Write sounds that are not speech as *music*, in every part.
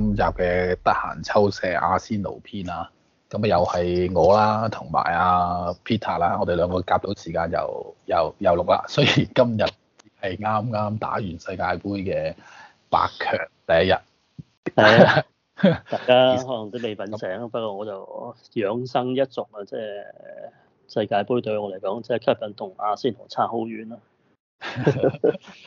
今集嘅得閒抽射阿仙奴篇啊，咁啊又係我啦，同埋阿 Peter 啦，我哋兩個夾到時間就又又錄啦。雖然今日係啱啱打完世界盃嘅八強第一日，哎、呀 *laughs* 大家可能都未瞓醒，醒，那 不過我就養生一族啊，即、就、係、是、世界盃對我嚟講，即、就、係、是、吸引同阿仙奴差好遠咯。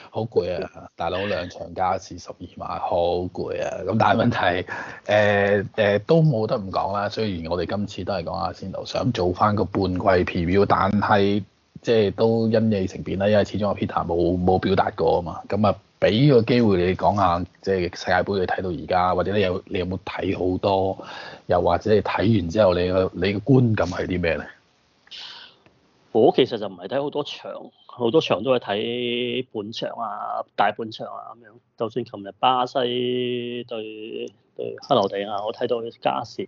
好攰 *laughs* 啊！大佬兩場加時十二碼，好攰啊！咁但係問題誒誒、呃呃、都冇得唔講啦。雖然我哋今次都係講下先頭想做翻個半季 preview，但係即係都因你成變啦。因為始終阿 Peter 冇冇表達過啊嘛。咁啊，俾個機會你講下，即係世界杯你睇到而家，或者你有你有冇睇好多？又或者你睇完之後，你個你個觀感係啲咩咧？我其實就唔係睇好多場。好多場都係睇半場啊、大半場啊咁樣。就算琴日巴西對對克羅地亞，我睇到加時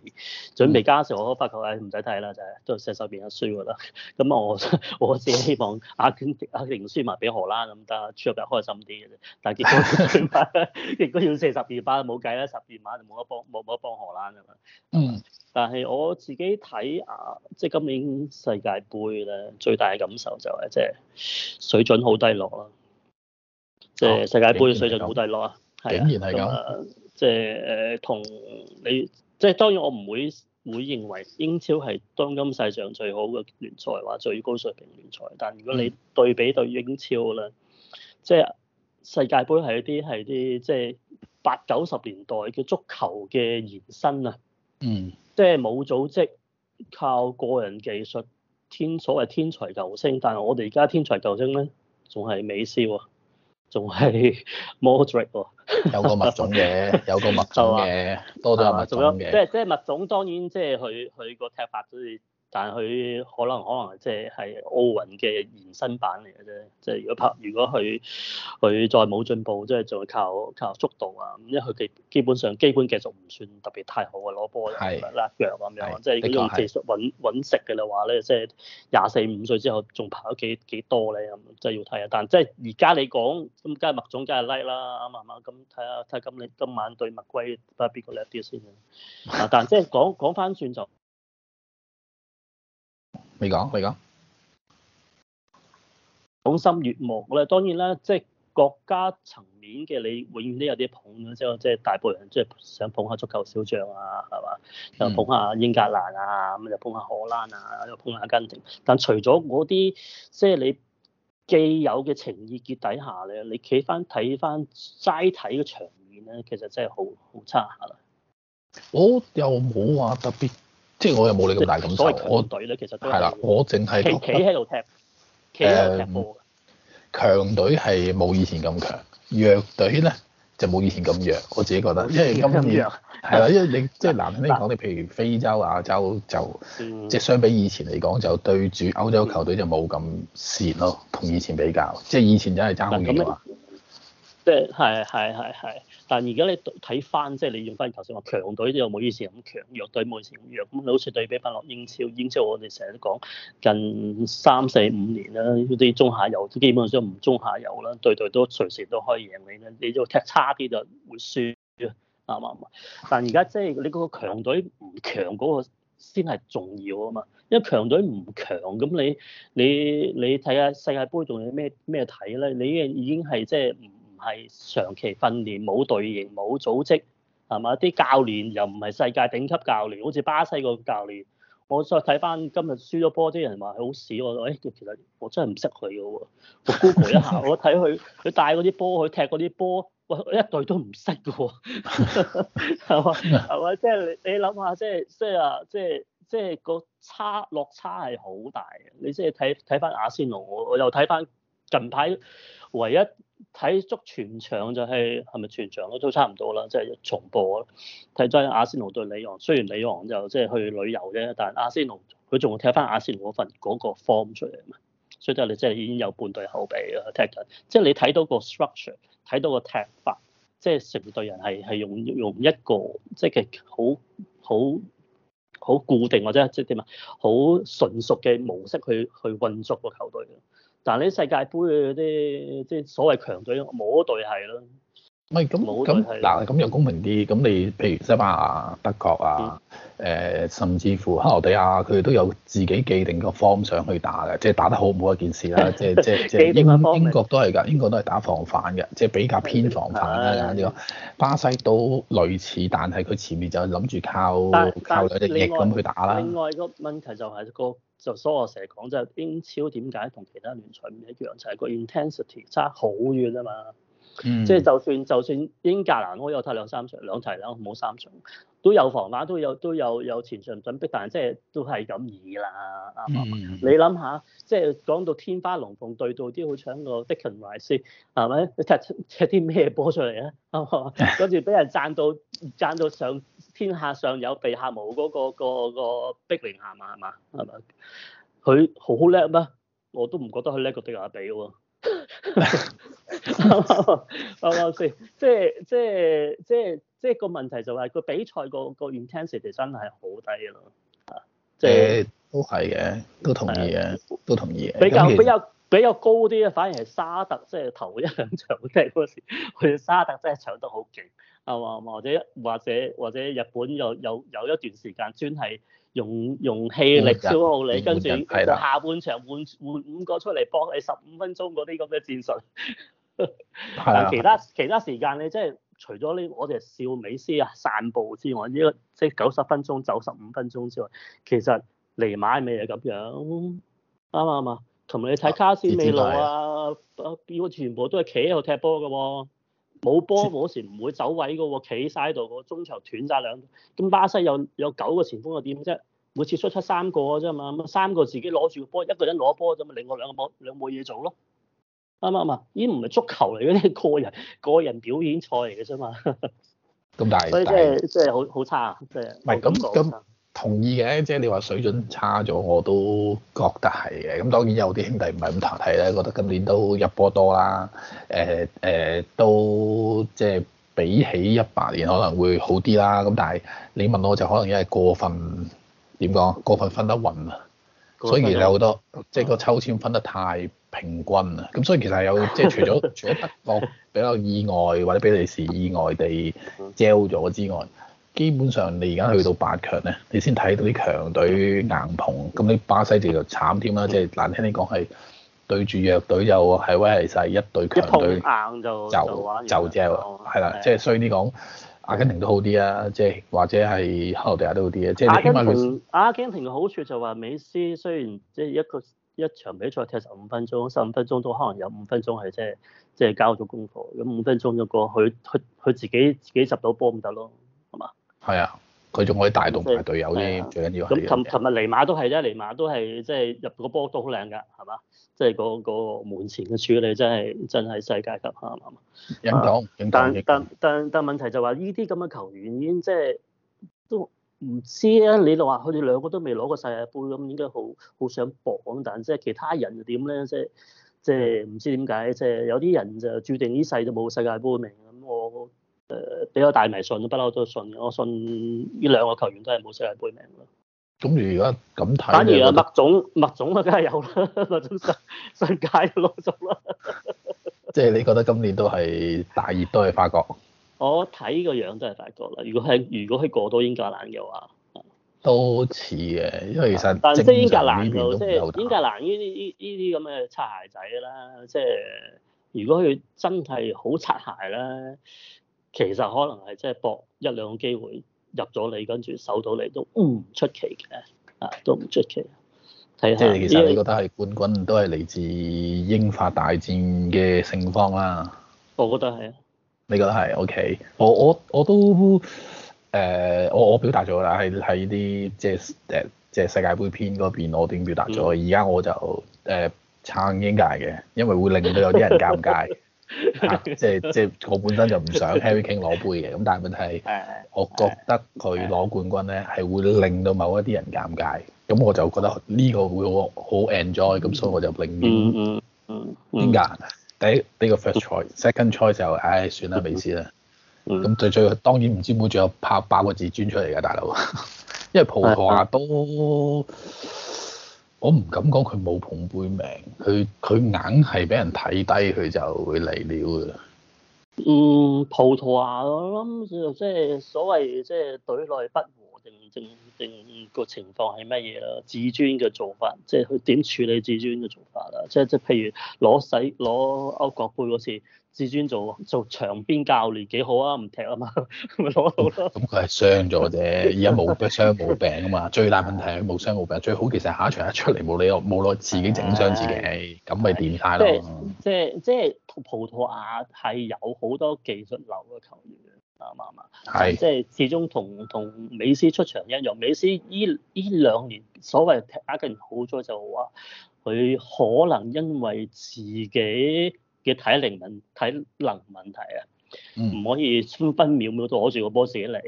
準備加時，我都發覺誒唔使睇啦，就係都射手邊輸噶啦。咁、嗯、我我自己希望阿根阿根廷輸埋俾荷蘭咁得，輸入入開心啲嘅啫。但係結果，結 *laughs* 果要射十二碼，冇計啦，十二碼就冇得幫冇冇得幫荷蘭啊嘛。嗯，但係我自己睇啊，即係今年世界盃咧，最大嘅感受就係、是、即係。水準好低落啦，即係、哦、世界盃水準好低落竟然啊，係啊，咁即係誒同你，即係當然我唔會會認為英超係當今世上最好嘅聯賽或最高水平聯賽，但如果你對比對英超咧，即係、嗯、世界盃係一啲係啲即係八九十年代嘅足球嘅延伸啊，嗯，即係冇組織，靠個人技術。天所謂天才球星，但係我哋而家天才球星咧，仲係美斯啊，仲係莫德里克， *laughs* 有個物種嘅，有個物種嘅，啊、多咗個物種嘅，即係即係物種當然即係佢佢個踢法都、就是。但佢可能可能即係係奧運嘅延伸版嚟嘅啫，即、就、係、是、如果拍，如果佢佢再冇進步，即係仲靠靠速度啊，因為佢基基本上基本技術唔算特別太好啊，攞波、就是、是拉腳咁樣，是即係用技術揾揾食嘅嘞話咧，即係廿四五歲之後仲跑咗幾幾多咧，即、就、係、是、要睇下。但即係而家你講咁，梗係麥總梗係叻啦，啱啱？咁睇下睇下，今你今晚對麥圭睇下邊個叻啲先啊？但即係講講翻轉就。未講，未講。捧心悅目咧，當然啦，即係國家層面嘅，你永遠都有啲捧嘅，即係即係大部分人即係想捧下足球小將啊，係嘛？又捧下英格蘭啊，咁、嗯、又捧下荷蘭啊，又捧下阿根廷。但除咗嗰啲即係你既有嘅情意結底下咧，你企翻睇翻齋睇嘅場面咧，其實真係好好差下啦。我又冇話特別。即係我又冇你咁大感受。我隊咧其實都係啦，我淨係企喺度踢，企喺度踢波。強隊係冇以前咁強，弱隊咧就冇以前咁弱。我自己覺得，因為今年係啦，因為你即係難聽啲講，你譬如非洲、亞洲就即係相比以前嚟講，就對住歐洲球隊就冇咁蝕咯，同以前比較。即係以前真係爭咁遠。即係係係係係。但而家你睇翻，即係你用翻頭先話強隊都冇以前咁強，弱隊冇以前咁弱。咁你好似對比翻落英超，英超我哋成日都講近三四五年啦，啲中下游基本上唔中下游啦，隊隊都隨時都可以贏你咧。你就踢差啲就會輸啊嘛。但而家即係你嗰個強隊唔強嗰個先係重要啊嘛。因為強隊唔強咁你你你睇下世界盃仲有咩咩睇咧？你已經係即係係長期訓練冇隊形，冇組織係嘛？啲教練又唔係世界頂級教練，好似巴西個教練。我再睇翻今日輸咗波啲人話佢好屎，我誒、欸、其實我真係唔識佢嘅喎。我估佢一下，我睇佢佢帶嗰啲波，佢踢嗰啲波，我一隊都唔識嘅喎，係嘛係嘛？即係、 *laughs* 即係、你你諗下，即係即係啊，即係即係個差落差係好大嘅。你即係睇睇翻阿仙奴，我我又睇翻近排唯一。睇足全場就係係咪全場都都差唔多啦，即係重播咯。睇咗阿仙奴對李昂，雖然李昂就即係去旅遊啫，但阿仙奴佢仲會踢翻阿仙奴嗰份嗰個 form 出嚟嘛，所以就係你即係已經有半隊後備啦，踢緊。即係你睇到個 structure，睇到個踢法，即係成隊人係係用用一個即係好好好固定或者即係點啊，好純熟嘅模式去去運作個球隊。但係呢世界盃嗰啲即係所謂強隊，冇一隊係咯。唔咁咁嗱，咁又公平啲。咁你譬如西班牙、啊、德國啊，誒、呃，甚至乎克羅地亞，佢哋都有自己既定個方向去打嘅，即係打得好唔好一件事啦。 *laughs* 即係即係即係英 *laughs* 英國都係㗎，英國都係打防反嘅，即係比較偏防反啦。咁、這、樣、個、巴西都類似，但係佢前面就諗住靠但靠兩隻翼咁去打啦。另外，另外一個問題就係、那個就所以我成日講就英超點解同其他聯賽唔一樣，就係、是、個 intensity 差好遠啊嘛。即係就算就算英格蘭，我有睇兩有三場兩齊啦，冇三場都有房啦，都有都有都有前場緊逼，但係即係都係咁易啦，啱唔啱？你諗下，即係講到天花龍鳳對到啲好搶個的士華師，係咪踢踢啲咩波出嚟咧？嗰時俾人贊到贊到上天下上有地下冇嗰、嗰個、嗰個逼凌下嘛，係嘛係嘛？佢好好叻咩？我都唔覺得佢叻過迪亞比喎。啱啱先？即係即係即係即係個問題就係個比賽個 intensity 真係好低咯。即係都係嘅，都同意嘅，都同意。比較比較比較高啲咧，反而係沙特，即係頭一兩場嗰時，佢沙特真係搶得好勁，係嘛？或者或者或者日本有有有一段時間專係。用用氣力消耗你，跟住人下半場換的換五個出嚟幫你十五分鐘嗰啲咁嘅戰術。 *laughs* 的但其他的其他時間你即係除咗呢，我哋笑美斯啊散步之外，呢即係九十分鐘，九十五分鐘之外，其實尼馬咪係咁樣啱啱嘛，同埋你睇卡斯美路啊，表的全部都係企喺度踢波㗎喎。冇波嗰時唔會走位嘅喎，企晒喺度，個中場斷曬兩。咁巴西有有九個前鋒又點啫？每次出出三個嘅啫嘛，咁三個自己攞住個波，一個人攞波啫嘛，另外兩個波，兩個冇嘢做咯。啱唔啱啊？已經唔係足球嚟嘅，呢係個人個人表演賽嚟嘅啫嘛。咁大，所以即係即係好好差啊！即係唔係咁咁。同意嘅，即係你話水準差咗，我都覺得係嘅。咁當然有啲兄弟唔係咁睇咧，覺得今年都入波多啦。誒、呃、誒、呃，都即係比起一八年可能會好啲啦。咁但係你問我就可能因為過分點講，過分分得勻啊。所以其實好多即係、就是、個抽籤分得太平均啦。咁所以其實有即係、就是、除咗 *laughs* 除咗德國比較意外或者比利時意外地摺咗之外。基本上你而家去到八強咧，你先睇到啲強隊硬碰。咁你巴西就慘添啦，即係難聽啲講係對住弱隊又係威係晒一隊強隊硬就就就啫喎，係啦，即係衰啲講阿根廷都好啲啊，即係或者係克羅地亞都好啲啊。即係阿根廷，阿根廷嘅好處就話美斯雖然即係一個一場比賽踢十五分鐘，十五分鐘都可能有五分鐘係即係即係交咗功課，咁五分鐘咗過佢佢佢自己自己執到波唔得咯。係啊，佢仲可以帶動埋隊友啫，啊、最緊要咁。琴琴日尼馬都係啫，尼馬都係即係入個波都好靚噶，係嘛？即係個、就是、個門前嘅處理真係、嗯、真係世界級，係嘛？英國英國、啊、但但但但問題就話呢啲咁嘅球員已經即係都唔知啊。你話佢哋兩個都未攞過世界盃，咁應該好好想搏。但即係其他人又點咧？即係即係唔知點解？即係有啲人就注定呢世就冇世界盃名咁我。誒，比較大迷信，不嬲都信。我信呢兩個球員都係冇世界盃名啦。咁如果咁睇，反而啊麥總種，麥總啊梗係有啦， *laughs* 麥總世界級攞手啦。即係你覺得今年都係大熱都係法國？ *laughs* 我睇個樣都係法國啦。如果係如果係過到英格蘭嘅話，都似嘅，因為其實但即係英格蘭就即、是、係英格蘭呢啲呢啲咁嘅擦鞋仔啦。即係如果佢真係好擦鞋啦。其實可能係即係搏一兩個機會入咗你，跟住守到你都唔出奇嘅，啊都唔出奇。睇下，其實你覺得係冠軍都係嚟自英法大戰嘅勝方啦。我覺得係。你覺得係？OK，我我我都誒、呃，我我表達咗啦，喺喺啲即係誒即係世界盃篇嗰邊，我點表達咗？而家、嗯、我就誒、呃、撐英界嘅，因為會令到有啲人尷尬。 *laughs* *laughs* 啊、即係即係我本身就唔想 Harry King 攞杯嘅，咁但係問題係我覺得佢攞冠軍咧係會令到某一啲人尷尬，咁我就覺得呢個會好好 enjoy，咁所以我就寧願邊個？第一呢個 first choice，second choice 就唉、哎、算啦，未先啦。咁、嗯嗯、最最當然唔知會唔會仲有拍八個字專出嚟嘅大佬，因為葡萄牙都。我唔敢講佢冇捧杯命，佢佢硬係俾人睇低，佢就會嚟料㗎。嗯，葡萄牙我諗即係所謂即係隊內不和定定定個情況係乜嘢啦？自尊嘅做法，即係佢點處理自尊嘅做法啦。即係即係譬如攞世攞歐國杯嗰時。自尊做做場邊教練幾好啊，唔踢啊嘛，咁咪攞到咯。咁佢係傷咗啫，而家冇傷冇病啊嘛。最大問題係冇傷冇病，最好其實下一場一出嚟冇理由冇耐自己整傷自己，咁咪掂曬咯。即係即係葡萄牙係有好多技術流嘅球員嘅，啱唔啱啊？係是即係始終同同美斯出場一樣，美斯呢呢兩年所謂踢阿根廷好咗就話，佢可能因為自己，嘅體能問體能問題啊，唔可以分分秒秒都攞住個波自己嚟，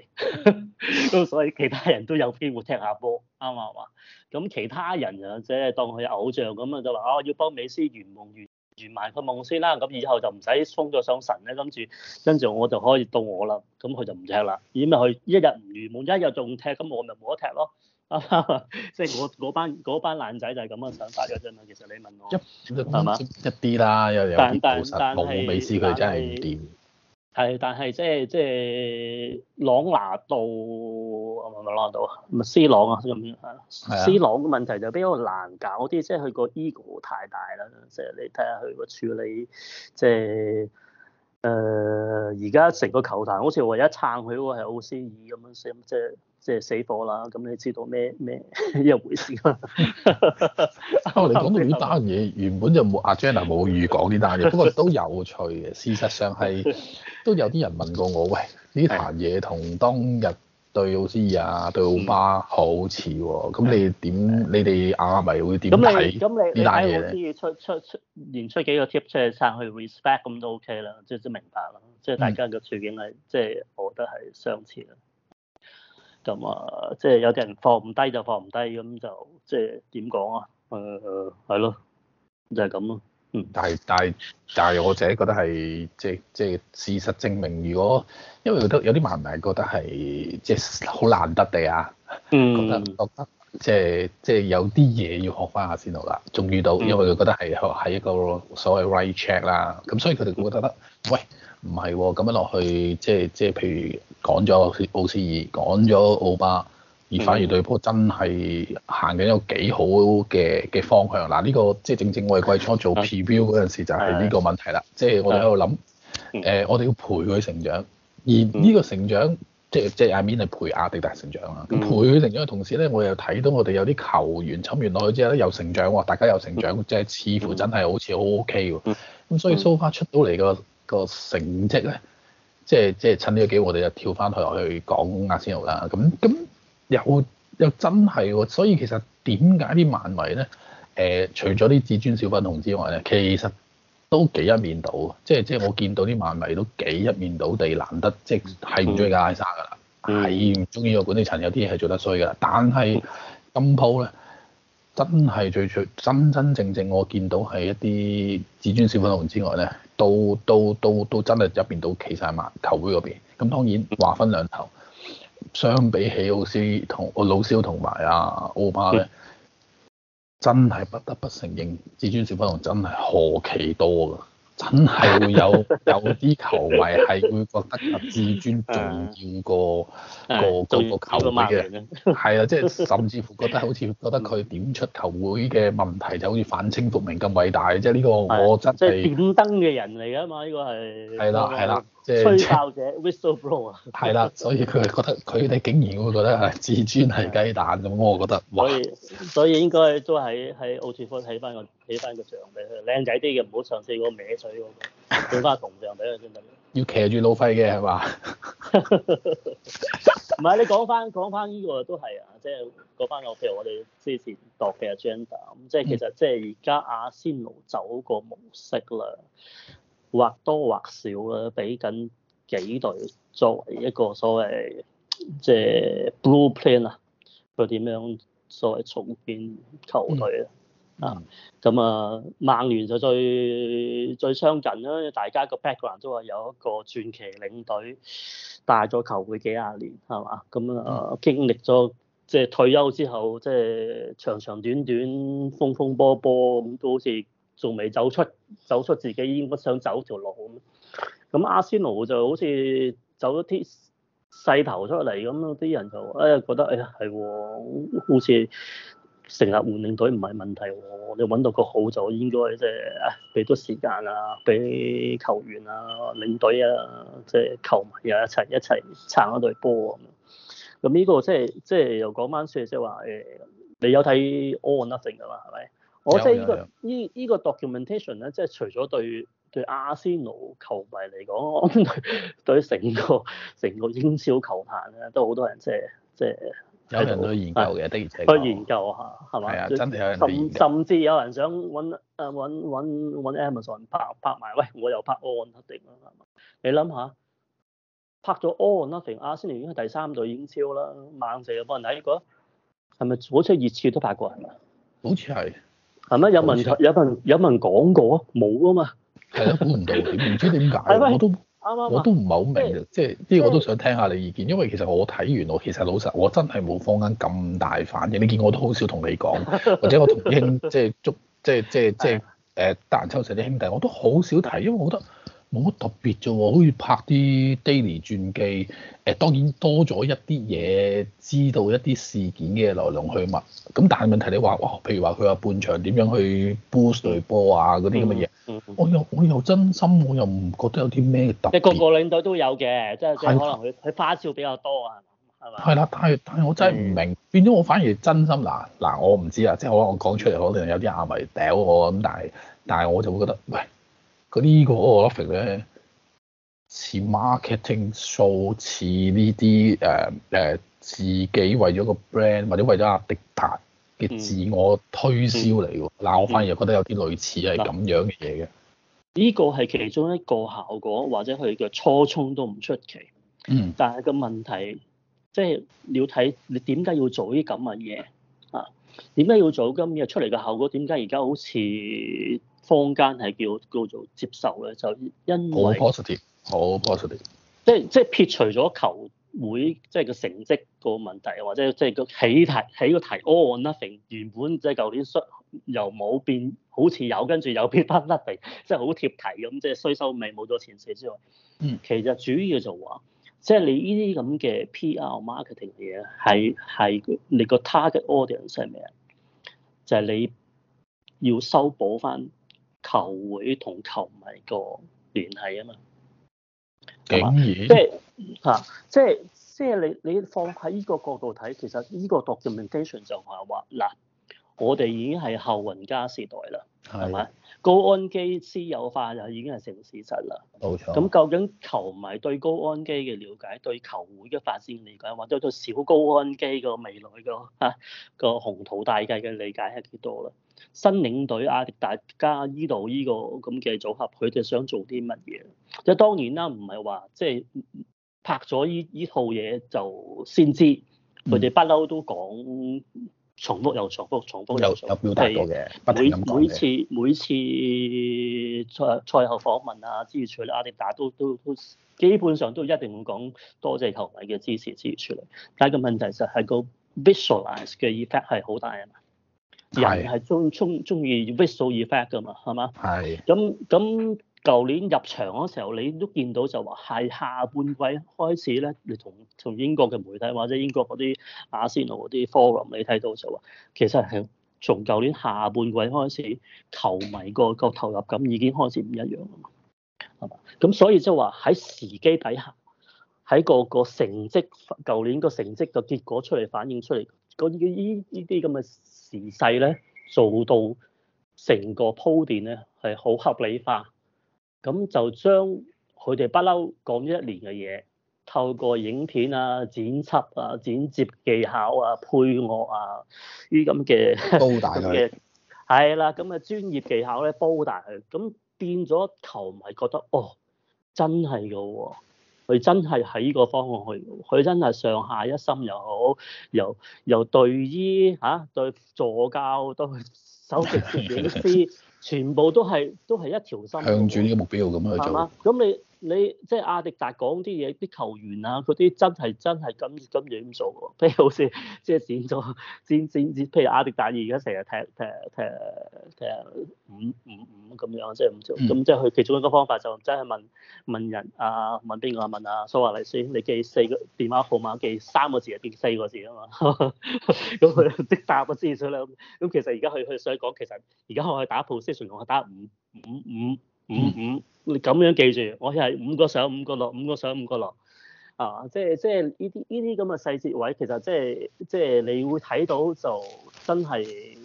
咁 *laughs* 所以其他人都有機會踢下波，啱啊嘛。咁其他人啊，即係當佢偶像咁啊，就話哦要幫美斯圓夢圓圓埋個夢先啦。咁以後就唔使衝咗上神咧，跟住跟住我就可以到我啦。咁佢就唔踢啦。因為佢咪佢一日唔圓夢，一日仲踢，咁我咪冇得踢咯。即係嗰班班爛仔就係咁嘅想法嗰陣啊。其實你問我，一係嘛一啲啦，有有啲但實，冇美斯佢真係唔掂。係，但係是即係即係朗拿度係咪朗拿度啊？咪 C 朗啊咁樣啊？C 朗嘅問題就比較難搞啲，即係佢個 ego 太大啦。即係你睇下佢個處理，即係。誒而家成個球壇好似話一撐佢嗰個係奧斯，斯爾咁樣，即係即係死火啦。咁你知道咩咩一回事？啊，我哋講到呢單嘢，原本就冇阿 j e n d a 冇預講呢單嘢，不過都有趣嘅。 *laughs* 事實上係都有啲人問過我，喂，呢壇嘢同當日。對奧斯爾啊，對奧巴好似喎，咁你點？你哋亞迷會點睇呢啲嘢咧？咁你咁你你睇奧斯爾出出出，出連出幾個 tip 出去撐去 respect 咁都 OK 啦，即係即係明白啦，即係大家嘅處境係即係我覺得係相似啦。咁啊，即係有啲人放唔低就放唔低，咁就即係點講啊？誒誒，係咯，就係咁咯。但係，但係，但係，我自己覺得係即即事實證明，如果因為有覺得有啲問題，覺得係即好難得地啊，嗯、覺得覺得即即有啲嘢要學翻下先好啦。仲遇到，因為佢覺得係學喺一個所謂 right check 啦，咁所以佢哋覺得得、嗯、喂唔係咁樣落去，即即譬如講咗奧斯爾，講咗奧巴。而反而對波真係行緊一個幾好嘅嘅方向嗱，呢個即係正正我係季初做 preview 嗰陣時就係呢個問題啦。即係我哋喺度諗誒，我哋要陪佢成長，而呢個成長即係即係 I mean 係陪亞迪達成長啊。咁陪佢成長嘅同時咧，我又睇到我哋有啲球員侵完落去之後咧又成長喎，大家又成長，即係似乎真係好似好 OK 喎。咁所以 so far 出到嚟個、嗰個成績咧，即係即係趁呢個機會，我哋就跳翻去落去講阿仙奴啦。咁咁。有又，又真係喎，所以其實點解啲漫迷咧？誒、呃，除咗啲至尊小粉紅之外咧，其實都幾一面倒，即係即係我見到啲漫迷都幾一面倒地，難得即係唔中意個艾莎㗎啦，係唔中意個管理層有啲嘢係做得衰㗎啦。但係今鋪咧，真係最最真真正正我見到係一啲至尊小粉紅之外咧，都都都到真係入邊都企曬漫球會嗰邊，咁當然話分兩頭。相比起老師同哦老蕭同埋阿歐巴咧，真係不得不承認，至尊小巴同真係何其多㗎！真係會有有啲球迷係會覺得個至尊重要過 *laughs* 個嗰個， *laughs* 個球會嘅，係啊， *laughs* 即係甚至乎覺得好似覺得佢點出球會嘅問題就好似反清復明咁偉大，即係呢個我真係即係點燈嘅人嚟㗎嘛？呢個係係啦，係啦。吹哨者 whistleblower 啊，係啦 bl，所以佢係覺得佢哋竟然會覺得係自尊係雞蛋咁，的我覺得，所以所以應該都喺喺 o u 科 f 起翻個起翻個像俾佢，靚仔啲嘅唔好嘗試嗰個孭水嗰個，要翻個銅像俾佢先得。 *laughs* 要騎住老廢嘅係嘛？唔係 *laughs* 你講翻講翻呢個都係啊，即係講翻我譬如我哋之前度嘅 agenda，咁即係其實即係而家阿仙奴走個模式啦。或多或少啊，俾緊幾隊作為一個所謂即係 blueprint 啊，去點樣所謂重建球隊、嗯、啊？啊，咁啊，曼聯就最最相近啦，大家個 background 都話有一個傳奇領隊帶咗球會幾廿年，係嘛？咁啊，經歷咗即係退休之後，即係長長短短風風波波咁，都好似～仲未走出走出自己已經不想走條路咁，咁阿仙奴就好似走咗啲勢頭出嚟咁，啲人就誒覺得誒，係喎，好似成日換領隊唔係問題喎，你揾到個好就應該即係俾多時間啊，俾球員啊、領隊啊，即係球迷啊一齊一齊撐一隊波咁。咁呢個即係即係又講翻先，即係話誒，你有睇 All or Nothing 㗎嘛？係咪？我即係呢個依依個 documentation 咧，即係除咗對對阿仙奴球迷嚟講，我 *laughs* 對成個成個英超球壇咧都好多人即係即係有人都研究嘅，的、啊、而且去研究下係咪？係啊，真係有人研究。甚甚至有人想揾誒揾揾 Amazon 拍拍埋，喂，我又拍 All or Nothing 啦。你諗下，拍咗 All or Nothing，阿仙奴已經係第三隊英超啦，曼城有幫人睇過。係咪？好似熱刺都拍過係咪？好似係。係咪有問？有份有份講過啊，冇啊嘛。係啊，估唔到你，唔知點解，我都是是我都唔係好明啊，即係啲我都想聽下你意見，因為其實我睇完我其實老實，我真係冇放緊咁大反應。你見我都好少同你講，或者我同英即係足即係即係即係誒得閒抽射啲兄弟，我都好少睇，因為我覺得。好特別啫喎，好似拍啲 daily 傳記，誒當然多咗一啲嘢，知道一啲事件嘅來龍去脈。咁但係問題你話，哇，譬如話佢話半場點樣去 boost 隊波啊，嗰啲咁嘅嘢。我又我又真心，我又唔覺得有啲咩特別。即係個個領隊都有嘅，即係可能佢佢花銷比較多啊，係咪？係啦，但係但係我真係唔明，變咗我反而真心嗱嗱，我唔知啊，即係可能我講出嚟可能有啲阿迷屌我咁，但係但係我就會覺得，喂。這個、呢啲嗰個 living 咧，似 marketing show 似呢啲誒誒、uh, uh, 自己為咗個 brand 或者為咗阿迪達嘅自我推銷嚟㗎。嗱、嗯，嗯嗯、我反而又覺得有啲類似係咁樣嘅嘢嘅。呢個係其中一個效果，或者佢嘅初衷都唔出奇。嗯。但係個問題，即、就、係、是、要睇你點解要做呢咁嘅嘢啊？點解要做？今日出嚟嘅效果點解而家好似？坊間係叫叫做接受咧，就因為好 positive，好 positive，即係即係撇除咗球會即係個成績個問題，或者即係個起題起個題。all or nothing。原本即係舊年失又冇變，好似有跟住有變 all nothing，即係好貼題咁，即係衰收尾冇咗前四之外。嗯，其實主要就話，即係你呢啲咁嘅 PR marketing 嘅嘢係係你個 target audience 係咩啊？就係、係、你要修補翻。球會同球迷個聯繫啊嘛，竟然即係嚇，即係即係你你放喺依個角度睇，其實呢個 documentation 就係話嗱。我哋已經係後雲加時代啦，係咪的？高安基私有化就已經係成事實啦，冇錯。咁究竟球迷對高安基嘅了解，對球會嘅發展理解，或者對小高安基個未來個嚇個宏圖大計嘅理解係幾多咧？新領隊啊，大家依度呢個咁嘅組合，佢哋想做啲乜嘢？即係當然啦，唔係話即係拍咗依依套嘢就先知，佢哋不嬲都講。嗯重複又重複，重複又重複，係又每每次每次賽賽後訪問啊，支持處理阿迪達都都都基本上都一定會講多謝球迷嘅支持支持處理，但係個問題就係個 visualize 嘅 effect 係好大啊嘛，人係中中中意 visual effect 噶嘛，係是嘛？係。咁咁是。舊年入場嗰時候，你都見到就話係下半季開始咧。你同從英國嘅媒體或者英國嗰啲阿仙奴嗰啲 forum，你睇到就話其實係從舊年下半季開始，球迷個個投入感已經開始唔一樣啦嘛，係嘛？咁所以即係話喺時機底下，喺個個成績，舊年個成績嘅結果出嚟反映出嚟，嗰呢依啲咁嘅時勢咧，做到成個鋪墊咧係好合理化。咁就將佢哋不嬲講一年嘅嘢，透過影片啊、剪輯啊、剪接技巧啊、配樂啊呢啲咁嘅，煲大嘅。係啦，咁啊專業技巧咧，煲大佢，咁變咗球迷覺得，哦，真係㗎喎，佢真係喺呢個方向去，佢真係上下一心又好，由由隊醫吓、啊，對助教到首席攝影師。 *laughs* 全部都係都係一條心，向住呢個目標咁樣去做。咁你。你即係阿迪達講啲嘢，啲球員啊，佢啲真係真係咁咁樣做喎。譬如好似即係剪咗戰戰，譬如，如阿迪達而家成日踢踢踢誒五五五咁樣，即係唔做。咁即係佢其中一個方法就真係問問人啊，問邊個啊？問阿蘇華麗先，你記四個電話號碼，記三個字定四個字啊嘛。咁佢即答咗先，所以兩咁 *laughs* *laughs* 其實而家佢佢想講，其實而家我係打 pose，我打五五五。五五，嗯、你咁樣記住，我係五個上，五個落，五個上，五個落，啊！即係即係呢啲呢啲咁嘅細節位，其實即係即係你會睇到就真係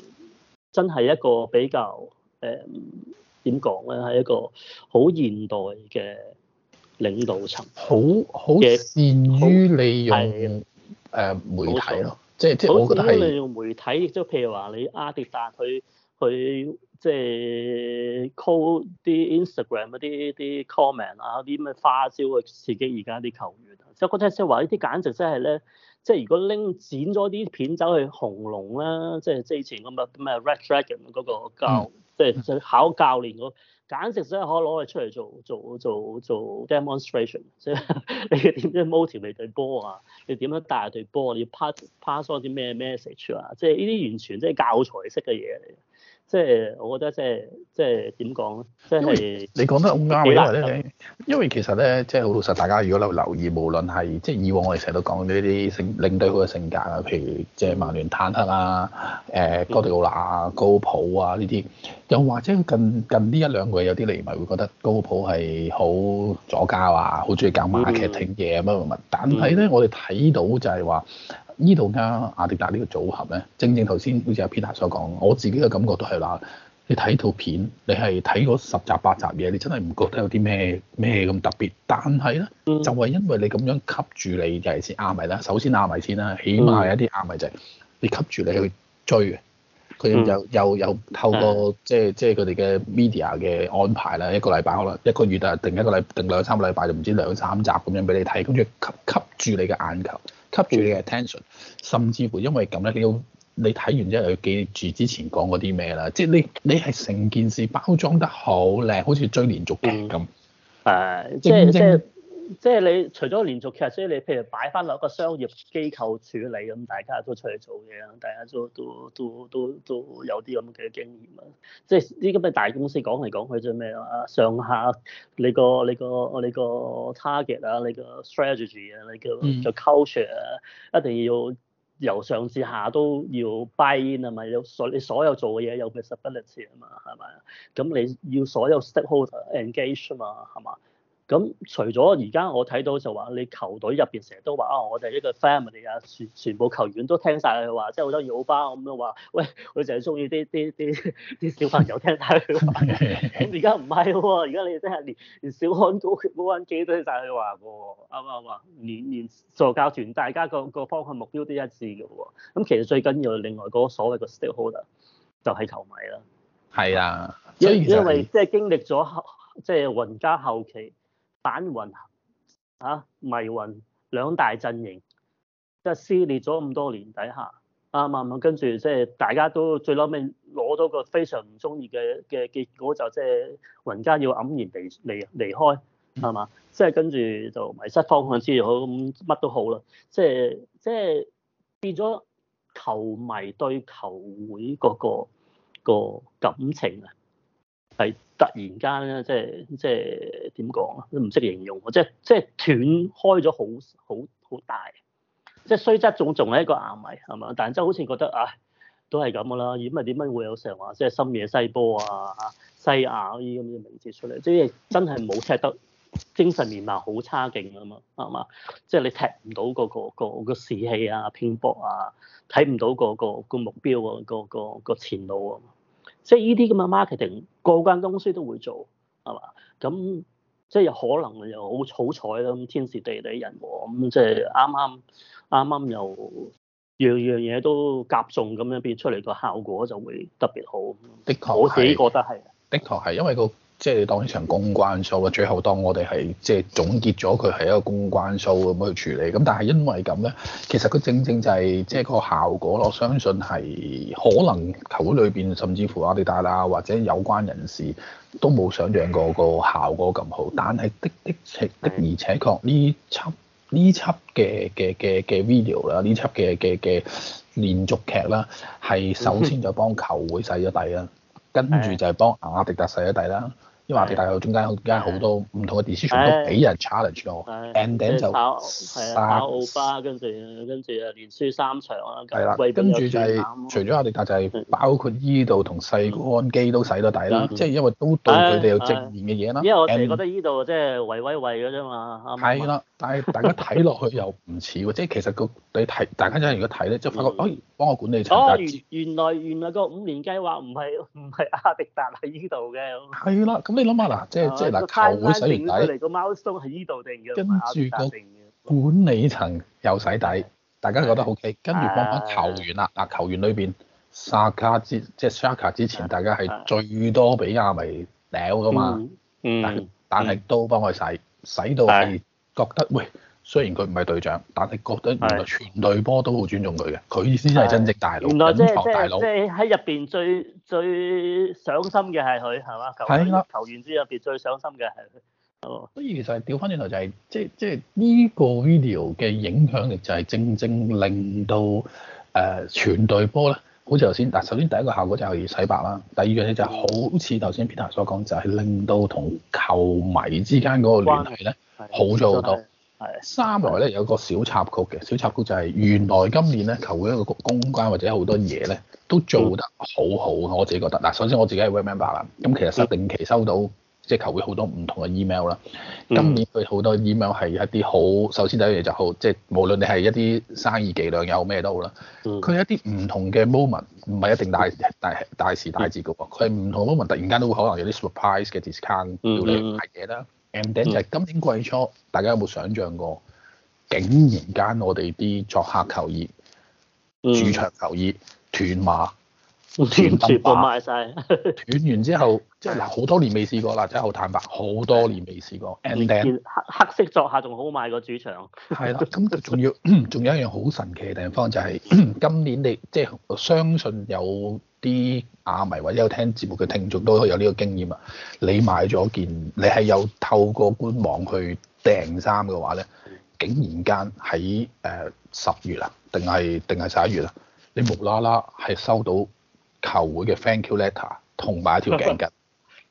真係一個比較誒點講咧，係、嗯、一個好現代嘅領導層，好好嘅善於利用誒媒體咯，即係即係我覺得係。好你用媒體，亦都譬如話你阿迪達佢。佢即係 call 啲 Instagram 嗰啲啲 comment 啊，啲咩花招去刺激而家啲球員啊，即係我聽人話呢啲簡直真係咧，即係如果拎剪咗啲片走去紅龍啦，即係即係以前咁啊咩 Red Dragon 嗰個教，即係、嗯嗯、考教練嗰、那個，簡直真係可以攞佢出嚟做做做做 demonstration，即係你點樣 motivate 隊波啊？你點樣帶隊波？你要 pass pass on 啲咩 message 啊？即係呢啲完全即係教材式嘅嘢嚟。即係我覺得即，即係即係點講咧？即係你講得好啱嘅，因為咧，因為其實咧，即係好老實，大家如果留留意，無論係即係以往我哋成日都講呢啲性領隊好嘅性格啊，譬如即係曼聯坦克啊、誒哥迪奧拿啊、高普啊呢啲，又或者近近呢一兩季有啲球迷會覺得高普係好左膠啊，好中意搞 marketing 嘢咁樣物，但係咧，我哋睇到就係話。呢度啦，阿迪達呢個組合咧，正正頭先好似阿 Peter 所講，我自己嘅感覺都係啦，你睇套片，你係睇嗰十集八集嘢，你真係唔覺得有啲咩咩咁特別，但係咧、嗯、就係因為你咁樣吸住你，就係先阿迷啦，首先阿迷先啦，起碼有一啲阿迷就係你吸住你去追嘅，佢有、嗯、有有，有透過即係即係佢哋嘅 media 嘅安排啦，一個禮拜可能一個月啊，定一個禮定兩三個禮拜就唔知兩三集咁樣俾你睇，跟住吸吸住你嘅眼球。吸住你嘅 attention，甚至乎因為咁咧，你要你睇完之後要記住之前講過啲咩啦。即係你你係成件事包裝得好靚，好似追連續劇咁。誒，即係。即係。即係你，除咗連續劇，即係你譬如擺翻落個商業機構處理咁，大家都出嚟做嘢啦，大家都都都都都有啲咁嘅經驗啊！即係呢啲咁嘅大公司講嚟講去，就咩啊？上下你個你個你個 target 啊，你個 strategy 啊，你叫做 culture 啊，get, rategy, ulture, 嗯、一定要由上至下都要 buy in 啊嘛！有所你所有做嘅嘢有 responsibility 啊嘛，係咪？咁你要所有 stakeholder engage 啊嘛，係嘛？咁、嗯、除咗而家我睇到就話你球隊入邊成日都話啊、哦，我哋呢個 family 啊，全全部球員都聽晒佢話，即係好多鳥巴咁樣話，喂，我哋淨係中意啲啲啲啲小朋友聽晒佢話。而家唔係喎，而家、 *laughs* 嗯哦、你真係連連小安哥、冇安琪都聽曬佢話喎，啱唔啱啊？連連助教團大家個個方向目標都一致嘅喎、哦。咁、嗯、其實最緊要另外嗰所謂個 stakeholder 就係球迷啦。係啊，因因為即係經歷咗即係雲加後期。板雲吓、啊、迷雲兩大陣營，即係撕裂咗咁多年底下，啊慢慢、啊、跟住即係大家都最嬲尾攞到個非常唔中意嘅嘅結果，就即係雲加要黯然離離離開係嘛？即係、嗯、跟住就迷失方向之餘，好咁乜都好啦，即係即係變咗球迷對球會嗰、那個、個感情啊～係突然間咧，即係即係點講啊？都唔識形容即係即係斷開咗好好好大，即係雖則仲仲係一個阿迷係嘛。但係真係好似覺得啊，都係咁噶啦。如果唔係，點解會有成日話即係深夜西波啊、西亞嗰啲咁嘅名字出嚟？即係真係冇踢得精神面貌好差勁啊嘛，係嘛？即係你踢唔到嗰、個、個、個個個士氣啊、拼搏啊，睇唔到嗰、個、個個目標啊、嗰、個、個個個前路啊。即係呢啲咁嘅 marketing，個間公司都會做，係嘛？咁即係有可能又好好彩啦！咁天時地利人和，咁即係啱啱啱啱又樣樣嘢都夾中，咁樣變出嚟個效果就會特別好。的確係，我自己覺得係。的確係，因為個。即係當呢場公關 show 啊！最後當我哋係即係總結咗佢係一個公關 show 咁去處理。咁但係因為咁咧，其實佢正正就係、是、即係個效果咯。我相信係可能球會裏邊，甚至乎阿迪達啦或者有關人士都冇想像過個效果咁好。但係的的且的，的，的而且確呢輯呢輯嘅嘅嘅嘅 video 啦，呢輯嘅嘅嘅連續劇啦，係首先就幫球會洗咗底啦，跟住就係幫阿迪達洗咗底啦。因為阿迪達喺中間，而家好多唔同嘅 decision 都俾人 challenge 咗。And then 就沙奧巴跟住，跟住啊連輸三場啊，跟住啦，跟住就係除咗阿迪達，就係包括依度同細安基都使到底啦。即係因為都對佢哋有正面嘅嘢啦。因為我哋覺得依度即係為威為嘅啫嘛。係啦，但係大家睇落去又唔似喎，即係其實個你睇，大家真係如果睇咧，就發覺可以幫我管理差唔哦，原原來原來個五年計劃唔係唔係阿迪達喺依度嘅。係啦，咁你諗下嗱，即係即係嗱，球會洗完底，跟住個管理層又洗底，大家覺得 OK。跟住幫翻球員啦，嗱球員裏邊，沙卡之即係沙卡之前，大家係最多畀阿迷掟㗎嘛，嗯，但係都幫佢洗，洗到係覺得喂。雖然佢唔係隊長，但係覺得原來全隊波都好尊重佢嘅，佢先係真正大佬。原來即即喺入邊最最上心嘅係佢，係嘛，球員的球員之入邊最上心嘅係佢。哦的，所以其實調翻轉頭就係即即呢個 video 嘅影響力就係正正令到誒、呃、全隊波咧，好似頭先嗱，首先第一個效果就係洗白啦，第二樣嘢就係好似頭先 Peter 所講，就係、是、令到同球迷之間嗰個聯繫咧好咗好多的。三來咧有個小插曲嘅，小插曲就係原來今年咧球會一個公關或者好多嘢咧都做得好好，我自己覺得。嗱，首先我自己係 remember 啦，咁其實不定期收到即係、就是、球會好多唔同嘅 email 啦。今年佢好多 email 係一啲好，首先第一嘢就好，即、就、係、是、無論你係一啲生意伎倆有咩都好啦。佢一啲唔同嘅 moment 唔係一定大大大，大時大節嘅喎，佢係唔同 moment 突然間都會可能有啲 surprise 嘅 discount 叫你買嘢啦。And ending、嗯、就係今年季初，大家有冇想象過，竟然間我哋啲作客球衣、嗯、主場球衣斷碼，斷，斷全部賣晒。斷完之後， *laughs* 即係好多年未試過啦，真係好坦白，好多年未試過 ending 黑色作客仲好賣過主場。係 *laughs* 啦，咁仲要，仲有一樣好神奇嘅地方就係、是、今年你即係、就是、我相信有。啲阿迷或者有聽節目嘅聽眾都有呢個經驗啊！你買咗件，你係有透過官網去訂衫嘅話咧，竟然間喺誒十月啊，定係定係十一月啊，你無啦啦係收到球會嘅 thank you letter 同埋一條頸巾。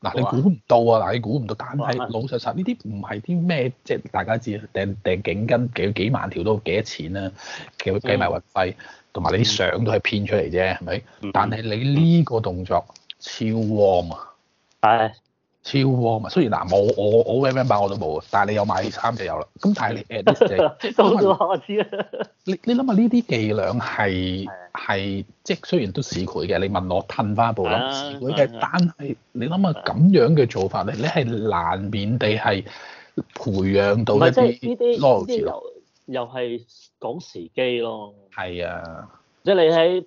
嗱、 *laughs* 啊，你估唔到啊！嗱，你估唔到，但係老實實呢啲唔係啲咩，即係大家知訂訂訂啊，訂訂頸巾幾幾萬條都幾多錢啦，計埋運費。 *laughs* *laughs* 同埋你啲相都係編出嚟啫，係咪？但係你呢個動作超 warm 啊！係！超 warm 啊！雖然嗱冇我我 M M 八我都冇啊，但係你有買衫就有啦。咁但係你 add 都係到到下你你諗下呢啲伎倆係係即係雖然都市攰嘅，你問我褪翻一步諗時嘅，但係你諗下咁樣嘅做法咧，你係難免地係培養到一啲。呢啲，呢、就係、又又係講時機咯。係啊，即係你喺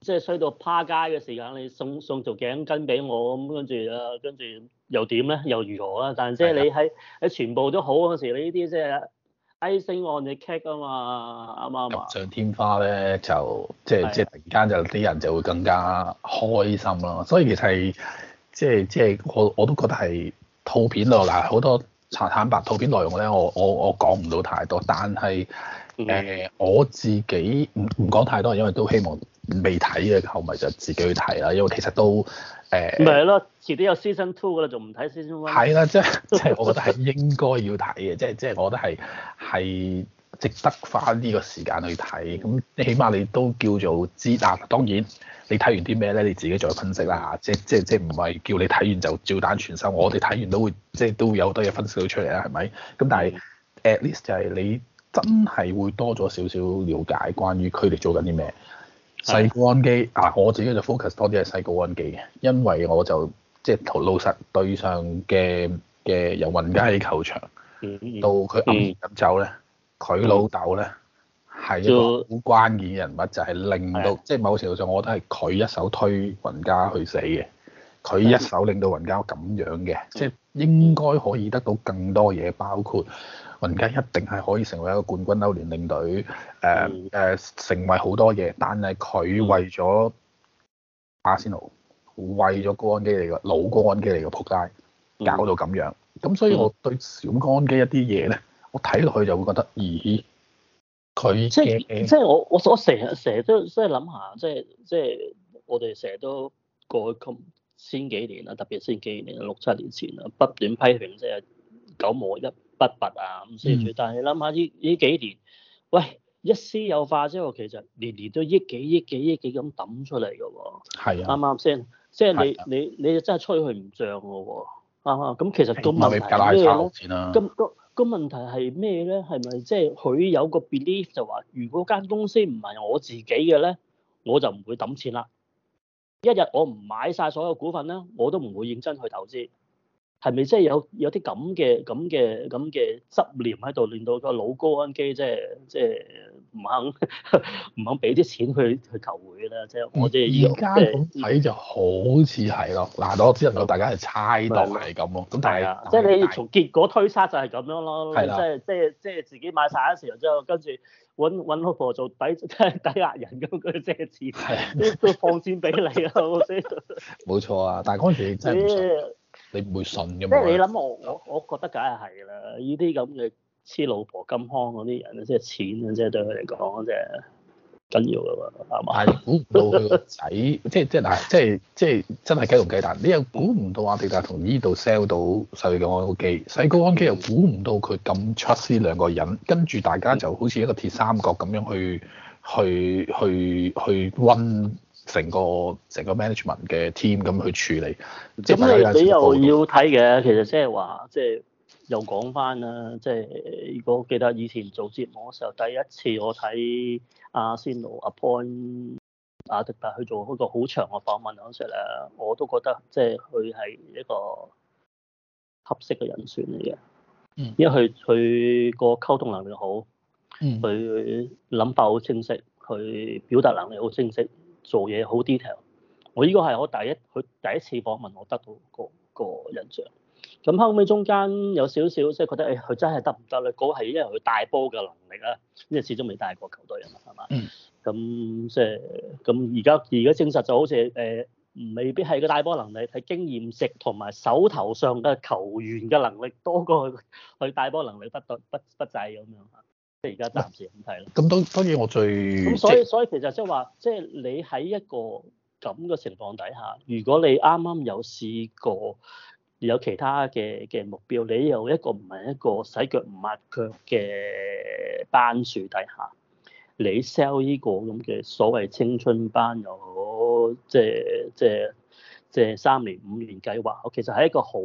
即係衰到趴街嘅時間，你送送條頸巾俾我咁，跟住啊，跟住又點咧？又如何啊？但係即係你喺喺全部都好嗰時，你呢啲即係 icing on the cake 啊嘛，啱唔啱啊？錦上添花咧，就、就是啊、即係即係突然間就啲人就會更加開心咯。所以其實係即係即係我我都覺得係套片度嗱，好多坦坦白套片內容咧，我我我講唔到太多，但係。誒、嗯呃、我自己唔唔講太多，因為都希望未睇嘅球迷就自己去睇啦。因為其實都誒，咪係咯，遲啲有 Season Two 噶啦，仲唔睇 Season One？係啦，即係即係我覺得係應該要睇嘅，即係即係我覺得係係值得花呢個時間去睇。咁起碼你都叫做知。但、啊、當然你睇完啲咩咧，你自己再分析啦嚇。即即即唔係叫你睇完就照單全收。我哋睇完都會即係都有好多嘢分析到出嚟啦，係咪？咁但係、嗯、at least 就係你。真係會多咗少少了解關於佢哋做緊啲咩細高安基的啊！我自己就 focus 多啲係細高安基嘅，因為我就即係同老實對上嘅嘅由雲加喺球場的到佢黯然走咧，佢的老豆咧係一個好關鍵嘅人物，就係、是、令到的即係某程度上，我覺得係佢一手推雲加去死嘅，佢一手令到雲加咁樣嘅，即係應該可以得到更多嘢，包括。人家一定係可以成為一個冠軍歐聯領隊，誒、呃、誒、呃、成為好多嘢，但係佢為咗阿仙奴，嗯、為咗高安基嚟嘅老高安基嚟嘅仆街，搞到咁樣。咁所以我對小高安基一啲嘢咧，我睇落去就會覺得，咦，佢即係即係我我我成日成日都即係諗下，即係即係我哋成日都過去咁先幾年啊，特別先幾年六七年前啊，不斷批評即係九毛一。不拔啊，咁四處，但係你諗下呢依幾年，喂，一私有化之後其實年年都億幾億幾億幾咁抌出嚟嘅喎，啱啱先？即係你，啊、你你，你真係吹佢唔漲嘅喎，啱、啊、咁其實個，啊、問題呢樣嘢咁個個問題係咩咧？係咪即係佢有個 belief 就話，如果間公司唔係我自己嘅咧，我就唔會抌錢啦。一日我唔買晒所有股份咧，我都唔會認真去投資。係咪真係有有啲咁嘅咁嘅咁嘅執念喺度，令到個老高安基即係即係唔肯唔 *laughs* 肯俾啲錢去去球會咧？即係我哋而家睇就好似係咯，嗱我只能夠大家係猜度係咁咯。咁但係即係你從結果推測就係咁樣咯，啊。即係即係即係自己買晒啲場之後，跟住揾揾老婆做抵抵押人咁，佢借錢都都放錢俾你啦，冇錯啊，但係嗰陣時真係你唔會信㗎嘛？即係你諗我我我覺得梗係係啦，呢啲咁嘅黐老婆金康嗰啲人即係、即係、錢啊，即係對佢嚟講啫，緊要㗎嘛，係嘛？ *laughs* 係估唔到佢個仔，即係即係嗱，即係即係真係雞同雞蛋。你又估唔到阿迪達同呢度 sell 到細高安機，細高安機又估唔到佢咁 trust 呢兩個人，跟住大家就好似一個鐵三角咁樣去去去去温。去成個成個 management 嘅 team 咁去處理，咁、嗯、是你你又要睇嘅，其實即係話即係又講翻啦，即、就、係、是、如果記得以前做節目嘅時候，第一次我睇阿仙奴阿 Point 阿迪達去做一個好長嘅訪問嗰時咧，我都覺得即係佢係一個合適嘅人選嚟嘅，嗯、因為佢佢個溝通能力好，佢諗、嗯、法好清晰，佢表達能力好清晰。做嘢好 detail，我呢個係我第一佢第一次訪問我得到嗰個印象。咁後尾中間有少少即係、就是、覺得誒，佢、欸、真係得唔得咧？嗰、那個係因為佢帶波嘅能力啦，因為始終未帶過球隊人啊，係嘛？咁即係咁而家而家證實就好似誒，未、欸、必係個帶波能力係經驗值同埋手頭上嘅球員嘅能力多過佢帶波能力不不不濟咁樣。而家暫時唔睇啦。咁當當然我最咁所以所以其實即係話，即係你喺一個咁嘅情況底下，如果你啱啱有試過有其他嘅嘅目標，你有一個唔係一個洗腳唔抹腳嘅班樹底下，你 sell 呢個咁嘅所謂青春班有即係即係即係三年五年計劃，其實係一個好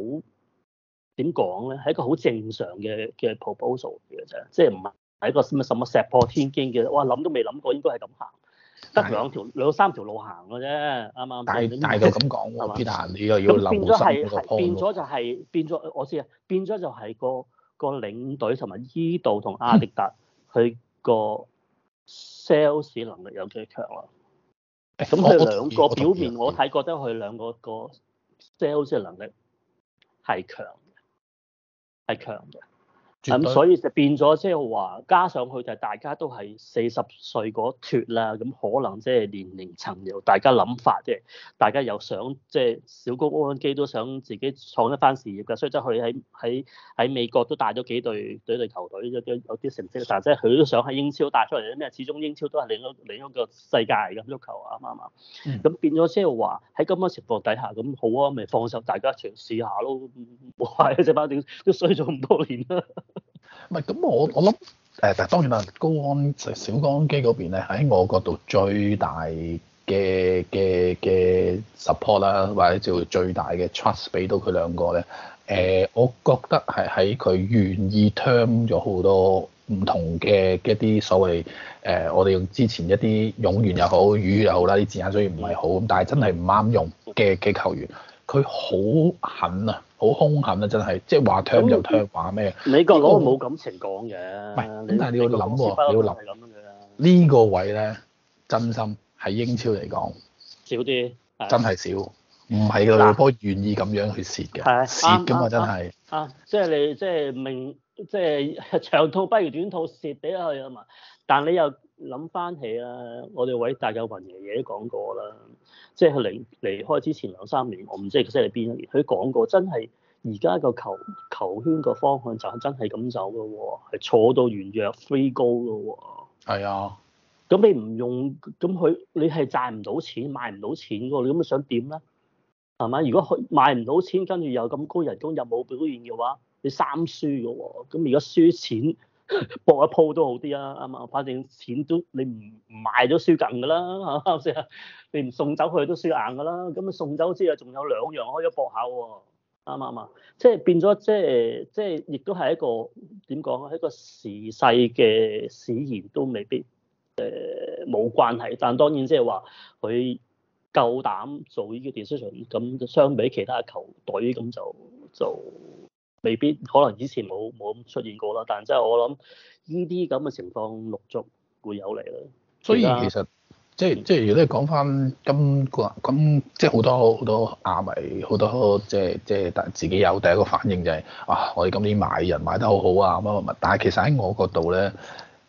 點講咧，係一個好正常嘅嘅 proposal 嚟嘅啫，即係唔係？喺個咩什麼石破天驚嘅，哇諗都未諗過應該，應該係咁行，得兩條兩三條路行嘅啫，啱唔啱？大大概咁講，要變咗係變咗就係變咗，我試啊，變咗就係，那個個領隊同埋伊道同阿迪達佢個 sales 能力有幾強啊？咁佢兩個表面我睇覺得佢兩個個 sales 能力係強嘅，係強嘅。咁、嗯、所以就變咗，即係話加上去就係大家都係四十歲嗰脱啦，咁可能即係年齡層由大家諗法即係，大家又想即係、就是、小高安基都想自己創一番事業嘅，所以即係佢喺喺喺美國都帶咗幾隊隊隊球隊有啲成績，但即係佢都想喺英超帶出嚟咩？始終英超都係另一另一個世界嘅足球啊嘛嘛，咁、嗯、變咗即係話喺咁嘅情況底下，咁好啊，咪放手大家嘗試一下咯，唔係啊，隻包點都衰咗咁多年啦～唔係，咁我我諗誒，但當然啦，高安，小高安基嗰邊咧，喺我角度最大嘅嘅嘅 support 啦，或者就最大嘅 trust 俾到佢兩個咧。誒、呃，我覺得係喺佢願意 turn 咗好多唔同嘅一啲所謂誒、呃，我哋用之前一啲勇員又好，魚又好啦啲字眼，所以唔係好咁，但係真係唔啱用嘅嘅球員，佢好狠啊！好兇狠啦，真係，即係話踢就踢，話咩？美國佬冇感情講嘅。唔係，咁但係你要諗喎，你要諗。呢個位咧，真心喺英超嚟講少啲。真係少，唔係利物浦願意咁樣去蝕嘅，蝕㗎嘛，真係。啊，即係你，即係明，即係長痛不如短痛，蝕俾佢啊嘛。但你又～諗翻起啦，我哋位大舅雲爺爺講過啦，即係離離開之前兩三年，我唔知佢 sell 係邊一年，佢講過真係而家個球球圈個方向就係真係咁走嘅喎、哦，係坐到完約飛高嘅喎、哦。係啊，咁你唔用咁佢，你係賺唔到錢賣唔到錢嘅喎，你咁想點咧？係咪？如果佢賣唔到錢，跟住又咁高人工又冇表現嘅話，你三輸嘅喎。咁而家輸錢。搏一鋪都好啲啊，啱啱？反正錢都你唔賣都輸硬噶啦，係咪先啊？ *laughs* 你唔送走佢都輸硬噶啦，咁啊送走之後仲有兩樣可以搏下喎，啱嘛啱即係變咗即係即係，亦都係一個點講啊？係一個時勢嘅使然，都未必誒冇、呃、關係，但當然即係話佢夠膽做呢個 decision，咁就相比其他球隊咁就做。就未必可能以前冇冇出現過啦，但真係我諗呢啲咁嘅情況陸續會有嚟啦。所以，所以其實即係即係如果你講翻今個咁即係好多好多阿迷好多即係即係自己有第一個反應就係、是、啊我哋今年買人買得好好啊乜乜乜，但係其實喺我角度咧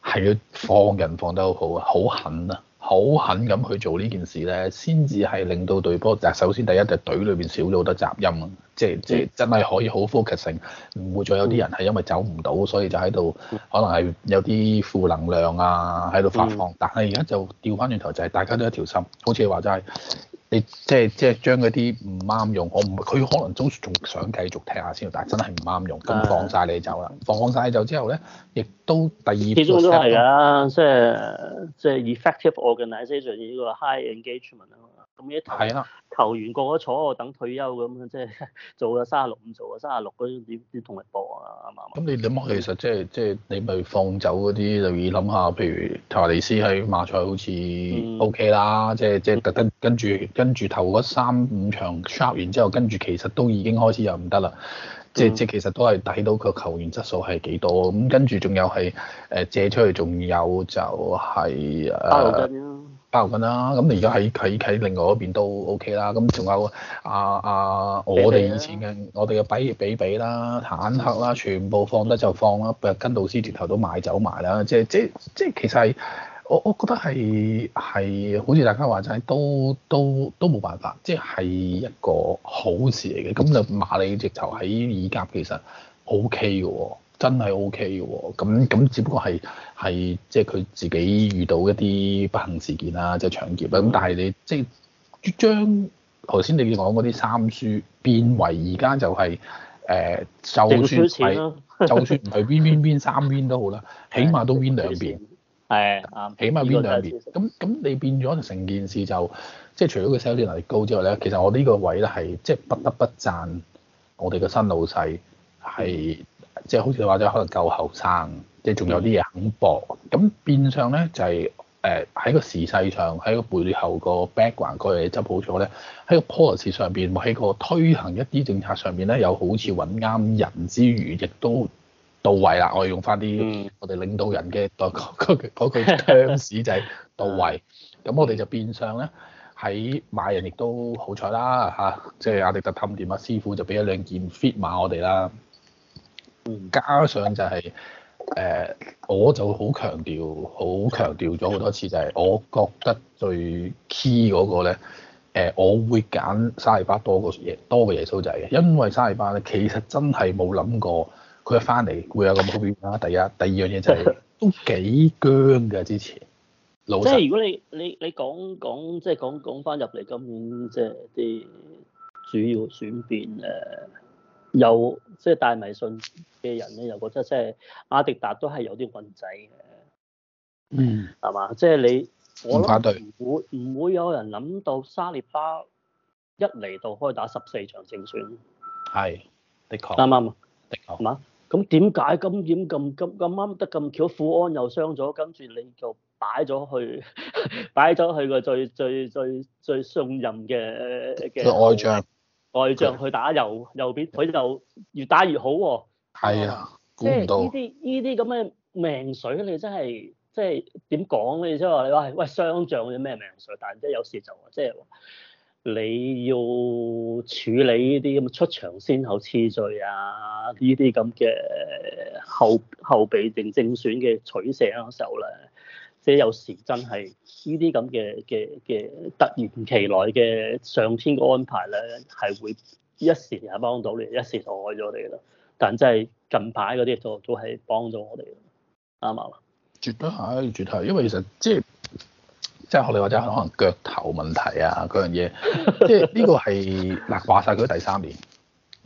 係要放人放得好好啊，好狠啊！好狠咁去做呢件事咧，先至係令到隊波。但首先第一，就隊裏邊少咗好多雜音，即係即係真係可以好 focus 性，唔會再有啲人係因為走唔到，所以就喺度可能係有啲負能量啊喺度發放。嗯、但係而家就調翻轉頭就係大家都一條心，好似你話就係、是。你即係即係將嗰啲唔啱用，我唔佢可能都仲想繼續聽下先，但係真係唔啱用，咁放晒你走啦。放晒你走之後咧，亦都第二。始終都係㗎，即係即係 effective o r g a n i z a t i o n 依個 high engagement 啊。咁一睇，投球員過咗坐我等退休咁啊，即係做咗三啊六唔做咗三啊六嗰啲要同你搏啊，係嘛？咁你諗其實即係即係你咪放走嗰啲，就要諗下，譬如塔華利斯喺馬賽好似 O K 啦，即係即係特登跟住跟住頭嗰三五場 shop，完之後跟住其實都已經開始又唔得啦，即係即係其實都係睇到個球員質素係幾多，咁跟住仲有係誒借出去，仲有就係、是、誒。呃包緊啦，咁你而家喺佢喺另外嗰邊都 O K 啦，咁仲有阿阿我哋以前嘅我哋嘅比比比啦、坦克啦，全部放得就放啦，跟導師直頭都買走埋啦，即係即即其實係我我覺得係係好似大家話齋，都都都冇辦法，即係一個好事嚟嘅，咁就馬里直頭喺意甲其實 O K 嘅喎。真係 OK 嘅喎，咁咁只不過係係即係佢自己遇到一啲不幸事件啦、啊啊，即係搶劫啊，咁但係你即係將頭先你講嗰啲三輸變為而家就係、是、誒、呃，就算就算唔係 win win win 三 win 都好啦、啊，起碼都 win 兩邊，係，起碼 win 兩邊，咁、這、咁、個、你變咗成件事就即係、就是、除咗個 sales 能力高之外咧，其實我呢個位咧係即係不得不讚我哋嘅新老細係。即係好似話啫，可能夠後生，即係仲有啲嘢肯搏。咁變相咧就係誒喺個時勢上，喺個背後個 background 嗰樣嘢執好咗咧。喺個 policy 上邊，喺個推行一啲政策上邊咧，又好似揾啱人之餘，亦都到位啦。我哋用翻啲我哋領導人嘅代嗰句嗰句槍屎仔到位。咁我哋就變相咧喺買人，亦都好彩啦嚇。即係阿迪特氹掂阿師傅，就俾咗兩件 fit 碼我哋啦。嗯、加上就係、是、誒、呃，我就好強調，好強調咗好多次，就係、是、我覺得最 key 嗰個咧，誒、呃，我會揀沙利巴多過耶多過耶穌仔嘅，因為沙利巴咧其實真係冇諗過佢一翻嚟會有咁好變化、啊。第一、第二樣嘢就係、是、 *laughs* 都幾僵㗎之前，老即係如果你你你講講即係講講翻入嚟今年即係啲主要轉變誒。呃又即係、就是、帶迷信嘅人咧，又覺得即係阿迪達都係有啲運仔嘅，嗯，係嘛？即、就、係、是、你，唔反對，唔會唔會有人諗到沙列巴一嚟到可以打十四場正選。係，的確啱唔啱？的確，係嘛吧？咁點解今點咁急？咁啱得咁巧？富安又傷咗，跟住你就擺咗去， *laughs* 擺咗去個最最最最，最信任嘅嘅外將。外將去打右右邊，佢就越打越好喎。係啊，估唔到呢啲呢啲咁嘅命水，你真係即係點講咧？即係話你話喂雙將有咩命水？但係即係有時就即係話你要處理呢啲咁嘅出場先後次序啊，呢啲咁嘅後後備定正選嘅取捨嗰時候咧。即係有時真係呢啲咁嘅嘅嘅突然其來嘅上天嘅安排咧，係會一時係幫到你，一時就害咗你啦。但係真係近排嗰啲就都係幫咗我哋，啱唔啱？絕對係，絕對係，因為其實即係即係學你話齋，可能腳頭問題啊，嗰樣嘢，即係呢個係嗱 *laughs* 話晒佢第三年。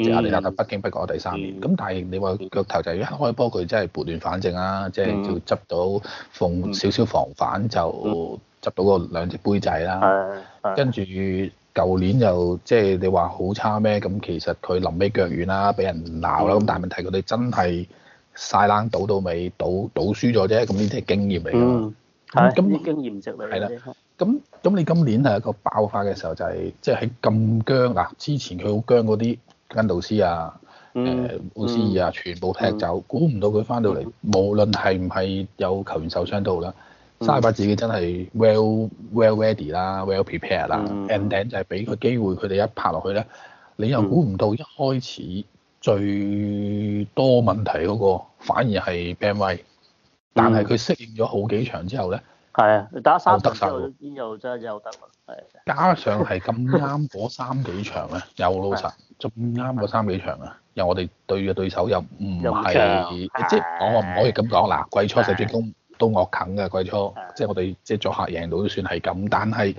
啊！你達達不經不覺啊，第三年咁，嗯、但係你話腳頭就一開波，佢真係撥亂反正啦，即、就、係、是、要執到逢、嗯、少少防反就執到個兩隻杯仔啦。跟住舊年又即係你話好差咩？咁其實佢臨尾腳軟啦，俾人鬧啦。咁但係問題佢哋真係晒冷賭到尾賭賭輸咗啫。咁呢啲係經驗嚟㗎，咁係今經驗值嚟係啦，咁咁的你今年係一個爆發嘅時候，就係即係喺咁僵嗱，之前佢好僵嗰啲。跟導師啊，誒奧斯爾啊，全部踢走，嗯、估唔到佢翻到嚟，嗯、無論係唔係有球員受傷都好啦，沙、嗯、巴自己真係 well well ready 啦，well prepared 啦、嗯、ending 就係俾個機會佢哋一拍落去咧，嗯、你又估唔到一開始最多問題嗰、那個反而係 Ben White，但係佢適應咗好幾場之後咧。嗯嗯係啊，打三場又真係又得，係加上係咁啱嗰三幾場咧， *laughs* 有老實，仲啱嗰三幾場啊！又我哋對嘅對手又唔係，即係我唔可以咁講嗱，季初就轉東都惡啃嘅季初，即係我哋即係作客贏到都算係咁，但係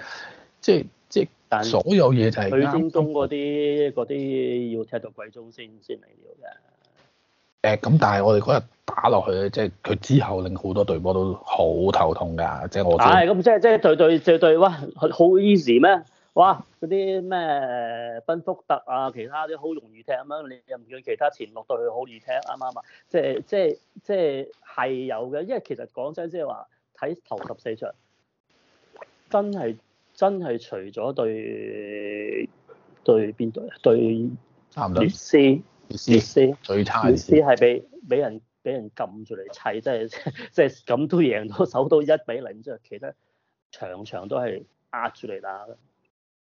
即係即係所有嘢就係。佢轉東嗰啲嗰啲要踢到季中先先嚟要嘅。誒，咁但係我哋嗰日打落去咧，即係佢之後令好多隊波都好頭痛噶，即係我、哎。係，咁即係即係對對就對，哇，好 easy 咩？哇，嗰啲咩賓福特啊，其他啲好容易踢咁樣，你又唔見其他前六對佢好易踢啱唔啱啊？即係即係即係係有嘅，因為其實講真即係話睇頭十四場，真係真係除咗對對邊隊對熱刺。行獅子最差，獅子係俾俾人俾人撳住嚟砌，即係真係咁都贏到手都一比零即啫，其他場場都係壓住嚟打。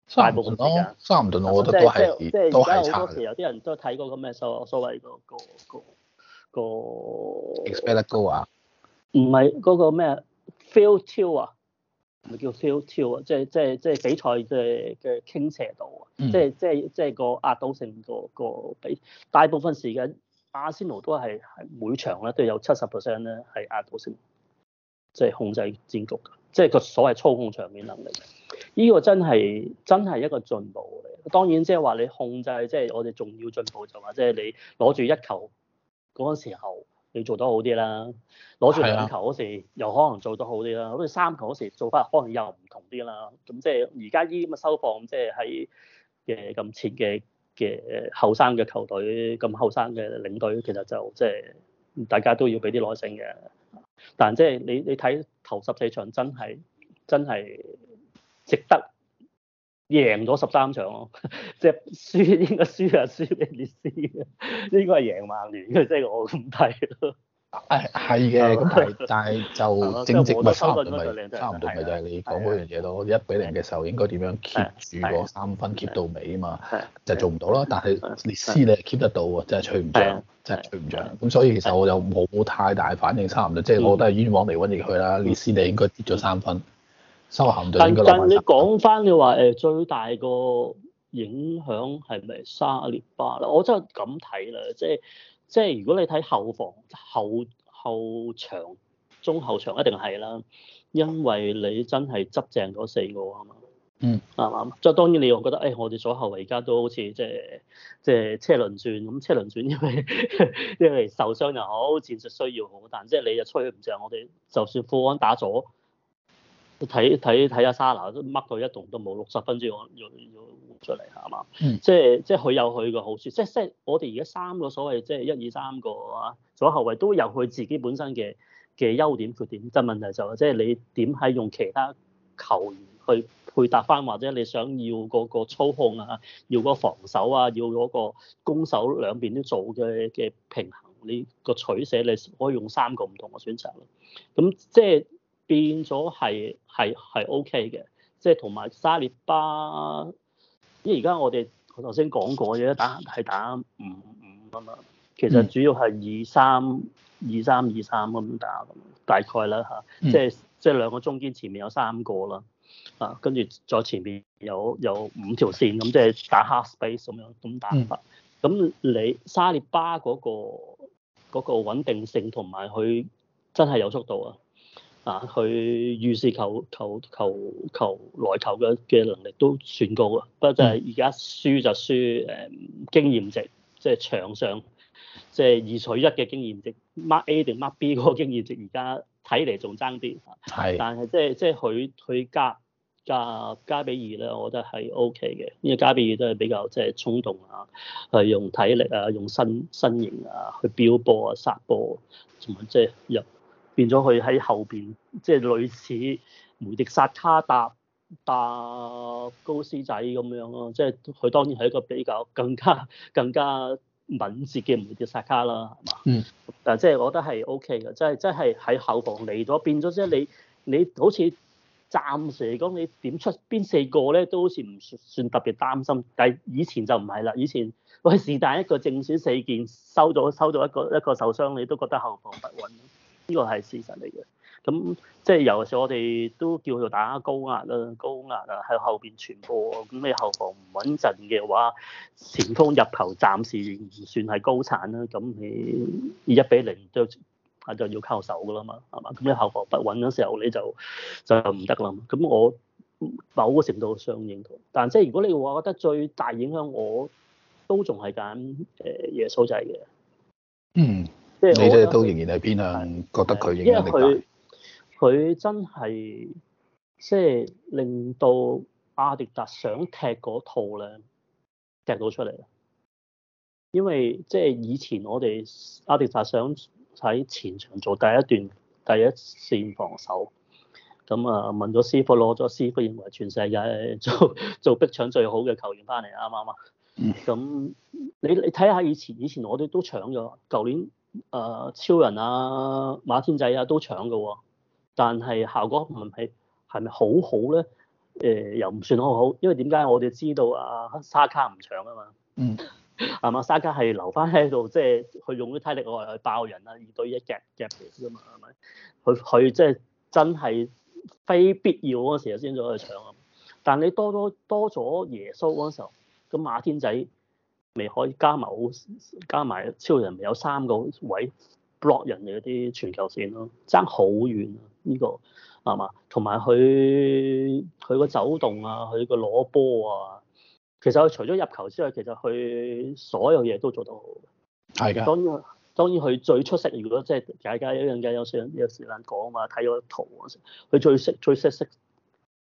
沙門頓啊，沙門頓我覺得都係即係即係，而家好多時有啲人都睇過嗰個咩所所謂、嗰個、嗰個、嗰個 expect goal 啊？唔係嗰個咩 feel to 啊？嗰個嗰個咪叫 feel t 啊，即係即係即係比賽嘅嘅傾斜度啊，即係即係即係個壓倒性個比，大部分時間阿仙奴都係係每場咧都有七十 percent 咧係壓倒性，即係控制戰局，即係個所謂操控場面能力。呢個真係真係一個進步嚟，當然即係話你控制，即係我哋仲要進步，就話即係你攞住一球嗰個時候。你做得好啲啦，攞住兩球嗰時又可能做得好啲啦，好似係三球嗰時做法可能又唔同啲啦。咁即係而家呢咁嘅收放，即係喺咁切嘅嘅後生嘅球隊，咁後生嘅領隊，其實就即係大家都要俾啲耐性嘅。但即係你你睇頭十四場真係真係值得。贏咗十三場咯，即係輸應該輸啊，輸俾列斯，應該係贏曼聯嘅，即係我唔睇咯。係係嘅，咁但係就正直咪差唔多咪，差唔多咪就係你講嗰樣嘢咯。一比零嘅時候應該點樣 keep 住個三分 keep 到尾啊嘛，就做唔到啦。但係列斯你係 keep 得到啊，真係吹唔脹，真係吹唔脹。咁所以其實我又冇太大反應，差唔多，即係我都係冤枉嚟搵住去啦。列斯你應該跌咗三分。但但你講翻你話誒最大個影響係咪沙列巴咧？我真係咁睇啦，即係即係如果你睇後防後後場中後場一定係啦，因為你真係執正嗰四個啊嘛。嗯，係嘛？即係當然你又覺得誒、哎，我哋左後衞而家都好似即係即係車輪轉咁，車輪轉因為 *laughs* 因為受傷又好，戰術需要好，但即係你又出去唔正，我哋就算富安打咗。睇睇睇阿沙拿都乜佢一棟都冇六十分鐘，我要要出嚟係嘛？嗯、即係即係佢有佢嘅好處，即係即係我哋而家三個所謂即係一二三個啊左後衞都有佢自己本身嘅嘅優點缺點。但問題就係、是、即係你點喺用其他球員去配搭翻，或者你想要嗰個操控啊，要嗰個防守啊，要嗰個攻守兩邊都做嘅嘅平衡，你個取捨你可以用三個唔同嘅選擇咯。咁即係。變咗係係係 O K 嘅，即係同埋沙列巴，因為而家我哋頭先講過嘅打係打五五啊嘛，其實主要係二三二三二三咁打大概啦嚇、啊，即係即係兩個中堅前面有三個啦，啊，跟住再前面有有五條線咁，即係打 half space 咁樣咁打法。咁、嗯、你沙列巴嗰、嗰個嗰、嗰個、穩定性同埋佢真係有速度啊？啊，佢遇事求求求求來求嘅嘅能力都算高啊，不過就係而家輸就輸誒經驗值，即係場上即係二取一嘅經驗值，mark A 定 mark B 嗰個經驗值而家睇嚟仲爭啲。係是。但係即係即係佢佢加加加比爾咧，我覺得係 O K 嘅，因為加比爾都係比較即係衝動啊，係用體力啊，用身身形啊去飆波啊殺波，同埋即係入。變咗佢喺後邊，即係類似梅迪薩卡搭搭高斯仔咁樣咯。即係佢當然係一個比較更加更加敏捷嘅梅迪薩卡啦，係嘛？嗯。但即係我覺得係 O K 嘅，即係即係喺後防嚟咗變咗啫。你你好似暫時嚟講，你點出邊四個咧，都好似唔算算特別擔心。但係以前就唔係啦，以前喂是但一個正選四件收咗收咗一個一個受傷，你都覺得後防不穩。呢個係事實嚟嘅，咁即係尤其是我哋都叫做打高壓啦，高壓啊喺後邊傳波。咁你後防唔穩陣嘅話，前鋒入球暫時唔算係高產啦，咁你一比零就就要靠手噶啦嘛，係嘛？咁你後防不穩嘅時候你就就唔得啦嘛，咁我某個程度上認同，但即係如果你話覺得最大影響我，我都仲係揀誒耶蘇仔嘅，嗯。.你咧都仍然係偏向覺得佢影響力大，因為佢佢真係即係令到阿迪達想踢嗰套咧踢到出嚟，因為即係以前我哋阿迪達想喺前場做第一段第一線防守，咁啊問咗師傅攞咗師傅認為全世界做做逼搶最好嘅球員翻嚟，啱唔啱啊？咁、嗯、你你睇下以前以前我哋都搶咗舊年。誒、啊、超人啊，馬天仔啊都搶嘅，哦，但係效果唔係係咪好好咧？誒又唔算好好，因為點解我哋知道阿沙卡唔搶啊嘛？嗯，係嘛？沙卡係，嗯啊、留翻喺度，即係佢用啲體力外去爆人啊，二對一夾夾佢啫嘛，係咪？佢佢即係真係非必要嗰時先至去搶啊。但你多多多咗耶穌嗰時候，咁馬天仔。未可以加埋加埋超人，咪有三個位 block 人哋一啲傳球線咯，爭好遠啊！呢個係嘛？同埋佢佢個走動啊，佢個攞波啊，其實佢除咗入球之外，其實佢所有嘢都做得好。係嘅的。當然，當然佢最出色。如果即係大家一陣間有時間有時間講啊嘛，睇咗圖，佢最識最識識，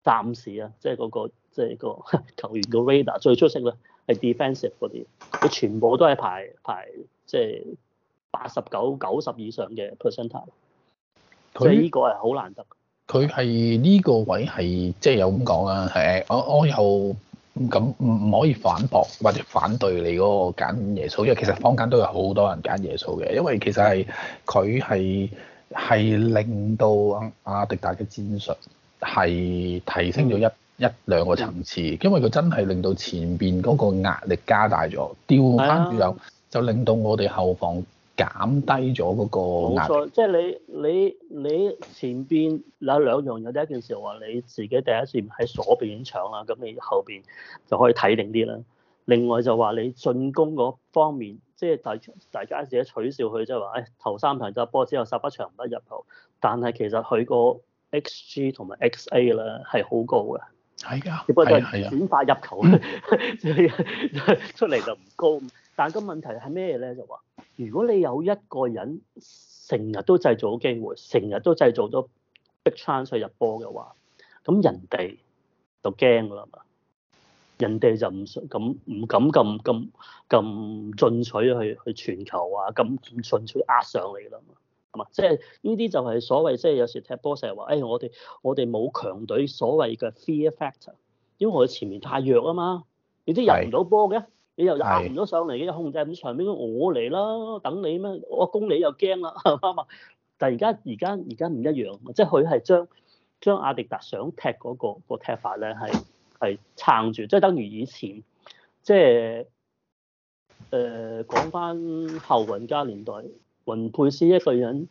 暫時啊，即係嗰個即係個球員個雷達最出色咧。係 defensive 嗰啲，佢全部都係排排即係八十九九十以上嘅 percentile，即係呢他個係好難得。佢係呢個位係即係有咁講啊，誒，我我又咁唔唔可以反駁或者反對你嗰個揀耶穌，因為其實坊間都有好多人揀耶穌嘅，因為其實係佢係係令到阿阿迪達嘅戰術係提升咗一，嗯一兩個層次，因為佢真係令到前邊嗰個壓力加大咗，調翻轉頭就令到我哋後防減低咗嗰個。冇錯，即係你你你前邊有兩樣嘢，第一件事話你自己第一次喺鎖邊搶啊，咁你後邊就可以睇定啲啦。另外就話你進攻嗰方面，即係大大家自己取笑佢，即係話誒頭三場就波之後十一場唔得入球，但係其實佢個 XG 同埋 XA 咧係好高嘅。係噶，只 *laughs* 不過就係短發入球，出嚟就唔高。但係個問題係咩咧？就話如果你有一個人成日都製造好機會，成日都製造咗 big chance 去入波嘅話，咁人哋就驚㗎啦嘛，人哋就唔咁唔敢咁咁咁進取去去傳球啊，咁唔進取壓上嚟啦嘛。係嘛？即係呢啲就係所謂即係有時踢波成日話，誒、哎、我哋我哋冇強隊所謂嘅 Fear Factor，因為我哋前面太弱啊嘛，你都入唔到波嘅，是你又入唔到上嚟嘅，控制唔到場邊，我嚟啦，等你咩？我攻你又驚啦，係嘛？但係而家而家而家唔一樣，即係佢係將將阿迪達想踢嗰、嗰個個踢法咧，係係撐住，即係等於以前即係誒、呃、講翻後雲加年代。雲佩斯一個人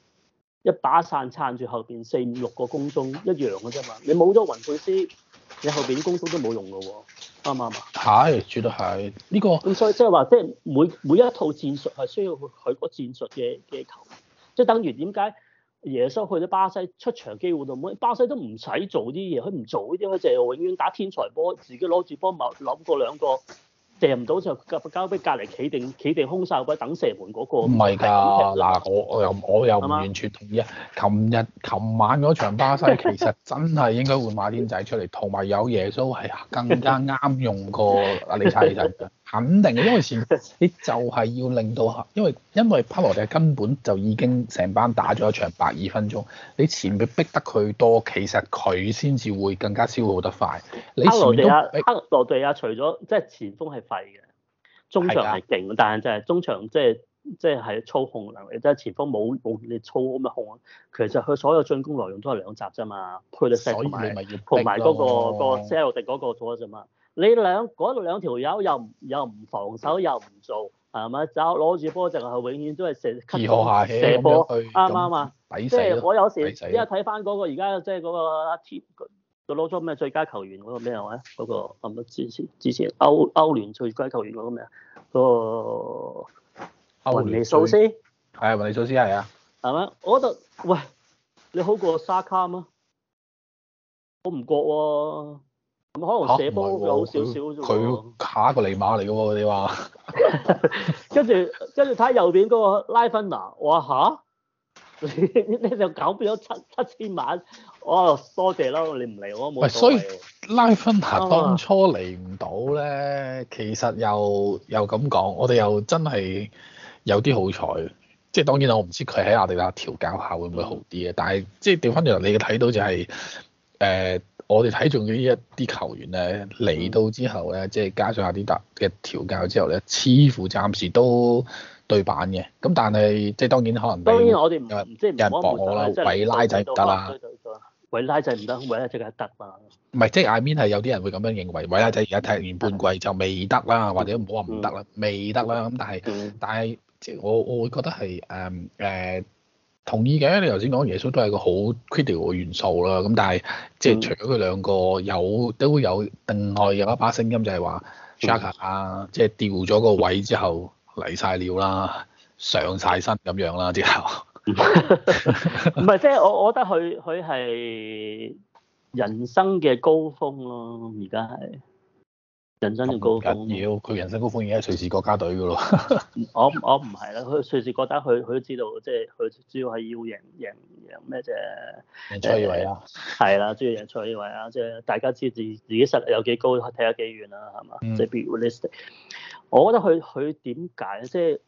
一把傘撐住後邊四五六個公眾一樣嘅啫嘛，你冇咗雲佩斯，你後邊啲公眾都冇用嘅喎、哦，啱唔啱啊？係，絕對係呢個。咁所以即係話，即係每每一套戰術係需要佢嗰戰術嘅嘅球，即係等於點解耶穌去咗巴西出場機會度，樣，巴西都唔使做啲嘢，佢唔做呢啲，佢就係永遠打天才波，自己攞住波冇諗過兩個。射唔到就交交俾隔離企定企定空曬位等射門嗰個。唔係㗎，嗱，我我又我又唔完全同意。琴嗎日琴晚嗰場巴西其實真係應該換馬天仔出嚟，同埋有耶穌係、哎、更加啱用過阿李差仔肯定嘅，因為前 *laughs* 你就係要令到，因為因為克羅地亞根本就已經成班打咗一場百二分鐘，你前邊逼得佢多，其實佢先至會更加消耗得快。你克羅地亞，克羅地亞除咗即係前鋒係廢嘅，中場係勁，的但係就係中場即係即係係操控能力，即係前鋒冇冇你操咁嘅控，其實佢所有進攻內容都係兩閘啫嘛，佢哋踢唔埋，同埋嗰個個 celtic 嗰個咗啫嘛。你兩嗰度兩條友又唔又唔防守又唔做係咪？就攞住波就係永遠都係射二號下射波，啱啱啊？即係吧我有時依家睇翻嗰個而家即係嗰個阿 T 攞咗咩最佳球員嗰、那個咩話？嗰、那個咁啊、那個、之前之前歐歐聯最佳球員嗰、那個咩啊？嗰、那個雲尼蘇斯係啊，雲尼蘇斯係啊，係咪？我覺得喂你好過沙卡嗎？我唔覺喎、啊。可能射波好少少啫喎，佢下一個尼馬嚟嘅喎，你話？跟住跟住睇右邊嗰個拉芬娜，哇嚇！你你就搞變咗七七千萬，我多謝咯，你唔嚟我冇所謂。所以拉芬娜當初嚟唔到咧，的啊、其實又又咁講，我哋又真係有啲好彩。即係當然啦，我唔知佢喺阿迪達調教下會唔會好啲嘅，但係即係調翻轉嚟，你嘅睇到就係、是、誒。呃我哋睇中嘅一啲球員咧，嚟到之後咧，即係加上阿迪達嘅調教之後咧，似乎暫時都對版嘅。咁但係，即係當，當然可能。當然人，我哋唔即係有人駁我啦，維拉仔唔得啦。維、啊、拉仔唔得，維拉即係得嘛？唔係、啊，即係 I mean 係有啲人會咁樣認為，維拉仔而家踢完半季就未得啦，嗯、或者唔好話唔得啦，未得啦。咁但係，但係即係我我會覺得係誒誒。嗯嗯嗯嗯嗯同意嘅，你頭先講耶穌都係個好 critical 嘅元素啦。咁但係即係除咗佢兩個有，都有另外有一把聲音就係話 Shaka 啊，Sh aka，即係掉咗個位之後嚟晒料啦，上晒身咁樣啦。之後唔係即係我我覺得佢佢係人生嘅高峰咯、啊，而家係。人生嘅高峰，要佢 *music* 人生高峰而家瑞士國家隊噶咯 *laughs* 。我我唔係啦，佢瑞士國家佢佢都知道，即係佢主要係要贏贏贏咩啫？贏錯位啊，係 *music* 啦，主要贏錯位啊，即係大家知自自己實力有幾高，睇下幾遠啦，係嘛？即係 realistic。我覺得佢佢點解即係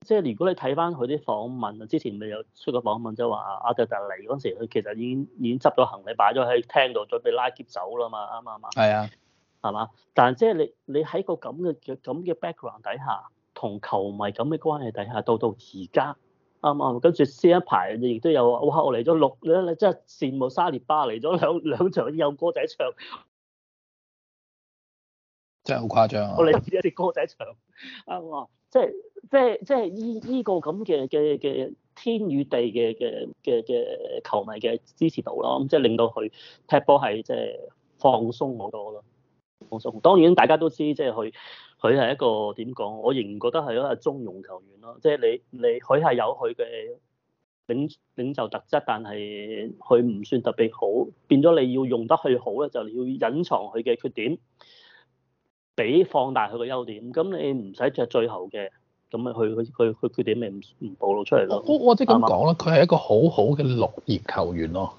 即係如果你睇翻佢啲訪問啊，之前咪有出過訪問，即係話阿阿迪達嚟嗰陣時，佢其實已經已經執咗行李，擺咗喺廳度，準備拉喼走啦嘛，啱唔啱啊？係啊。 *music* *music* 係嘛？但即係你你喺個咁嘅咁嘅 background 底下，同球迷咁嘅關係底下，到到而家啱啱，跟住先一排你亦都有哇！我嚟咗六，你真係羨慕沙利巴嚟咗兩兩場，有歌仔唱，真係好誇張啊。我嚟咗有啲歌仔唱，啱即係即係即係依依個咁嘅嘅嘅天與地嘅嘅嘅嘅球迷嘅支持度咯，咁即係令到佢踢波係即係放鬆好多咯。當然大家都知，即係佢佢係一個點講，我仍然覺得係咯，中庸球員咯。即係你你佢係有佢嘅領領袖特質，但係佢唔算特別好。變咗你要用得佢好咧，就是、要隱藏佢嘅缺點，俾放大佢嘅優點。咁你唔使着最後嘅，咁啊佢佢佢缺點咪唔唔暴露出嚟咯。我即係咁講啦，佢係嗎一個好好嘅落葉球員咯。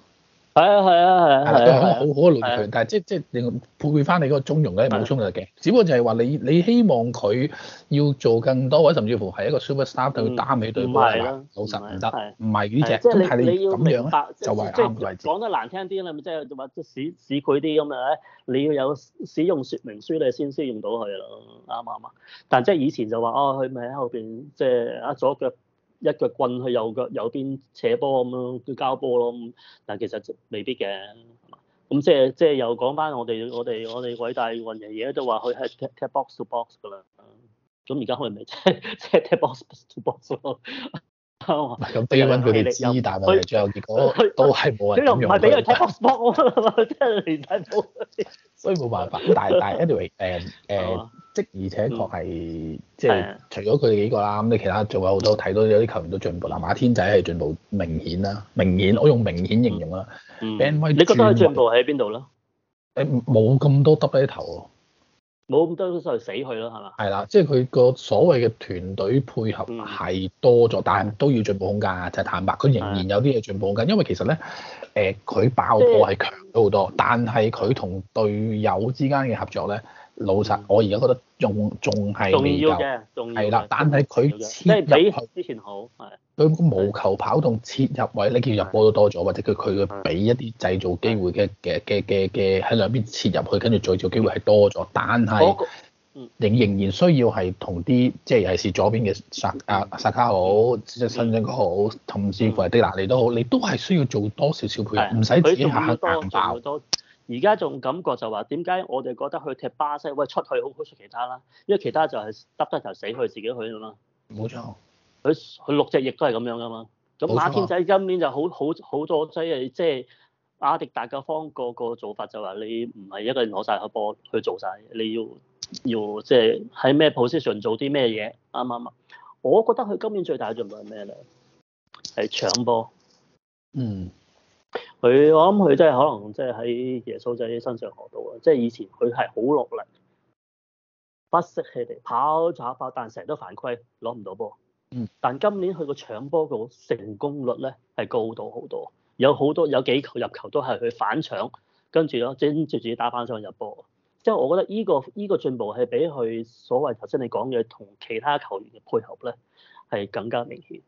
係啊係啊係啊，係啊佢係好好嘅力量，但係即即令配翻你嗰個中鋭嘅冇衝力嘅嘅，只不過就係話你你希望佢要做更多或者甚至乎係一個 superstar 對打起對波係嘛？唔係啦，唔係呢隻咁樣就係啱嘅位置。講得難聽啲啦，咪即係話使使佢啲咁嘅，你要有使用說明書你先先用到佢咯，啱嘛啱嘛。但係即係以前就話哦，佢咪喺後邊即係啊，左腳。一腳棍去右腳右邊扯波咁樣，佢交波咯，但係其實未必嘅。咁即係即係又講翻我哋我哋我哋偉大雲爺爺都話佢係踢踢 box to box 噶啦，咁而家可能咪即係即係踢 box to box 咯。 *laughs* 咁低 e 佢哋知，但係最後結果都係冇人用。佢又唔係俾佢 top spot 啊，即係到。所以冇辦法，但係但係 anyway，誒誒，即而且確係即係除咗佢哋幾個啦，咁你其他仲有好多睇到有啲球員都進步啦，馬天仔係進步明顯啦，明顯我用明顯形容啦。Ben 威你覺得佢進步喺邊度咧？誒，冇咁多耷低頭。冇咁多因素死去咯，係嘛？係啦，即係佢個所謂嘅團隊配合係多咗，但係都要進步空間啊！就係、是、坦白，佢仍然有啲嘢進步空間，因為其實咧，誒、呃、佢爆破係強咗好多，但係佢同隊友之間嘅合作咧。老實，我而家覺得仲仲係重要嘅，係啦。但係佢切入去即係比之前好，佢個無球跑動切入位，或者你叫入波都多咗，的或者佢佢嘅俾一啲製造機會嘅嘅嘅嘅嘅喺兩邊切入去，跟住再造機會係多咗。但係仍仍然需要係同啲即係尤其是左邊嘅薩啊薩卡好，甚至係個好，同至乎係迪拿利都好，你都係需要做多少少配合，唔使自己下硬爆。而家仲感覺就話點解我哋覺得去踢巴西喂出去好好出，出其他啦，因為其他就係耷低頭死去自己去啊嘛。冇錯，佢佢六隻亦都係咁樣噶嘛。咁、啊、馬天仔今年就好好好多即係即係阿迪達嘅方個、個個做法就話你唔係一個人攞晒個波去做晒，你要要即係喺咩 position 做啲咩嘢，啱唔啱？我覺得佢今年最大嘅進步係咩咧？係搶波。嗯。佢我諗佢真係可能真係喺耶穌仔身上學到啊！即係以前佢係好落力，不惜氣地跑插跑，但成日都犯規，攞唔到波。嗯。但今年佢個搶波個成功率咧係高到好多，有好多有幾球入球都係佢反搶，跟住咯，即係接住打返上去入波。即係我覺得呢、這個依、這個進步係比佢所謂頭先你講嘅同其他球員嘅配合咧係更加明顯。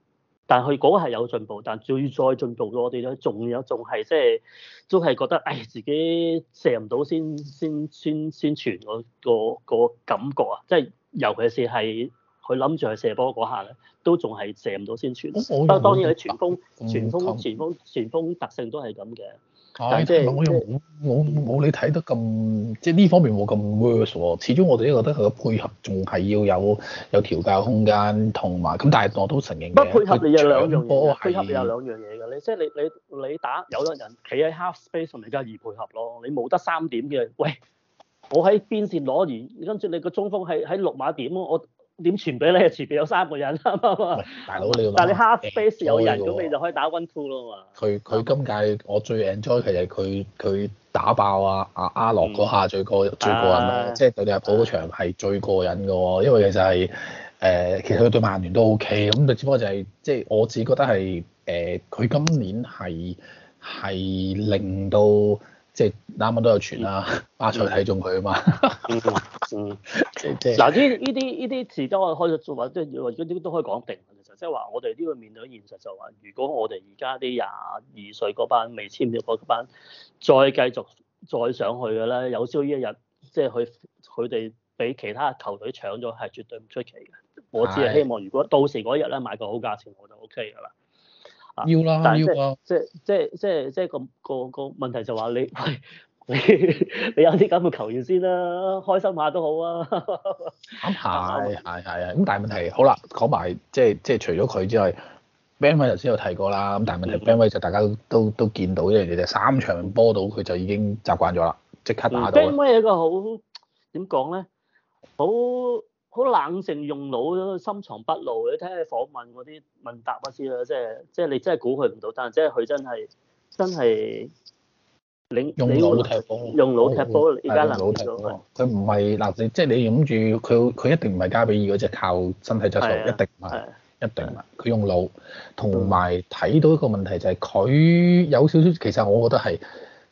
但佢嗰個係有進步，但最再進步嘅我哋咧，仲有仲係即係都係覺得，唉，自己射唔到先先先先傳嗰個個感覺啊！即係尤其是係佢諗住去射波嗰下咧，都仲係射唔到先傳。當然，當然，傳鋒傳鋒傳鋒傳鋒特性都係咁嘅。即係、哎、我又冇、嗯，我冇你睇得咁，即係呢方面冇咁 vers。始終我哋都覺得佢嘅配合仲係要有有調教空間，同埋咁。但係我都承認嘅，佢不長波。配合有兩樣嘢㗎是。你即係你你你打有得人企喺 half space 同你加二配合咯。你冇得三點嘅，喂，我喺邊線攞完，跟住你個中鋒係喺六碼點啊，我。點傳俾你？傳俾有三個人。 *laughs* 大佬你要諗，但你 half space 有人咁，這個，你就可以打 one two 咯嘛。佢佢今屆我最 enjoy 其實佢佢打爆啊啊阿洛嗰下最過、嗯、最過癮咯，即係、啊、對利物浦嗰場係最過癮嘅喎。因為其實係誒、呃，其實佢對曼聯都 O K 咁，對只不過就係即係我自己覺得係誒，佢、呃、今年係係令到。即係啱啱都有傳啦，巴塞睇中佢啊嘛。嗯，嗱，呢呢啲呢啲事都可以開咗做，或者話都可以講定，其實即係話我哋呢要面對現實，就話如果我哋而家啲廿二歲嗰班未簽咗嗰班，再繼續再上去嘅咧，有朝於一日，即係佢佢哋俾其他球隊搶咗，係絕對唔出奇嘅。我只係希望，如果到時嗰日咧買個好價錢，我就 O K 㗎啦。要啦了，要啊，即係即係即係即係個個個問題就話你，你 *laughs* *laughs* 你有啲咁嘅球員先啦、啊，開心下都好啊。啱係係係啊，咁但係問題好啦，講埋即係即係除咗佢之外，Ben 威頭先有提過啦，咁但係問題 Ben 威就大家都都都見到因為，你哋三場波到佢就已經習慣咗啦，即刻打到。Ben 威有一個好點講咧，好。好冷靜用腦，深藏不露。你睇下訪問嗰啲問答先啦，即係即係你真係估佢唔到，但係即係佢真係真係用腦用腦踢波。而家我能做到佢唔係嗱，即係你諗住佢佢一定唔係加比爾嗰隻靠身體質素，啊、一定唔係、啊、一定唔係。佢用腦同埋睇到一個問題就係、是、佢有少少，其實我覺得係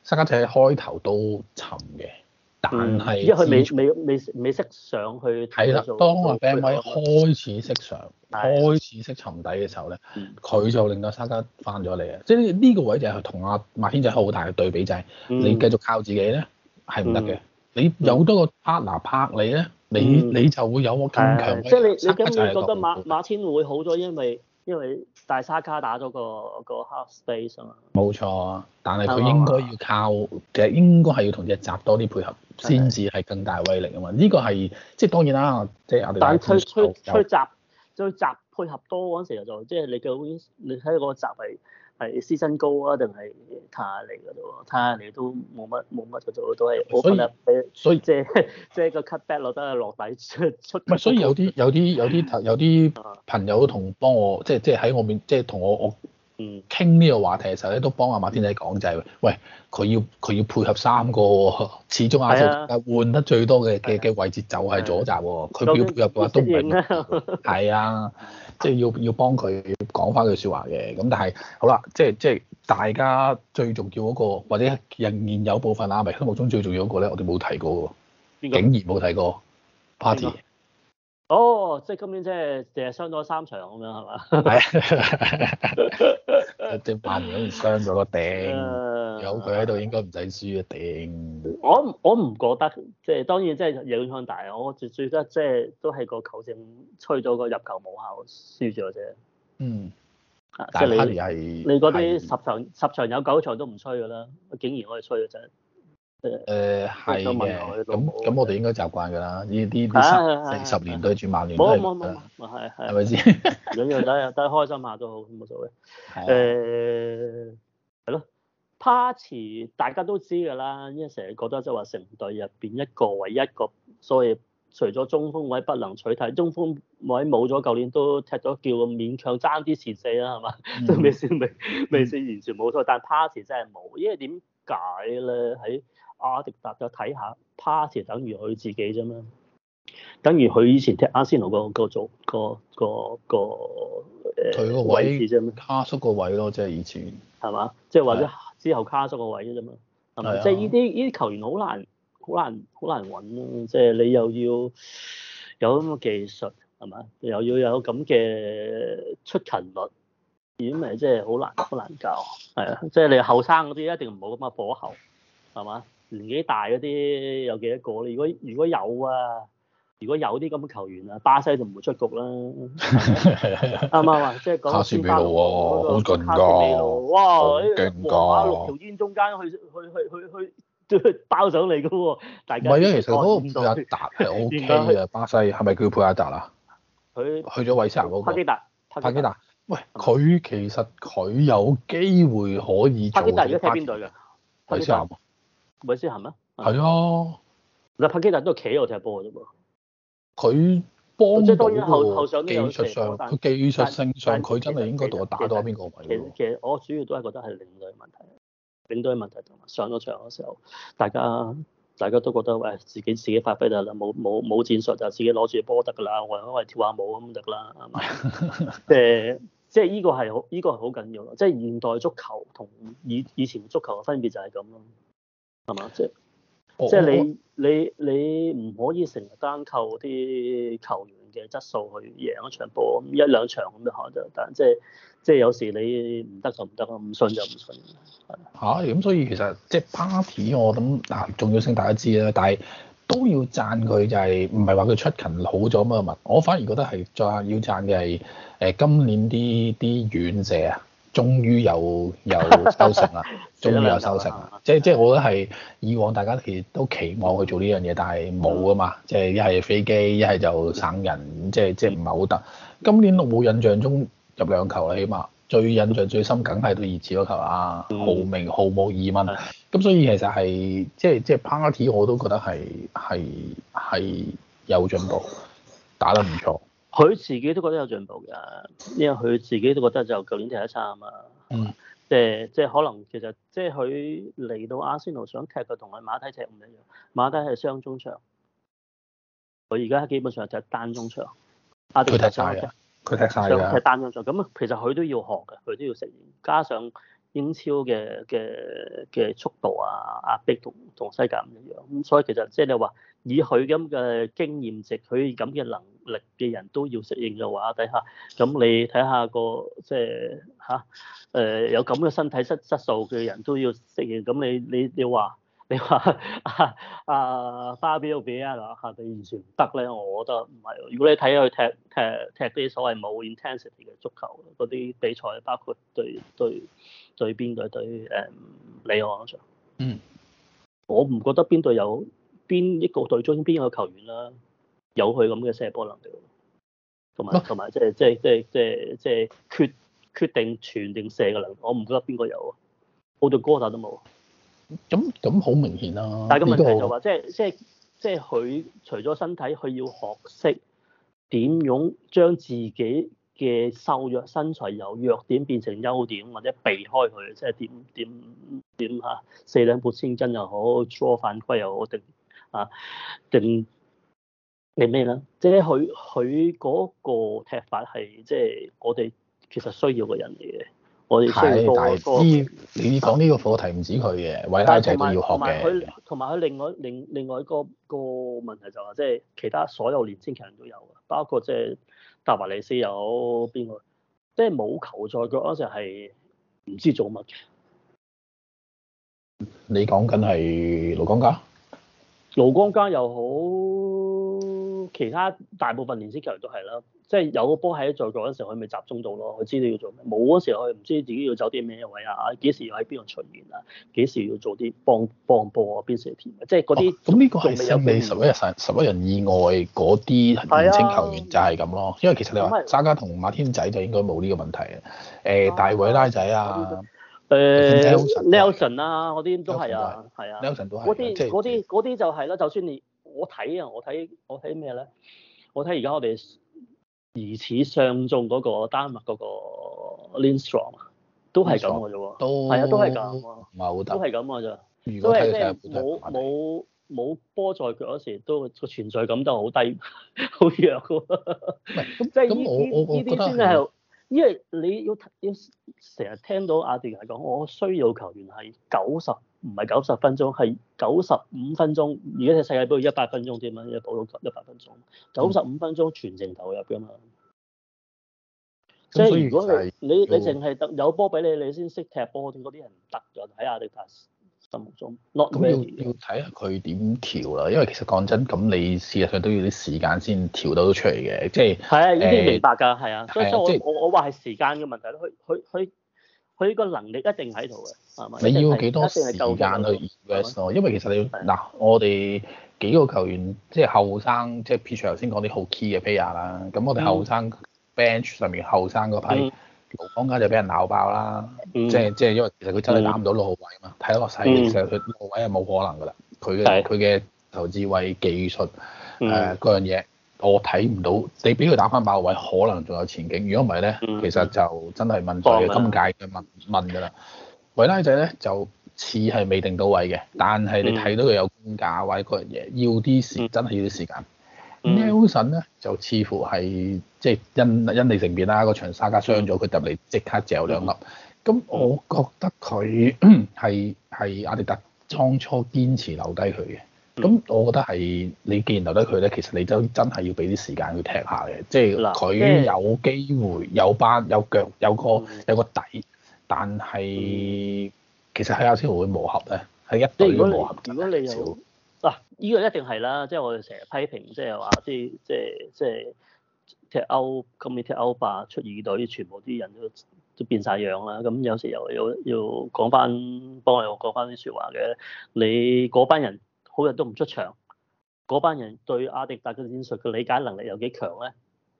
三家仔開頭都沉嘅。但係因為佢未未未未識上去，係啦。當阿 Ben 威開始識上，開始識沉底嘅時候咧，佢就令到沙家翻咗嚟啊！即係呢個位就係同阿馬千仔好大嘅對比。就係你繼續靠自己咧，係唔得嘅。你有多個 partner 拍你咧，你你就會有個咁強嘅即係你你點會覺得馬馬千會好咗？因為因為大沙卡打咗個個 half space 啊嘛，冇錯，但係佢應該要靠，其實的應該係要同隻閘多啲配合，先至係更大威力啊嘛。呢的個係即係當然啦，即係阿。但係佢佢佢閘，佢閘有配合多嗰陣時候就，即、就、係、是、你究竟你睇個閘係。係私身高啊，定係撐嚟嗰度，撐下嚟都冇乜冇乜做。啫，都係我覺得所以即係即係個 cutback 落得落底出出。唔係，所以有啲有啲有啲有啲朋友同幫我，即係即係喺我面，即係同我我。嗯，傾呢個話題嘅時候咧，都幫阿馬天仔講就係，喂，佢要佢要配合三個，始終阿仙奴換得最多嘅嘅嘅位置就係左閘，佢的要配合嘅話的都唔明，係啊的， *laughs* 即係要要幫佢講翻句説話嘅，咁但係好啦，即係即係大家最重要嗰、那個，或者仍然有部分阿迷心目中最重要嗰、那個咧，我哋冇提過喎，竟然冇提過，party。哦，即係、oh, 今年即係淨係傷咗三場咁樣係嘛？係啊，啲板佬唔傷咗個頂， *laughs* 有佢喺度應該唔使輸啊頂。我我唔覺得，即係當然即係影響大。我最最得，即係都係個球證吹咗個入球無效，輸咗啫。嗯，但係你係你嗰啲十場是十場有九場都唔吹噶啦，竟然可以吹咗。誒係咁咁我哋、嗯、應該習慣㗎啦。呢啲啲十年對住曼聯冇冇係係係咪先？咁樣得得開心下都好，冇所謂誒係咯。帕、啊欸、Partey 大家都知㗎啦，因為成日覺得就話成隊入邊一個為一個，所以除咗中鋒位不能取替，中鋒位冇咗，舊年都踢咗叫勉強爭啲前四啦，係嘛？都未算未未算完全冇咗，但 Partey 真係冇，因為點解咧？喺阿迪達就睇下，pass 就等於佢自己啫嘛，等於佢以前踢阿仙奴個個做個個個，佢個位卡叔個位咯，即係以前，係嘛？即係吧是、啊、或者之後卡叔個位啫嘛，係咪是、啊啊？即係呢啲呢啲球員好難好難好難揾，即係你又要有咁嘅技術，係嘛？你又要有咁嘅出勤率，咁咪即係好難好難教，係啊。即係你後生嗰啲一定唔好咁嘅火候，係嘛？年紀大嗰啲有幾多個咧？如果如果有啊，如果有啲咁嘅球員啊，巴西就唔會出局啦。啱 *laughs* 啱 *laughs* *laughs* 啊？即係講卡斯比路啊，好勁㗎。哇！勁㗎。哇！六條煙中間去去去去去，包上嚟㗎喎。唔係啊，其實嗰個佩阿達係 O K 嘅。 *laughs* 巴西係咪叫佩阿達啊？佢他去咗韋斯咸啊嗰、那個。帕基達。帕基達。喂，佢其實佢有機會可以做。帕基達如果踢邊隊嘅？韋斯咸啊。韋斯咸咩？係啊，嗱的，帕基特都係企喺度踢波嘅啫噃。佢幫即係當然後後技術上佢看但技術性上佢是真係應該同我打到邊個位。其實其實我主要都係覺得係領隊問題，領隊嘅問題，同上咗場嘅時候，大家大家都覺得喂，自己自己發揮就得，冇冇冇戰術，就自己攞住波得噶啦，或者我係跳下舞咁得啦，係咪？即係即係呢個係好呢個係好緊要咯。即係現代足球同以以前足球嘅分別就係咁咯。係嘛？即係即係你、哦、你你唔可以成日單靠啲球員嘅質素去贏一場波，一兩場咁就可就，但即係即係有時你唔得就唔得咯，唔信就唔信。吓咁，啊、所以其實即係 Partey，我諗嗱，重、啊、要性大家知啦，但係都要讚佢就係、是，唔係話佢出勤好咗乜物，我反而覺得係再要讚嘅係誒，今年啲啲遠射啊。終於有有收成啦！終於有收成啦！ *laughs* 即係即係，我覺得係以往大家其實都期望去做呢樣嘢，但係冇啊嘛！即係一係飛機，一係就省人，即係即係唔係好得。今年我冇印象中入兩球啦，起碼最印象最深，梗係都二次嗰球啊，豪名毫無疑問。咁 *laughs* 所以其實係即係即係 party，我都覺得係係係有進步，打得唔錯。佢自己都覺得有進步㗎，因為佢自己都覺得就舊年踢得差啊嘛、嗯，即係即係可能其實即係佢嚟到阿仙奴想踢嘅同佢馬蒂踢唔一樣，馬蒂係雙中場，佢而家基本上就係單中場，佢踢曬㗎，佢踢曬踢單中場，咁其實佢都要學㗎，佢都要適應，加上，英超嘅嘅嘅速度啊，壓迫同同西甲唔一樣，咁所以其實即係你話以佢咁嘅經驗值，佢咁嘅能力嘅人都要適應嘅話底下，咁你睇下個即係吓，誒、即係啊呃、有咁嘅身體質質素嘅人都要適應，咁你你你話，你話啊啊，巴比奧比爾啊嗱，佢完全唔得咧，我覺得唔係。如果你睇佢踢踢踢啲所謂冇 intensity 嘅足球，嗰啲比賽，包括對對對邊隊對誒利岸嗰場嗯，啊嗯、我唔覺得邊隊有邊一個隊中邊個球員啦，有佢咁嘅射波能力，同埋同埋即係即係即係即係決決定傳定射嘅能力，我唔覺得邊個有啊，好似奧迪加都冇。咁咁好明顯啦、啊，但係個問題就話、是，即係即係即係佢除咗身體，佢要學識點樣將自己嘅瘦弱身材由弱點變成優點，或者避開佢，即係點點點嚇四兩撥千斤又好，初犯規又好定啊定你咩啦？即係佢佢嗰個踢法係即係我哋其實需要嘅人嚟嘅。我哋即係個，的那個、你講呢個課題唔止佢嘅，維拉齊都要學嘅。同埋佢，同埋佢另外另另外一個一個問題就話，即係其他所有年輕球員都有，包括即係達華利斯有邊個，即係冇球在腳嗰陣係唔知做乜嘅。你講緊係盧光家？盧光家又好。其他大部分年輕球員都係啦，即係有個波喺度做嗰時，佢咪集中到咯，佢知道要做咩。冇嗰時，佢唔知自己要走啲咩位啊，幾時要喺邊度出現啊，幾時要做啲幫幫波啊，邊時填即係嗰啲。咁呢個係針對十一人、十一人以外嗰啲年輕球員就係咁咯。因為其實你話沙加同馬天仔就應該冇呢個問題啊。大偉拉仔啊，誒 Nelson 啊，嗰啲都係啊，係啊 Nelson 都係。啲啲嗰啲就係啦，就算你。我睇啊！我睇我睇咩咧？我睇而家我哋疑似相中嗰個丹麥嗰個 Lindstrom 啊，都係咁嘅啫喎，都係啊，都係咁啊，唔係好突，都係咁啊啫。如果睇冇冇冇波在腳嗰時，都個存在感都好低，好弱喎。咁即係咁啲依啲先係，因為你要要成日聽到阿迪係講，我需要球員係九十。唔係九十分鐘，係九十五分鐘。而家睇世界盃，一百分鐘添啊，一補到一百分鐘。九十五分鐘全程投入㗎嘛。即係、嗯、如果你你你淨係得有波俾你，你先識踢波。嗰啲人得咗？喺阿迪達心目中。咁要要睇下佢點調啦。因為其實講真，咁你事實上都要啲時間先調到出嚟嘅。即係係啊，已經明白㗎，係、呃、啊。所以我我我話係時間嘅問題啦。佢佢佢。佢個能力一定喺度嘅，是是你要幾多時間去 invest 因為其實你嗱是的，我哋幾個球員即係後生，即係 Peter 頭先講啲好 key 嘅 player 啦。咁我哋後生 bench 上面後生嗰批老闆家就俾人鬧爆啦。嗯、即係即係因為其實佢真係打唔到六號位啊嘛。睇落細其實佢六號位係冇可能噶啦。佢嘅佢嘅球智慧技術誒嗰、嗯、樣嘢。我睇唔到，你俾佢打翻爆位，可能仲有前景。如果唔係咧，其實就真係問佢、嗯、今屆嘅問問㗎啦。維拉仔咧就似係未定到位嘅，但係你睇到佢有公價或者個嘢，要啲時真係要啲時間。嗯、Nelson 咧就似乎係即係因因利成便啦，個場沙卡傷咗，佢入嚟即刻嚼兩粒。咁我覺得佢係係阿迪達當初堅持留低佢嘅。咁我覺得係你既然留低佢咧，其實你就真真係要俾啲時間去踢下嘅，即係佢有機會有班有腳有個有個底，但係其實喺亞視會磨合咧，係是一定會磨合如果你又，嗱，呢、啊呢個一定係啦，即、就、係、是、我哋成日批評，即係話啲即係即係踢歐，咁你踢歐霸，出二隊，全部啲人都都變晒樣啦，咁有時又有要講翻幫我講翻啲説話嘅，你嗰班人。好日都唔出場，嗰班人對阿迪達嘅戰術嘅理解能力有幾強咧？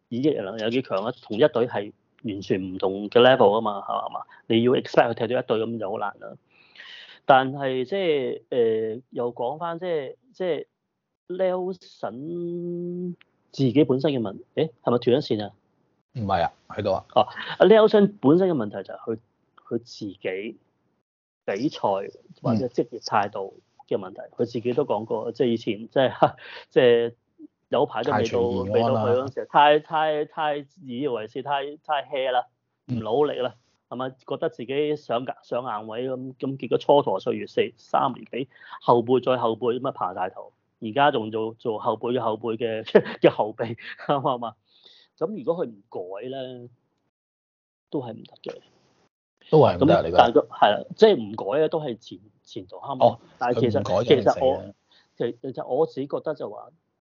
演繹能力有幾強啊？同一隊係完全唔同嘅 level 啊嘛，係嘛？你要 expect 佢踢到一隊咁就好難啦。但係即係誒，又講翻即係即係 Leonson 自己本身嘅問題，誒係咪斷咗線啊？唔係啊，喺度啊。哦、啊、Leonson 本身嘅問題就係佢佢自己比賽或者職業態度、嗯。嘅問題，佢自己都講過，即係以前，即係即係有排都未到，未到佢嗰陣時，太太太自以為是太，太太 hea 啦，唔努力啦，係咪、嗯？覺得自己上上硬位咁，咁結果蹉跎歲月四三年幾，後輩再後輩咁啊爬晒頭，而家仲做做後輩嘅後輩嘅嘅 *laughs* 後備，啱唔啱啊？咁如果佢唔改咧，都係唔得嘅。都係咁，但係都係啦，即係唔改咧，都係前前途坎坷。哦、但係其實改其實我其其實我自己覺得就話，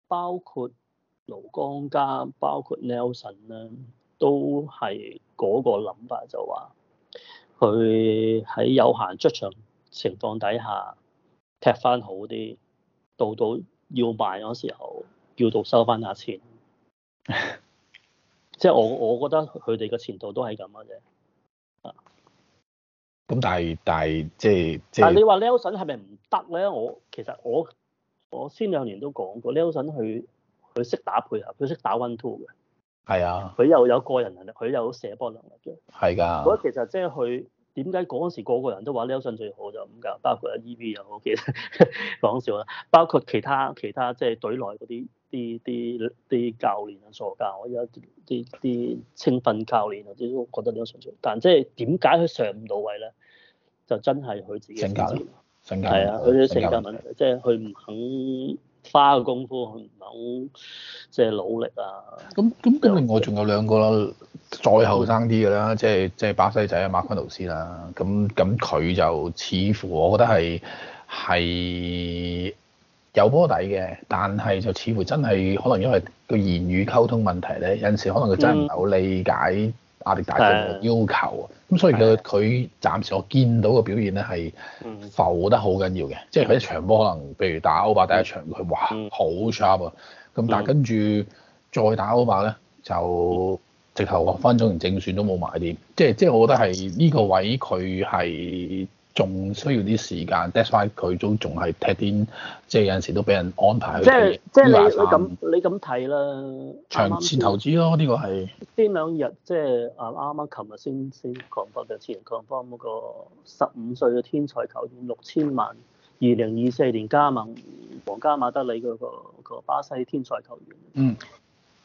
包括盧江家，包括 Nelson 咧，都係嗰個諗法就話，佢喺有限出場情況底下踢翻好啲，到到要賣嗰時候，要到收翻下錢。即 *laughs* 係我我覺得佢哋嘅前途都係咁嘅啫。咁但係但係即係即係你話 Nelson 係咪唔得咧？我其實我我先兩年都講過，Nelson 佢佢識打配合，佢識打 one two 嘅。係啊。佢又有個人能力，佢有射波能力嘅。係噶的。我覺得其實即係佢。點解嗰陣時個個人都話呢 Leon 最好就咁㗎？包括阿 EV 又好，其實講笑啦。包括其他其他即係隊內嗰啲啲啲啲教練啊、助教啊，我有啲啲青訓教練啊，都覺得呢 Leon 好。但即係點解佢上唔到位咧？就真係佢自己性格啦。性格係啊，佢啲性格問題，即係佢唔肯花嘅功夫，佢唔肯即係努力啊。咁咁咁，另我仲有兩個啦。再後生啲嘅啦，即係即係巴西仔啊，馬昆奴斯啦，咁咁佢就似乎我覺得係係有波底嘅，但係就似乎真係可能因為個言語溝通問題咧，有陣時可能佢真係唔係好理解壓力大嘅要求啊。咁的所以佢佢暫時我見到嘅表現咧係浮得好緊要嘅，即係佢一場波可能譬如打歐霸第一場，佢哇好 sharp 啊，咁但係跟住再打歐霸咧就。直頭學翻咗完正選都冇買啲，即係即係我覺得係呢個位佢係仲需要啲時間。Despite 佢都仲係踢啲，即係、嗯、有陣時都俾人安排嗰啲嘢。即係即係你咁你咁睇啦。長線投資咯，呢個係。呢兩日即係啊啱啱，琴日先先講返就前，講返嗰個十五歲嘅天才球員六千萬，二零二四年加盟皇家馬德里嗰個個巴西天才球員。嗯。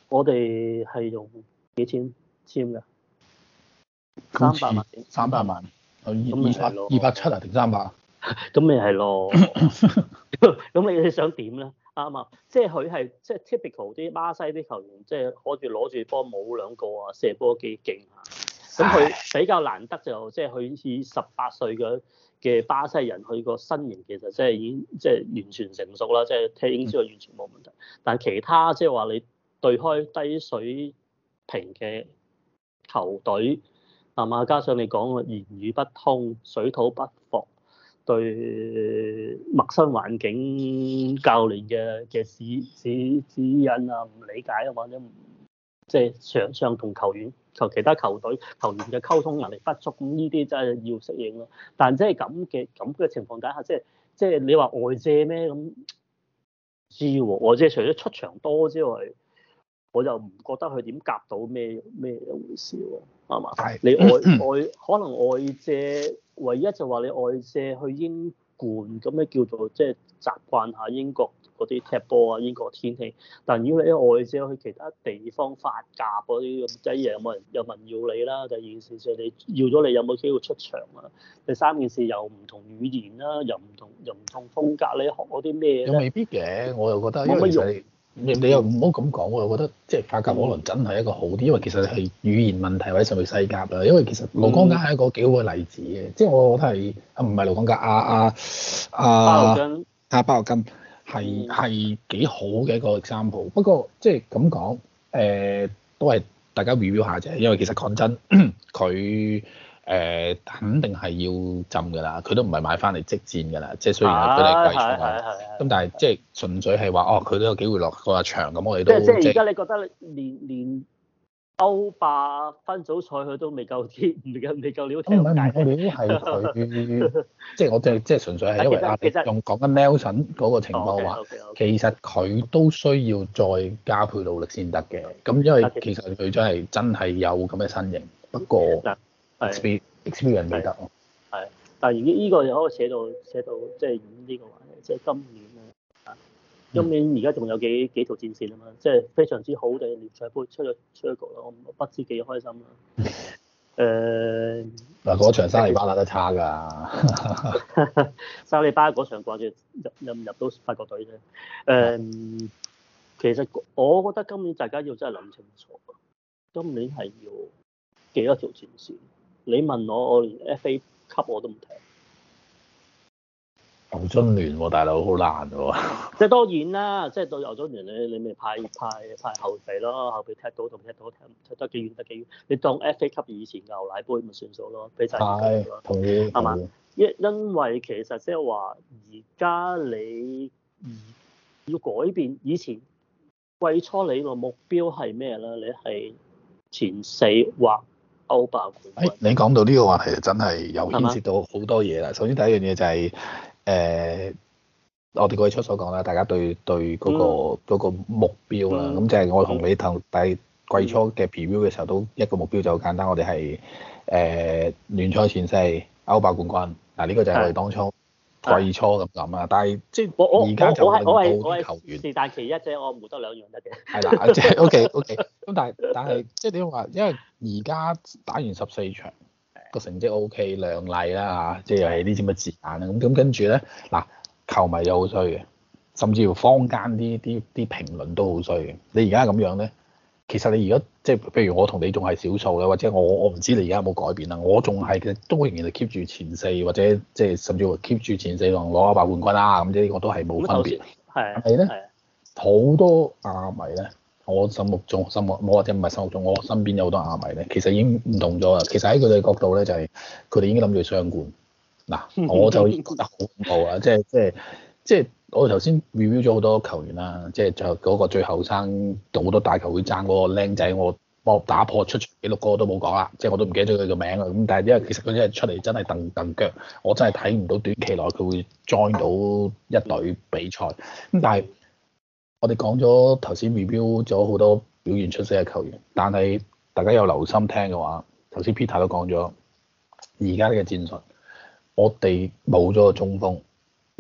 我哋係用。幾千千噶？三百萬，三百萬，二二百二百七啊，定三百？咁咪係咯？咁你你想點咧？啱啊，即係佢係即係 typical 啲巴西啲球員，即係可以攞住波冇兩個啊，射波幾勁啊。咁佢唉比較難得就即係佢似十八歲嘅嘅巴西人，佢個身形其實即係已經即係、就是、完全成熟啦，即係踢英超完全冇問題。嗯、但係其他即係話你對開低水。平嘅球隊啊嘛，加上你講嘅言語不通、水土不服，對陌生環境、教練嘅嘅指指指引啊唔理解啊，或者即係、就是、上上同球員、求其他球隊球員嘅溝通能力不足，咁呢啲真係要適應咯、啊。但即真係咁嘅咁嘅情況底下，即係即係你話外借咩咁？唔知喎、啊，外借除咗出場多之外。我就唔覺得佢點夾到咩咩一回事喎、啊，啱嘛？是的 你外外可能外借，唯一就話你外借去英冠咁咧叫做即係習慣下英國嗰啲踢波啊、英國天氣。但如果你外借去其他地方發夾嗰啲咁，第一有冇人有人要你啦？第二件事就係你要咗你有冇機會出場啊？第三件事又唔同語言啦、啊，又唔同又唔同風格你學嗰啲咩未必嘅，我又覺得不你又唔好咁講喎，我覺得即係法甲可能真係一個好啲，因為其實係語言問題或者上面西甲啦。因為其實盧江家係一個幾好嘅例子嘅，即係我覺得係唔係盧江家啊啊啊啊，包羅金係係幾好嘅一個 example。不過即係咁講，誒、就是呃、都係大家 review 下啫，因為其實講真佢。咳咳誒肯定係要浸㗎啦，佢都唔係買翻嚟即戰㗎啦，即係雖然佢哋你貴咁，但係即係純粹係話，哦，佢都有機會落嗰一場咁，我哋都即係即而家你覺得連連歐霸分組賽佢都未夠貼，唔夠唔夠料貼我解係佢、嗯、 *laughs* 即係我即係純粹係因為阿迪仲講緊 Nelson 嗰個情況話，其實佢都需要再加倍努力先得嘅，咁因為其實佢真係真係有咁嘅身形，不過。係 experience 未得哦。但係而家呢個又可以寫到寫到，即係呢個話，即係今年啊，今年而家仲有幾、嗯、幾條戰線啊嘛，即係非常之好嘅聯賽杯出咗出咗局啦，我不知幾開心啊。誒、 *laughs* 呃，嗱嗰 *laughs* 場沙利巴打得差㗎。沙 *laughs* 利 *laughs* 巴嗰場掛住入入唔入到法國隊啫。誒、呃，其實我覺得今年大家要真係諗清楚啊，今年係要幾多條戰線？你問我，我連 F A 級我都唔踢。牛津聯喎、啊、大佬，好難喎、啊。 *laughs* 即係當然啦，即係到牛津聯咧，你咪派派派後備咯，後備踢到同踢到，踢到踢，到踢得幾遠得幾遠。你當 F A 級以前牛奶杯咪算數咯，俾晒的。同意。係嘛吧？因意因為其實即係話，而家你要改變以前季初你個目標係咩啦？你係前四或？歐霸冠軍。哎，你講到呢個話題，真係又牽涉到好多嘢啦。嗎首先第一樣嘢就係、是，誒、呃，我哋季初所講啦，大家對對嗰、那個嗯、個目標啦，咁、嗯、就係我同你頭第、嗯、季初嘅 preview 嘅時候，都一個目標就好簡單，我哋係誒聯賽前四歐霸冠軍。嗱，呢個就係我哋當初。季初咁諗啊，但係即係我我而家就令到啲球員是但其一啫，我冇得兩樣得嘅。係啦， *laughs* 即係 O K O K。咁 *laughs* 但係但係即係點話？因為而家打完十四場，個 *laughs* 成績 O K，靚麗啦、啊、嚇，即係又係呢啲咁嘅字眼啦、啊。咁咁跟住咧，嗱，球迷又好衰嘅，甚至乎坊間啲啲啲評論都好衰嘅。你而家係咁樣咧？其實你而家即係，譬如我同你仲係少數嘅，或者我我唔知你而家有冇改變啦。我仲係都仍然係 keep 住前四，或者即係甚至乎 keep 住前四同攞亞冠冠軍啦。咁即呢個都係冇分別。係。係。係。好多阿迷咧，我心目中、心目或者即係唔係心目中，我身邊有好多阿迷咧，其實已經唔同咗啦。其實喺佢哋嘅角度咧，就係佢哋已經諗住雙冠。嗱，我就覺得好恐怖啊！即係即係即係。即係即係我頭先 review 咗好多球員啦，即係就嗰個最後生同好多大球會爭嗰個靚仔，我破打破出場紀錄個都冇講啦，即係我都唔記得咗佢個名啦。咁但係因為其實佢真係出嚟真係蹬蹬腳，我真係睇唔到短期內佢會 join 到一隊比賽。咁但係我哋講咗頭先 review 咗好多表現出色嘅球員，但係大家有留心聽嘅話，頭先 Peter 都講咗而家呢個戰術，我哋冇咗個中鋒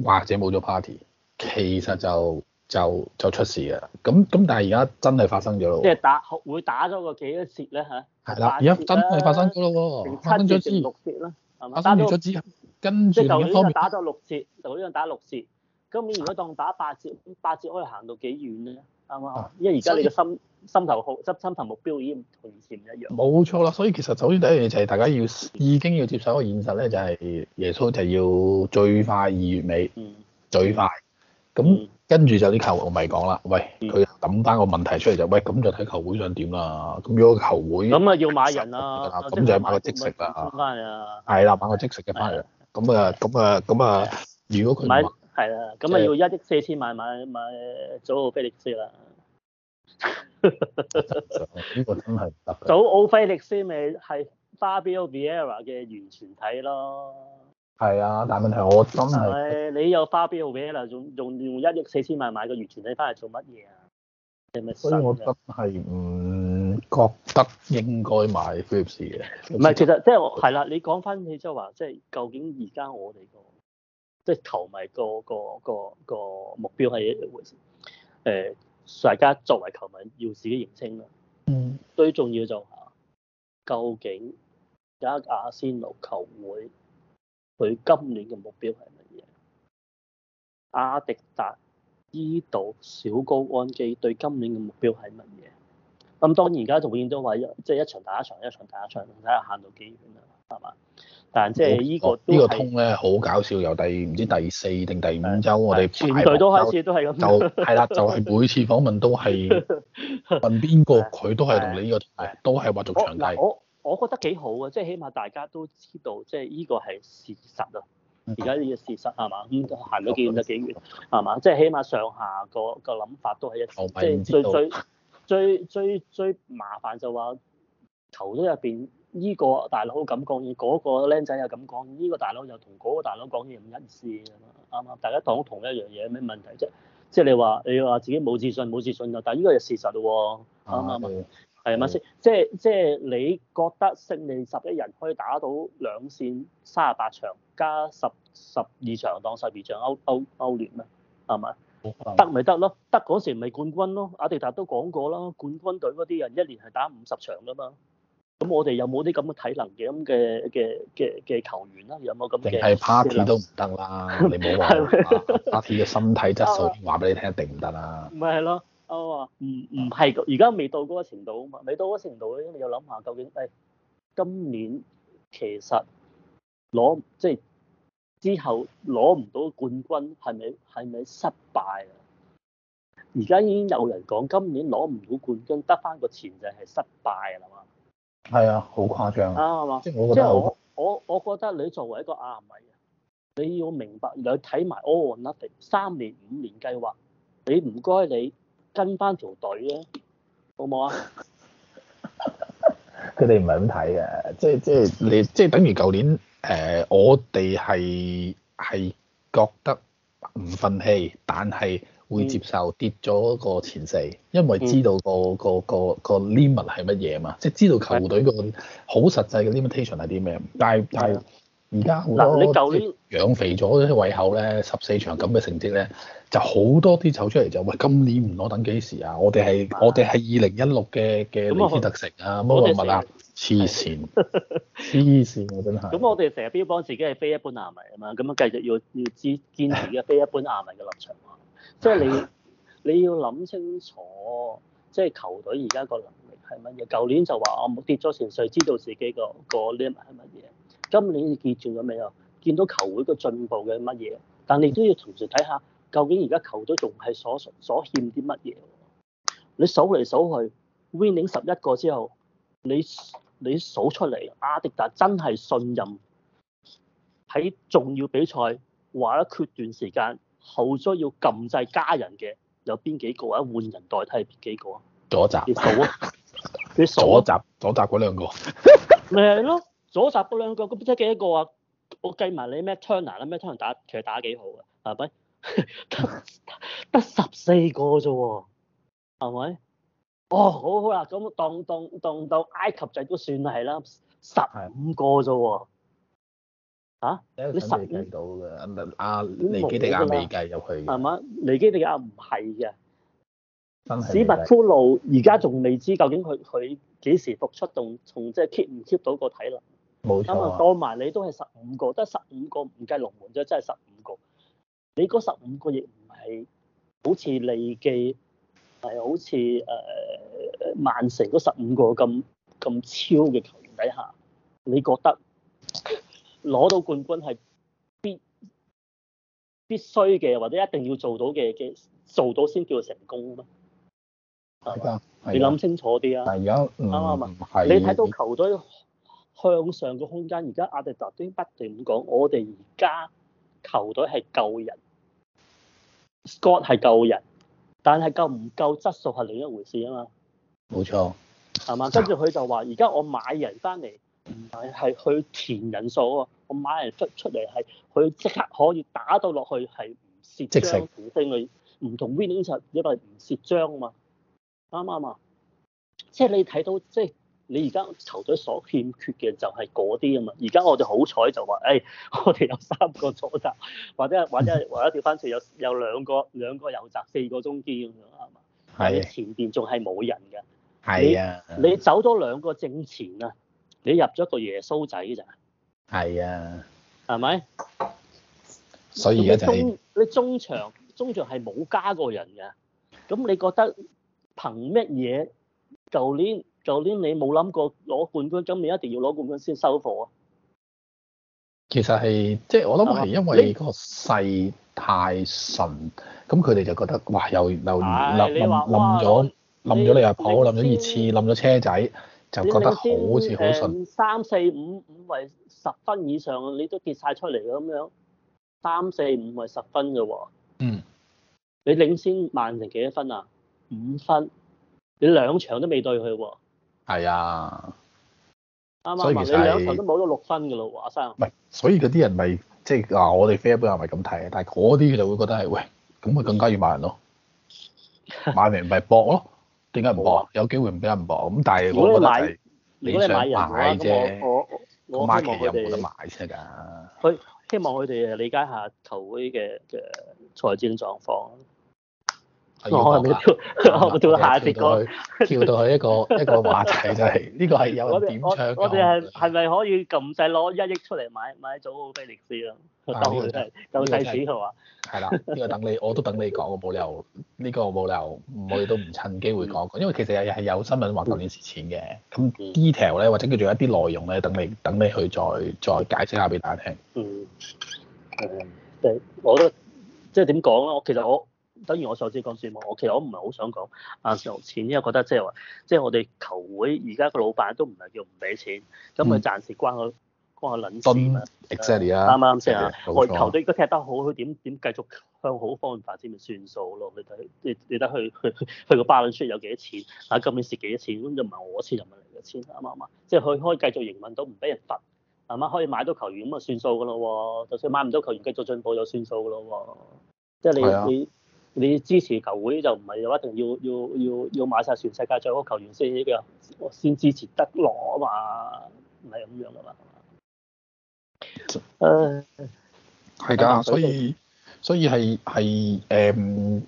或者冇咗 Party。其實就就就出事嘅，咁咁但係而家真係發生咗咯。即係打會打咗個幾多折咧嚇？係啦，而家真係發生咗咯喎，發生咗支六折啦，打完咗支跟住打咗六折，就呢樣打六折。今年如果當打八折，八折可以行到幾遠咧？啱唔啱？因為而家你嘅心心頭好即係心頭目標已經同以前唔一樣。冇錯啦，所以其實首先第一樣嘢就係大家要已經要接受個現實咧，就係耶穌就要最快二月尾，最快。咁、嗯、跟住就啲球迷咪講啦。喂，佢抌翻個問題出嚟就，喂，咁就睇球會想點啦。咁如果球會咁啊，要買人啦。咁就買個即食啦。翻嚟啊。係啦，買個即食嘅翻嚟。咁啊、嗯，咁啊，咁啊，如果佢買係啦，咁啊要一億四千萬買買,買祖奧菲力斯啦。呢、呢個真係唔得。祖奧菲力斯咪係法比奧維埃拉嘅完全體咯。係啊，但問題我真係、哎，你有花標俾啦？仲仲用一億四千萬買個完全你翻嚟做乜嘢啊？係咪？所以我真係唔覺得應該買 Phillips 嘅。唔係不，il 其實即係我係啦。你講翻起即係話，即係究竟而家我哋個即係球迷個個個個目標係一回事。誒、呃，大家作為球迷要自己認清啦。嗯，最重要就係究竟而家阿仙奴球會。佢今年嘅目標係乜嘢？阿迪達、伊度、小高安基對今年嘅目標係乜嘢？咁當然而家仲見都話，一即係一場打一場，一場打一場，睇下行到幾遠啊，係嘛？但即係依個呢個通咧好搞笑，由第唔知第四定第五周我哋派，每次都開始都係咁，就係啦，就係每次訪問都係問邊個，佢都係同你呢個都係話做長計。我覺得幾好啊，即係起碼大家都知道，即係呢個係事實啊。而家呢個事實係嘛？咁行到幾遠得幾遠係嘛？即係起碼上下個個諗法都係一，不不即係最最最最最麻煩就話頭都入邊呢個大佬咁講，嗰個僆仔又咁講，呢個大佬又同嗰個大佬講嘢唔一致啊嘛？大家講同一樣嘢，咩問題啫？即係你話你話自己冇自信，冇自信啊，但係呢個係事實咯，啱唔啱啊？吧係咪先？即係即係你覺得勝利十一人可以打到兩線三十八場加十十二場當十二場歐歐歐歐聯咩？係咪？嗯？得咪得咯，得嗰時咪冠軍咯。阿迪達都講過啦，冠軍隊嗰啲人一年係打五十場㗎嘛。咁我哋有冇啲咁嘅體能嘅咁嘅嘅嘅嘅球員啦？有冇咁？淨係 party 都唔得啦，你冇話 party 嘅身體質素，話俾你聽，一定唔得啦。咪係咯。我唔唔係，而家未到嗰個程度啊嘛，未到嗰個程度咧，你要諗下究竟誒今年其實攞即係之後攞唔到冠軍，係咪係咪失敗啊？而家已經有人講今年攞唔到冠軍，得翻個前就係失敗啦嘛。係啊，好誇張啊！啱嘛，即係我覺得我我，我覺得你作為一個阿迷，你要明白你睇埋 All or Nothing 三年五年計劃，你唔該你。跟返條隊咧，好唔好啊？佢哋唔係咁睇嘅，即係即係你即係、即係、等於舊年誒、呃，我哋係係覺得唔忿氣，但係會接受跌咗個前四，嗯、因為知道、個個個個 limit 係乜嘢嘛，即係、嗯、知道球隊個好實際嘅 limitation 係啲咩，的但係是係。而家好你舊年養肥咗啲胃口咧，十四場咁嘅成績咧，就好多啲走出嚟就喂，今年唔攞等幾時啊？我哋係我哋係二零一六嘅嘅李斯特城啊，摩動我物 *laughs* 啊？黐線，黐線我真係。咁我哋成日標榜自己係非一般亞迷啊嘛，咁樣繼續要要堅堅持嘅非一般亞迷嘅立場啊， *laughs* 即係你你要諗清楚，即係球隊而家個能力係乜嘢？舊年就話我冇跌咗前，誰知道自己個個 level 係乜嘢？今年你見住咗未啊？見到球會嘅進步嘅乜嘢？但你都要同時睇下，究竟而家球隊仲係所所欠啲乜嘢？你數嚟數去，winning 十一個之後，你你數出嚟，阿迪達真係信任喺重要比賽，或者決斷時間後鋒要禁制家人嘅，有邊幾個啊？換人代替邊幾個啊？左集你，你數啊！集，左 *laughs* 集嗰 *laughs* 兩個，咪係咯。左殺不兩個，咁即係幾多個啊？我計埋你咩湯南啦，咩湯南打其實打幾好啊？係咪？得得十四個啫喎，係咪？哦，好好啦，咁當當當到埃及仔都算係啦，十五個啫喎。嚇、啊？你十五計到㗎？阿尼基迪亞未計入去嘅，係嘛？尼基迪亞唔係嘅。史密夫路而家仲未知究竟佢佢幾時復出動，同同即係 keep 唔 keep 到個體能。冇錯、啊，當埋你都係十五個，得十五個，唔計龍門，啫，真係十五個。你嗰十五個亦唔係好似利記，係好似誒曼城嗰十五個咁咁超嘅球員底下，你覺得攞到冠軍係必必須嘅，或者一定要做到嘅嘅做到先叫做成功咩？係啊，嗯、你諗清楚啲啊！啱唔啱啊？唔係，你睇到球隊向上嘅空間，而家阿迪達斯不斷咁講，我哋而家球隊係救人，Scott 係救人，但係夠唔夠質素係另一回事啊嘛。冇錯，係嘛？跟住佢就話，而家我買人翻嚟唔係去填人數啊。我買人出出嚟係佢即刻可以打到落去，係唔蝕張，唔升累，唔同 Vincent 因為唔蝕張啊嘛，啱唔啱啊？即係你睇到即係。你而家球隊所欠缺嘅就係嗰啲啊嘛，而家我就好彩就話，誒、哎，我哋有三個左閘，或者係或者或者調翻轉有有兩個兩個右閘，四個中堅咁樣啊嘛。係前邊仲係冇人嘅。係啊。你，啊你走咗兩個正前啊，你入咗一個耶穌仔咋？係啊。係咪？所以而家就係、你，中你中場中場係冇加過人㗎，咁你覺得憑乜嘢舊年？早啲你冇諗過攞冠軍，今你一定要攞冠軍先收貨啊！其實係即係我諗係因為個勢太順，咁佢哋就覺得哇又又冧咗，冧咗你又破，冧咗熱刺，冧咗車仔，就覺得好似好順。三四五五位十分以上，你都跌晒出嚟咁樣，三四五位十分嘅喎、啊。嗯。你領先曼城幾多分啊？五分。你兩場都未對佢喎、啊。係啊，所以其實你兩場都冇咗六分噶啦，華、啊、生。唔係，所以嗰啲人咪即係話我哋 f 飛一般，又咪咁睇啊！但係嗰啲就會覺得係喂，咁咪更加要買人，買人咯，買嚟唔係搏咯？點解唔搏？有機會唔俾人搏咁，但係我覺得係，如果你想買啫，我我我希望佢哋冇得買先得㗎。佢希望佢哋理解下球會嘅嘅財政狀況。我跳到下一節，跳到去一個 *laughs* 一個話題就係、是、呢、這個係有點搶。我哋係係咪可以咁滯攞一億出嚟買買祖奧菲力斯啊？夠曬夠曬係嘛？係啦、啊，呢、這個等你，我都等你講，我冇理由呢、這個我冇理， *laughs* 理由，我哋都唔趁機會講講，因為其實又係有新聞話舊年蝕錢嘅。咁 detail 咧，或者叫做一啲內容咧，等你等你去再再解釋下俾大家聽。嗯，係即係我覺得即係點講啦，我其實我。等於我上次講算冇，我其實我唔係好想講啊，上錢，因為覺得即係話，即、就、係、是、我哋球會而家個老闆都唔係叫唔俾錢，咁佢暫時關佢關下諗住 Exactly 啊，啱啱先啊。外球隊如果踢得好，佢點點繼續向好方向展咪算數咯？你睇你你睇佢佢佢個巴 a 出有幾多錢？啊，今年蝕幾多錢？咁就唔係我錢就唔嚟嘅錢，啱唔啱即係佢可以繼續營運到唔俾人蝜，係嘛？可以買到球員咁啊算數噶咯喎。就算買唔到球員繼續進步就算數噶咯喎。即係你你。你支持球會就唔係話一定要要要要買晒全世界最好球員先我先支持德羅啊嘛，唔係咁樣噶嘛。誒，係㗎，所以所以係係誒，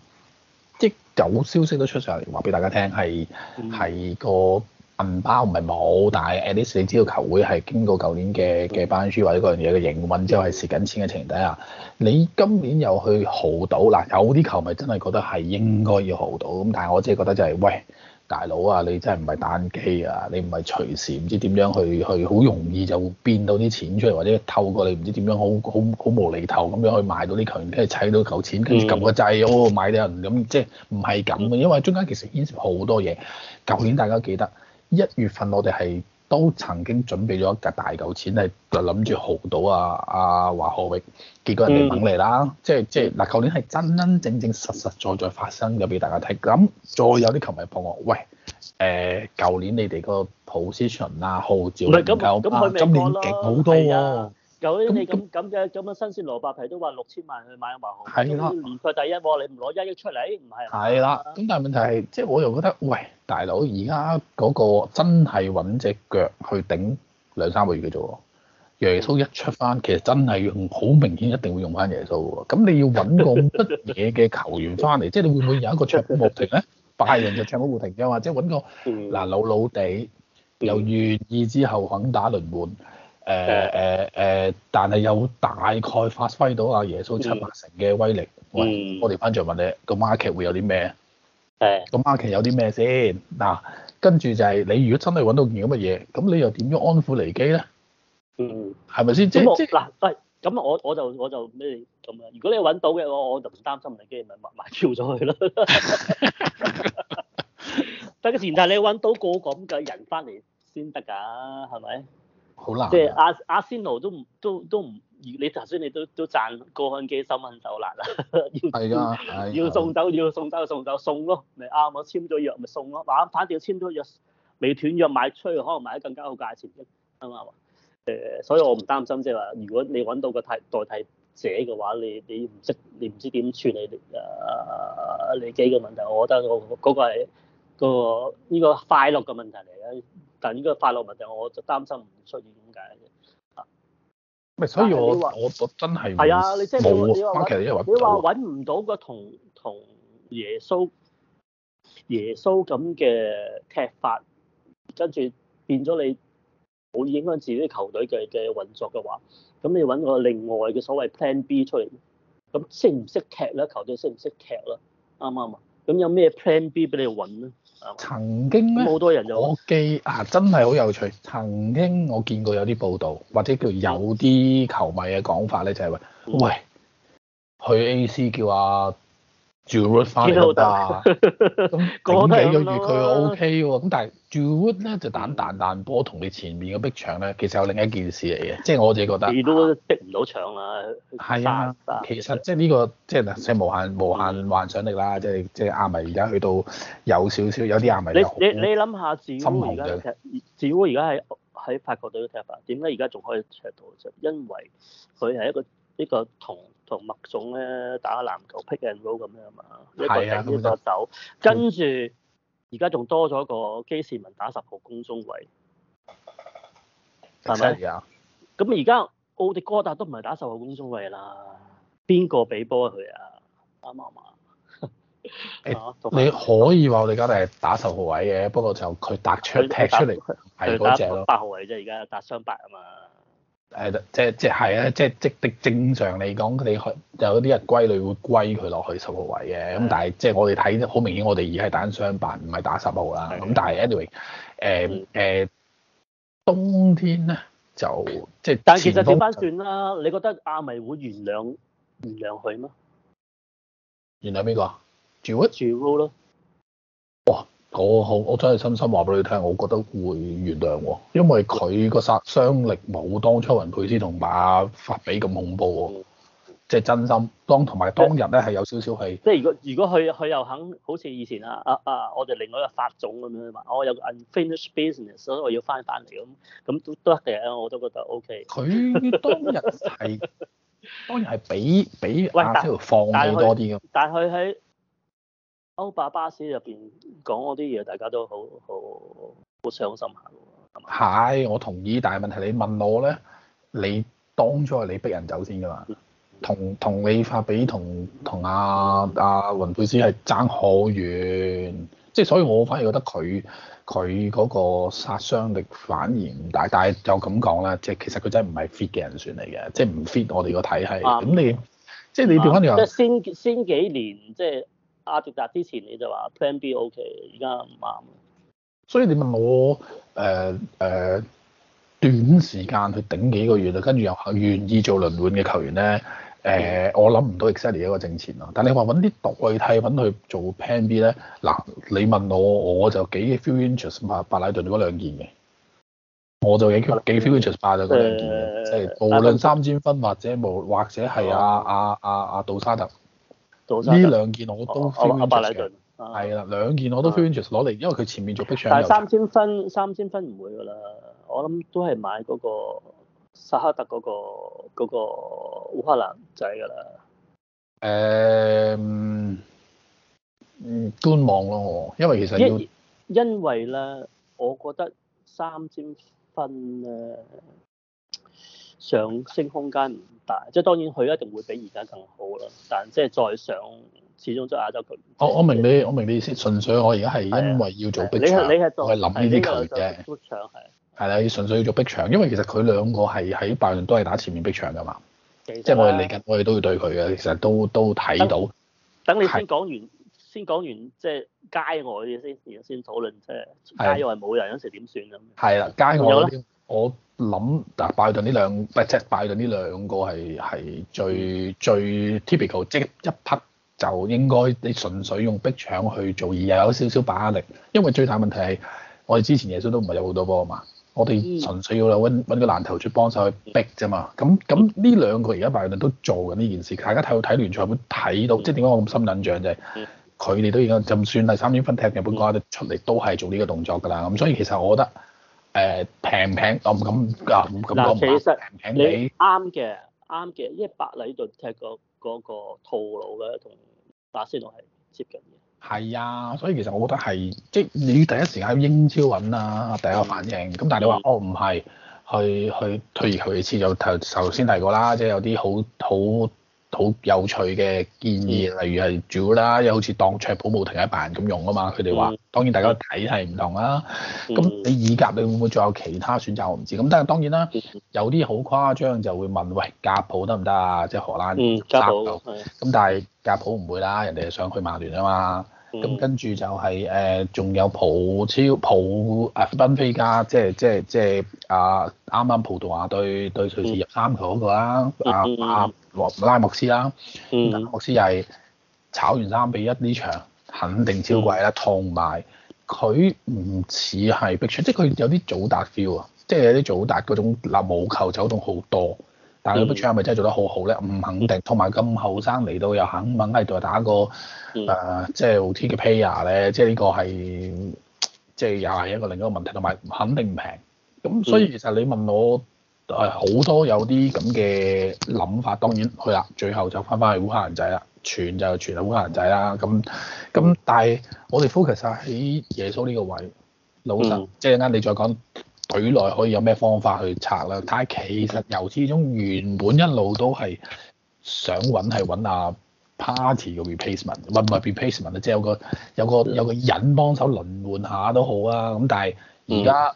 即係有消息都出上嚟話俾大家聽，係係、嗯、個。銀包唔係冇，但係 a t l e a s t 你知道球會係經過舊年嘅嘅班書或者嗰樣嘢嘅營運之後係蝕緊錢嘅情形底下，你今年又去豪到嗱？有啲球迷真係覺得係應該要豪到咁，但係我真係覺得就係、是、喂，大佬啊，你真係唔係打機啊？你唔係隨時唔知點樣去去好容易就會變到啲錢出嚟，或者透過你唔知點樣好好好無厘頭咁樣去賣到啲球員，跟住砌到嚿錢，跟住撳個掣喎、哦、買到人咁，即係唔係咁嘅？因為中間其實牽涉好多嘢，舊年大家記得。一月份我哋係都曾經準備咗一嚿大嚿錢係就諗住豪到啊啊華何域，結果人哋冇嚟啦，即係即係嗱，舊年係真真正正實實在在發生嘅俾大家睇，咁再有啲球迷問我，喂，誒、呃、舊年你哋個 position 啦、啊，豪少唔夠，啊、今年勁好多喎、啊。有你咁咁嘅咁樣，那樣，樣新鮮蘿蔔皮都話六千萬去買華雄，唔佢、啊、第一喎、哦，你唔攞一億出嚟唔係。係啦，咁、啊、但係問題係，即係我又覺得，喂，大佬而家嗰個真係揾隻腳去頂兩三個月嘅啫。耶穌一出翻，其實真係用好明顯，一定會用翻耶穌喎。咁你要揾個乜嘢嘅球員翻嚟？ *laughs* 即係你會唔會有一個卓某護廷咧？拜仁就卓某護廷啫，或者係揾個嗱老老哋又願意之後肯打輪換。誒誒誒，但係又大概發揮到阿耶穌七八成嘅威力。嗯、喂，我哋翻轉問你，個 market 會有啲咩？誒、嗯，個 market 有啲咩先？嗱、啊，跟住就係、是、你如果真係揾到件咁嘅嘢，咁你又點樣安撫離基咧、嗯？嗯，係咪先？即係嗱，唔咁我我就我就咩咁啊？如果你揾到嘅話，我我就唔擔心離基，咪埋埋跳咗去咯。 *laughs* *laughs* *laughs* 但係前提你揾到個咁嘅人翻嚟先得㗎，係咪？好難，即係阿阿仙奴都唔都都唔，你頭先你都都賺過分機手蚊手難啊，要要、啊、 *laughs* 要送走要送走送走，送咯，咪啱？我簽咗約咪送咯，嗱反調簽咗約未斷約買出去，可能賣得更加好價錢嘅，啱嘛？誒、呃，所以我唔擔心，即係話如果你揾到個替代替者嘅話，你你唔識你唔知點處理你你幾個問題，我覺得我嗰、那個係、那個呢、這個快樂嘅問題嚟嘅。但呢個快樂問題，我就擔心唔出現點解？唔係，所以我我我真係冇啊。你話揾唔到個同同耶穌耶穌咁嘅踢法，跟住變咗你冇影響自己球隊嘅嘅運作嘅話，咁你揾個另外嘅所謂 Plan B 出嚟，咁識唔識踢咧？球隊識唔識踢咧？啱唔啱啊？咁有咩 plan B 俾你揾咧？曾經咧，好多人有我記啊，真係好有趣。曾經我見過有啲報道，或者叫有啲球迷嘅講法咧，就係話：喂，去 A.C. 叫啊。」住 wood 翻都得 *laughs* 咁講多幾個月佢 O K 喎，咁但係住 wood 咧就彈彈彈波，同你前面嘅逼牆咧，其實有另一件事嚟嘅，即係我自己覺得。你都逼唔到牆啦。係啊， *laughs* 啊，其實、這個、即係呢個即係無限無限幻想力啦、嗯，即係即係阿迷而家去到有少少，有啲阿迷你。你你你諗下，紫烏而家踢，紫烏而家喺喺法國隊踢啊，點解而家仲可以踢到？就因為佢係一個一個，一個同。同麥總咧打籃球 pick and roll 咁樣啊嘛，的一個人頂一個手，嗯、跟住而家仲多咗個基士文打十號攻中位，係咪啊？咁而家奧迪哥達都唔係打十號攻中位啦，邊個俾波佢啊？啱唔啱？你你可以話我哋而家都係打十號位嘅，不過就佢搭出踢打出嚟係嗰隻八號位啫，而家搭雙八啊嘛。誒即即係咧，即係積的正常嚟講，你有啲人歸類會歸佢落去十號位嘅。咁的但係即係我哋睇好明顯我，我哋而家係打雙百，唔係打十號啦。咁的但係，anyway，誒、呃、誒、呃，冬天咧就即係。但係其實點翻算啦？你覺得阿迷會原諒原諒佢咩？原諒邊個？Joel Joel 咯。哇！G 我好，我真係真心話俾你聽，我覺得會原諒喎，因為佢個殺傷力冇當初雲佩斯同馬法比咁恐怖喎、嗯嗯，即係真心當同埋當日咧係有少少氣。即係如果如果佢佢又肯好似以前啊啊，我哋另外一個法總咁樣話、啊，我有個 unfinished business，所以我要翻返嚟咁，咁都得嘅，我都覺得 OK。佢當日係 *laughs* 當然係比比亞喂但放棄多啲㗎。但係佢喺。歐巴巴士入邊講嗰啲嘢，大家都好好好傷心下喎。係，我同意，但係問題你問我咧，你當初係你逼人走先噶嘛？同同你發比同同阿阿雲佩斯係爭好遠，即係所以我反而覺得佢佢嗰個殺傷力反而唔大，但係又咁講啦，即係其實佢真係唔係 fit 嘅人選嚟嘅，即係唔 fit 我哋個體系，咁、啊、你即係你變翻你話，即係、啊啊即係、先先幾年即係。即係阿迪達之前你就話 plan B O K，而家唔啱。所以你問我誒誒、呃呃、短時間去頂幾個月啊？跟住又願意做輪換嘅球員咧誒、呃，我諗唔到 exactly 一個正前。咯。但你話揾啲代替品揾去做 plan B 咧嗱，你問我我就幾 few interest 嘛，白禮頓嗰兩件嘅，我就幾幾 few interest 巴就嗰兩件即係、呃、無論三尖分或者無或者係阿阿阿阿杜沙特。呢兩件我都、哦，我阿百禮係啦，兩件我都 franchise 攞嚟，因為佢前面做壁上。但係三，三千分，三千分唔會㗎啦，我諗都係買嗰個薩克特嗰、嗰個嗰、嗰個烏克蘭仔㗎啦。誒、呃，嗯，觀望咯，因為其實要。因為咧，我覺得三千分咧上升空間。即係當然，佢一定會比而家更好啦。但即係再上，始終即係亞洲球員我。我我明你，我明你意思。純粹我而家係因為要做、啊啊、你逼搶，你做我係諗呢啲球嘅。逼搶係。係啦、啊啊，純粹要做逼搶，因為其實佢兩個係喺拜仁都係打前面逼搶㗎嘛。啊、即係我哋嚟緊，我哋都要對佢嘅。其實都都睇到等。等你先講完，、啊、完，先講完即係街外嘅先，先討論即係街外冇人嗰時點算咁。係啦、街外。我諗嗱拜頓呢兩，即係拜頓呢兩個係係最最 typical，即一匹就應該你純粹用逼搶去做，而又有少少把握力。因為最大問題係我哋之前耶穌都唔係有好多波啊嘛，我哋純粹要揾揾個難頭出幫手去逼啫嘛。咁咁呢兩個而家拜頓都做緊呢件事，大家睇到睇聯賽會睇到，即係點解我咁深印象就係佢哋都已經，就算係三點分踢日本國家出都出嚟都係做呢個動作㗎啦。咁所以其實我覺得。誒平平，我唔敢，我唔敢講。其實平平哋你啱嘅，啱嘅，因為白禮頓踢個嗰個套路咧，同阿仙奴係接近嘅。係啊，所以其實我覺得係即係你第一時間喺英超揾啦，第一個反應咁。但係你話哦唔係，去去退役佢，之前頭頭先提過啦，即係有啲好好。好有趣嘅建議，例如係住啦，又好似當卓普無停板咁用啊嘛。佢哋話，當然大家睇係唔同啦。咁你以甲，你會唔會仲有其他選擇？我唔知。咁但係當然啦，有啲好誇張就會問，喂、欸，甲普得唔得啊？即係荷蘭甲普。咁、嗯、但係甲普唔會啦，人哋係想去馬聯啊嘛。咁、嗯、跟住就係、是、誒，仲有葡超普啊，賓菲加，即係即係即係啊，啱啱葡萄牙對對瑞士入三球嗰個啦，啊！剛剛羅拉莫斯啦，拉莫斯又係炒完三比一呢場肯定超貴啦，同埋佢唔似係逼搶，即係佢有啲早達 feel 啊，即係有啲早達嗰種那無球走動好多，但係佢逼搶係咪真係做得好好咧？唔肯定，同埋咁後生嚟到又肯肯喺度打個誒、呃，即係 OT 嘅 pay 咧，即係呢個係即係又係一個另一個問題，同埋肯定唔平，咁所以其實你問我。誒好多有啲咁嘅諗法，當然去啦。最後就翻翻去烏克蘭仔啦，傳就傳去烏克蘭仔啦。咁咁，但係我哋 focus 喺耶穌呢個位，老實，嗯、即係一陣間你再講隊內可以有咩方法去拆啦。睇其實由始中原本一路都係想揾係揾阿 Party 嘅 replacement，唔係唔係 replacement 即係有個有個有個人幫手輪換下都好啊。咁但係而家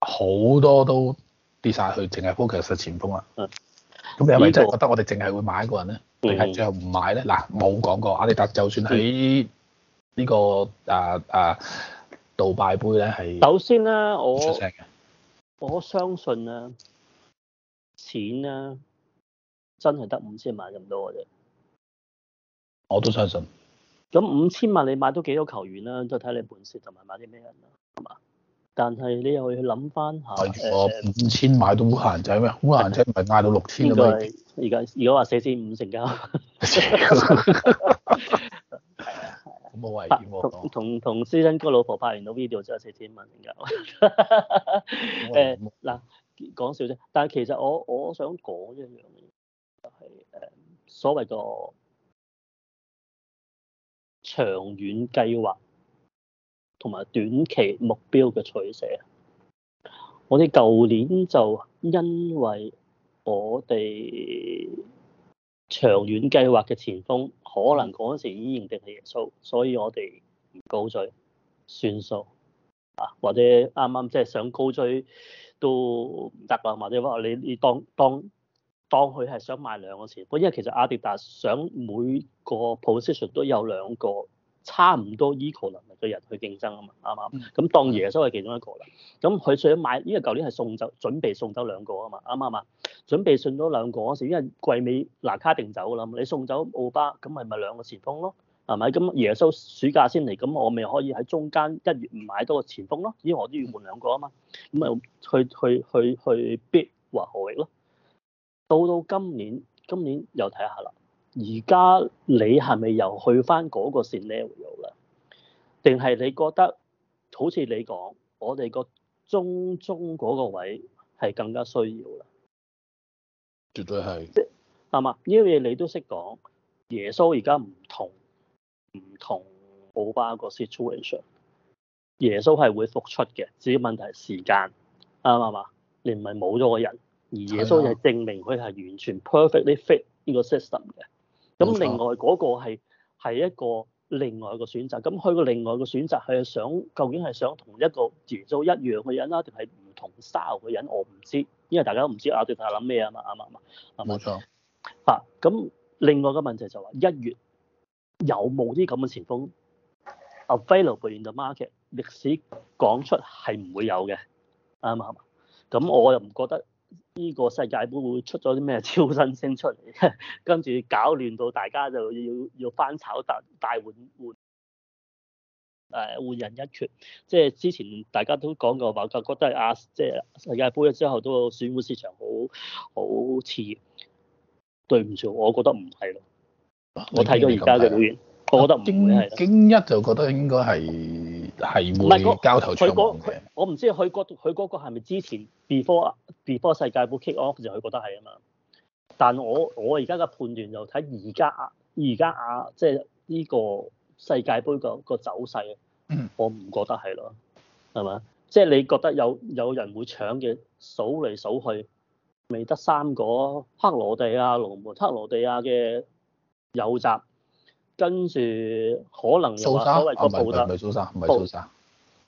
好多都～跌晒去淨係 focus 嘅前鋒啊。咁你係咪真係覺得我哋淨係會買一個人咧，定係、嗯、最後唔買咧？嗱，冇講過。阿迪達就算喺呢個啊啊杜拜杯咧，係首先啦，我我相信啊，錢啊，真係得五千萬咁多嘅啫。我都相信。咁五千萬你買到幾多球員啦？就睇你本事同埋買啲咩人啦，係嘛？但係你又要諗翻下，五千買、嗯、到好閒仔咩？好閒仔唔係嗌到六千咁樣。而家而家話四千五成交。係啊係啊，好危險喎！同同私生哥老婆拍完到 video 之後四千蚊成交。誒 *laughs* 嗱、 *laughs* 嗯，講笑啫。但係其實我我想講一樣嘢，就係、是、誒所謂個長遠計劃。同埋短期目標嘅取捨，我哋舊年就因為我哋長遠計劃嘅前鋒可能嗰陣時已認定係耶穌，所以我哋唔高追算數啊，或者啱啱即係想高追都唔得啦，或者話你你當當當佢係想買兩個錢，不過因為其實阿迪達想每個 position 都有兩個差唔多 equal 啦。對人去競爭啊嘛，啱嘛？咁當耶穌係其中一個啦。咁佢想買，因為舊年係送走準備送走兩個啊嘛，啱唔啱？準備送咗兩個嗰時，因為季尾拿卡定走啦嘛。你送走奧巴，咁係咪兩個前鋒咯，係咪？咁耶穌暑假先嚟，咁我咪可以喺中間一月唔買多個前鋒咯。因為我都要換兩個啊嘛，咁咪去去去去 bid 華河域咯。到到今年，今年又睇下啦。而家你係咪又去翻嗰個線 level 咧？定係你覺得好似你講，我哋個中中嗰個位係更加需要啦。絕對係。係嘛？呢個嘢你都識講。耶穌而家唔同唔同奧巴個 situation，耶穌係會復出嘅，只係問題時間。啱啊嘛？你唔係冇咗個人，而耶穌就係證明佢係完全 perfectly fit 呢個 system 嘅。咁錯另外嗰個係係一個。另外一個選擇，咁佢個另外一個選擇係想究竟係想同一個 Jesus 一樣嘅人啦，定係唔同 style 嘅人？我唔知，因為大家都唔知阿迪達諗咩啊嘛，啱唔啱啊？冇錯。嗱，咁另外個問題就話、係、一月有冇啲咁嘅前鋒 available in the market？歷史講出係唔會有嘅，啱唔啱？咁我又唔覺得。呢個世界盃會出咗啲咩超新星出嚟，跟 *laughs* 住搞亂到大家就要要翻炒大大換換，誒換人一決。即係之前大家都講過話，覺得係亞即係世界盃之後，都轉會市場好好熾熱。對唔住，我覺得唔係咯。我睇咗而家嘅表現，我覺得唔會係。京一就覺得應該係。係會交投搶嘅、那個。佢嗰佢我唔知佢嗰佢嗰個係咪之前 before before 世界盃 kick off 時佢覺得係啊嘛？但我我而家嘅判斷就睇而家啊，而家啊即係呢個世界盃個個走勢，我唔覺得係咯，係嘛、嗯？即、就、係、是、你覺得有有人會搶嘅數，嚟數去，未得三個克羅地亞、龍門克羅地亞嘅右閘。跟住可能嘅話所謂嘅暴殺，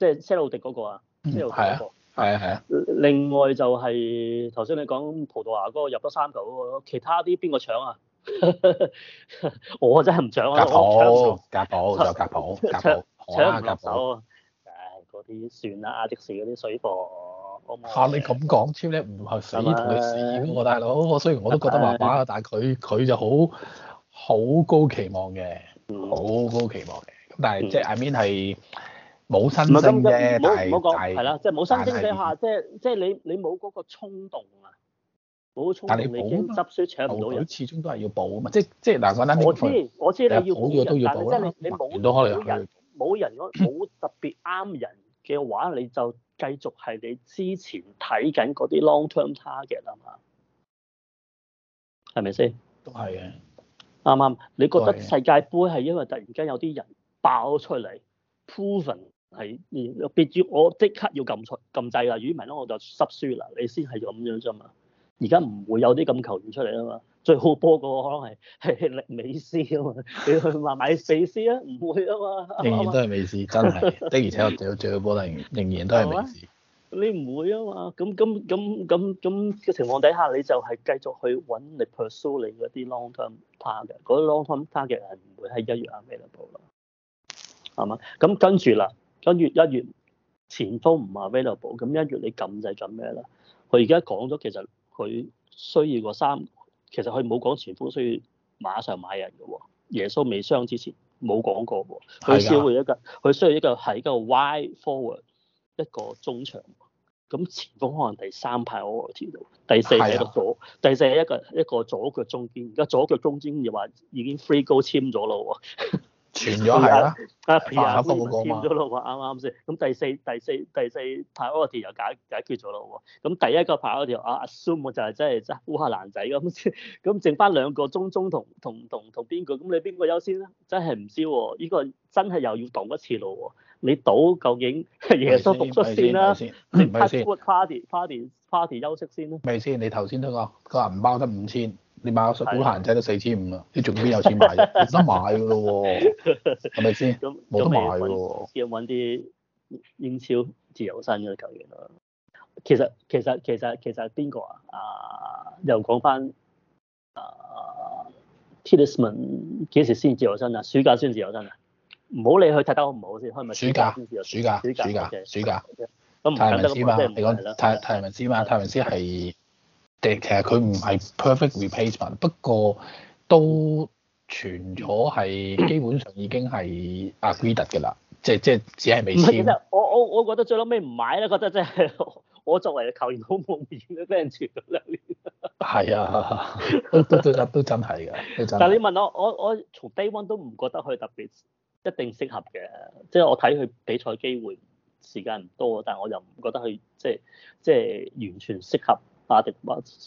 即係些路迪嗰個啊，係啊係啊。啊另外就係頭先你講葡萄牙嗰、那個入咗三球嗰、那個，其他啲邊個搶啊？ *laughs* 我真係唔搶啊！格普、格普又格普、格普，搶唔落手。誒，嗰啲算啦，阿迪士嗰啲水貨，嚇、啊、你咁講超咧，唔係死，以同你試嘅大佬。我是雖然我都覺得麻麻，但係佢佢就好。 *laughs* 好高期望嘅，好高期望嘅。咁但係即係 I mean 係冇新嘅。啫、嗯，係係啦，即係冇新增之下，即係即係你你冇嗰個衝動啊，冇衝動，你已經執輸搶唔到人，始終都係要補啊嘛。即即嗱，我知我知，你要補嘅人都要補啊。如你冇人，冇人嗰冇特別啱人嘅話，你就繼續係你之前睇緊嗰啲 long term target 啊嘛，係咪先？都係嘅。啱啱，你覺得世界盃係因為突然間有啲人爆出嚟，對，proven 係別住，嗯、我即刻要撳出撳掣啊！如果唔係咧，我就濕輸啦。你先係咁樣啫嘛。而家唔會有啲咁球員出嚟啊嘛。最好波個可能係係美斯啊嘛。你去話買美斯啊？唔會啊嘛。仍然都係美斯，真係的，而且我最最好波仍然都係美斯。你唔會啊嘛，咁咁咁咁咁嘅情況底下，你就係繼續去揾你 pursuing 嗰啲 long term target，嗰啲 long term target 人唔會喺一月 available 啦，係嘛？咁跟住啦，跟住一月前鋒唔係 available，咁一月你撳掣做咩啦？佢而家講咗其實佢需要個三，其實佢冇講前鋒需要馬上買人嘅喎、哦，耶穌未傷之前冇講過喎、哦，佢只會一個佢的需要一個喺一,一個 wide forward 一個中場。咁前方可能第三排奧羅提度，第四係個左，的第四係一個一個左腳中堅。而家左腳中堅又話已經 free go 簽咗咯喎，傳咗係啦，阿皮亞都簽咗咯，話啱啱先。咁第四第四第四排奧羅提又解解決咗咯喎。咁第一個排奧羅提啊，assume 就係真係真烏克蘭仔咁先。咁剩翻兩個中中同同同同邊個？咁你邊個優先咧？真係唔知喎。呢個真係又要動一次咯喎。你賭究竟耶穌讀出線啦？你 c u party party party 休息先啦、啊？係咪先？你頭先都講個銀包得五千，你買個新股閒仔都四千五啦，你仲邊有錢買？冇 *laughs* 得買噶咯喎，係咪先？冇那得買喎。試下揾啲英超自由身嘅，究竟啦。其實其實其實其實邊個啊？啊又講翻啊 Tielemans 幾時先自由身啊？暑假先自由身啊？唔好理佢拆得好唔好先，係咪暑假，暑假家，暑假，暑假。泰文斯嘛？你講泰泰文斯嘛？泰文斯係，的其實佢唔係 perfect replacement，不過都傳咗係基本上已經係 agreed 嘅啦。即即只係未簽。唔係，其實我我我覺得最撈尾唔買咧，覺得真係 *laughs* 我作為球員好冇面俾人傳咗兩年。係啊，都真係㗎， *laughs* *laughs* 但係你問我，我我，我從 day one 都唔覺得佢特別。一定適合嘅，即係我睇佢比賽機會時間唔多，但係我又唔覺得佢即係即係完全適合阿迪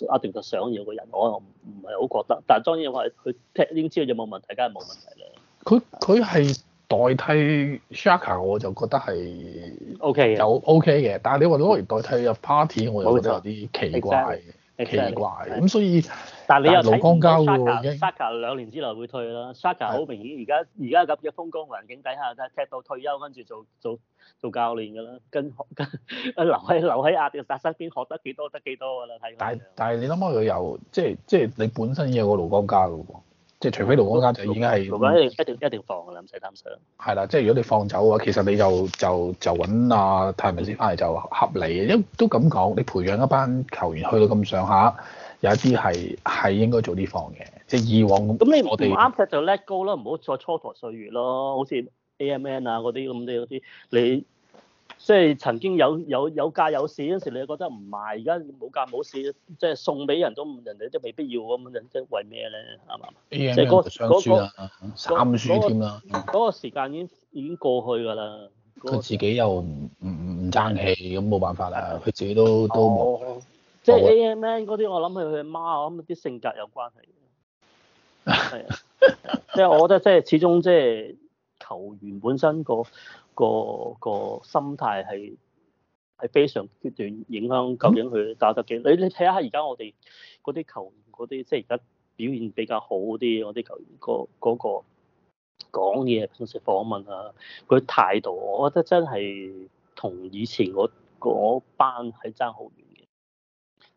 阿迪嘅想要嘅人，我又唔係好覺得。但係當然話佢踢英超有冇問題，梗係冇問題啦。佢佢係代替 Xhaka 我就覺得係 OK 嘅，有 OK 嘅。但係你話攞嚟代替入 Partey，我就覺得有啲奇怪，exactly, exactly, exactly。奇怪咁所以。但你又睇老光膠喎，已經 Saka 兩年之內會退啦。Saka 好明顯，而家而家咁嘅風光環境底下，踢到退休跟住做做做教練㗎啦，跟跟留喺留喺阿迪達身邊學得幾多得幾多㗎啦。但係但係你諗下佢有即係即係你本身有個老光膠㗎喎，即係除非老光膠就已經係，一定一定放㗎啦，唔使擔心。係啦，即係如果你放走嘅話，其實你就就就揾阿、啊、泰文先返嚟就合理，因為都咁講，你培養一班球員去到咁上下，有一啲係係應該做呢方嘅，即係以往咁。咁你唔啱食就 let go 啦，唔好再蹉跎歲月咯。好似 AMN 啊嗰啲咁啲嗰啲，你即係曾經有有有價有市嗰陣時，你覺得唔賣，而家冇價冇市，即係送俾人都唔人哋都未必要咁樣，即係為咩咧？係嘛？AMN 雙書啊，三書添啦。嗰、嗰個嗰個時間已經已經過去㗎啦。佢、嗰個、自己又唔唔唔爭氣，咁冇辦法啦。佢自己都都冇，哦。即係 A M N 嗰啲，我諗佢佢阿媽啊，咁啲性格有關係，係啊， *laughs* 即係我覺得、即係，即係始終即係球員本身個個個心態係係非常決斷，影響究竟佢打得幾、嗯，你你睇下而家我哋嗰啲球員嗰啲，即係而家表現比較好啲，我啲球員、個嗰、個講嘢，平時訪問啊，嗰、嗰、態、個、度，我覺得真係同以前嗰嗰班係爭好遠。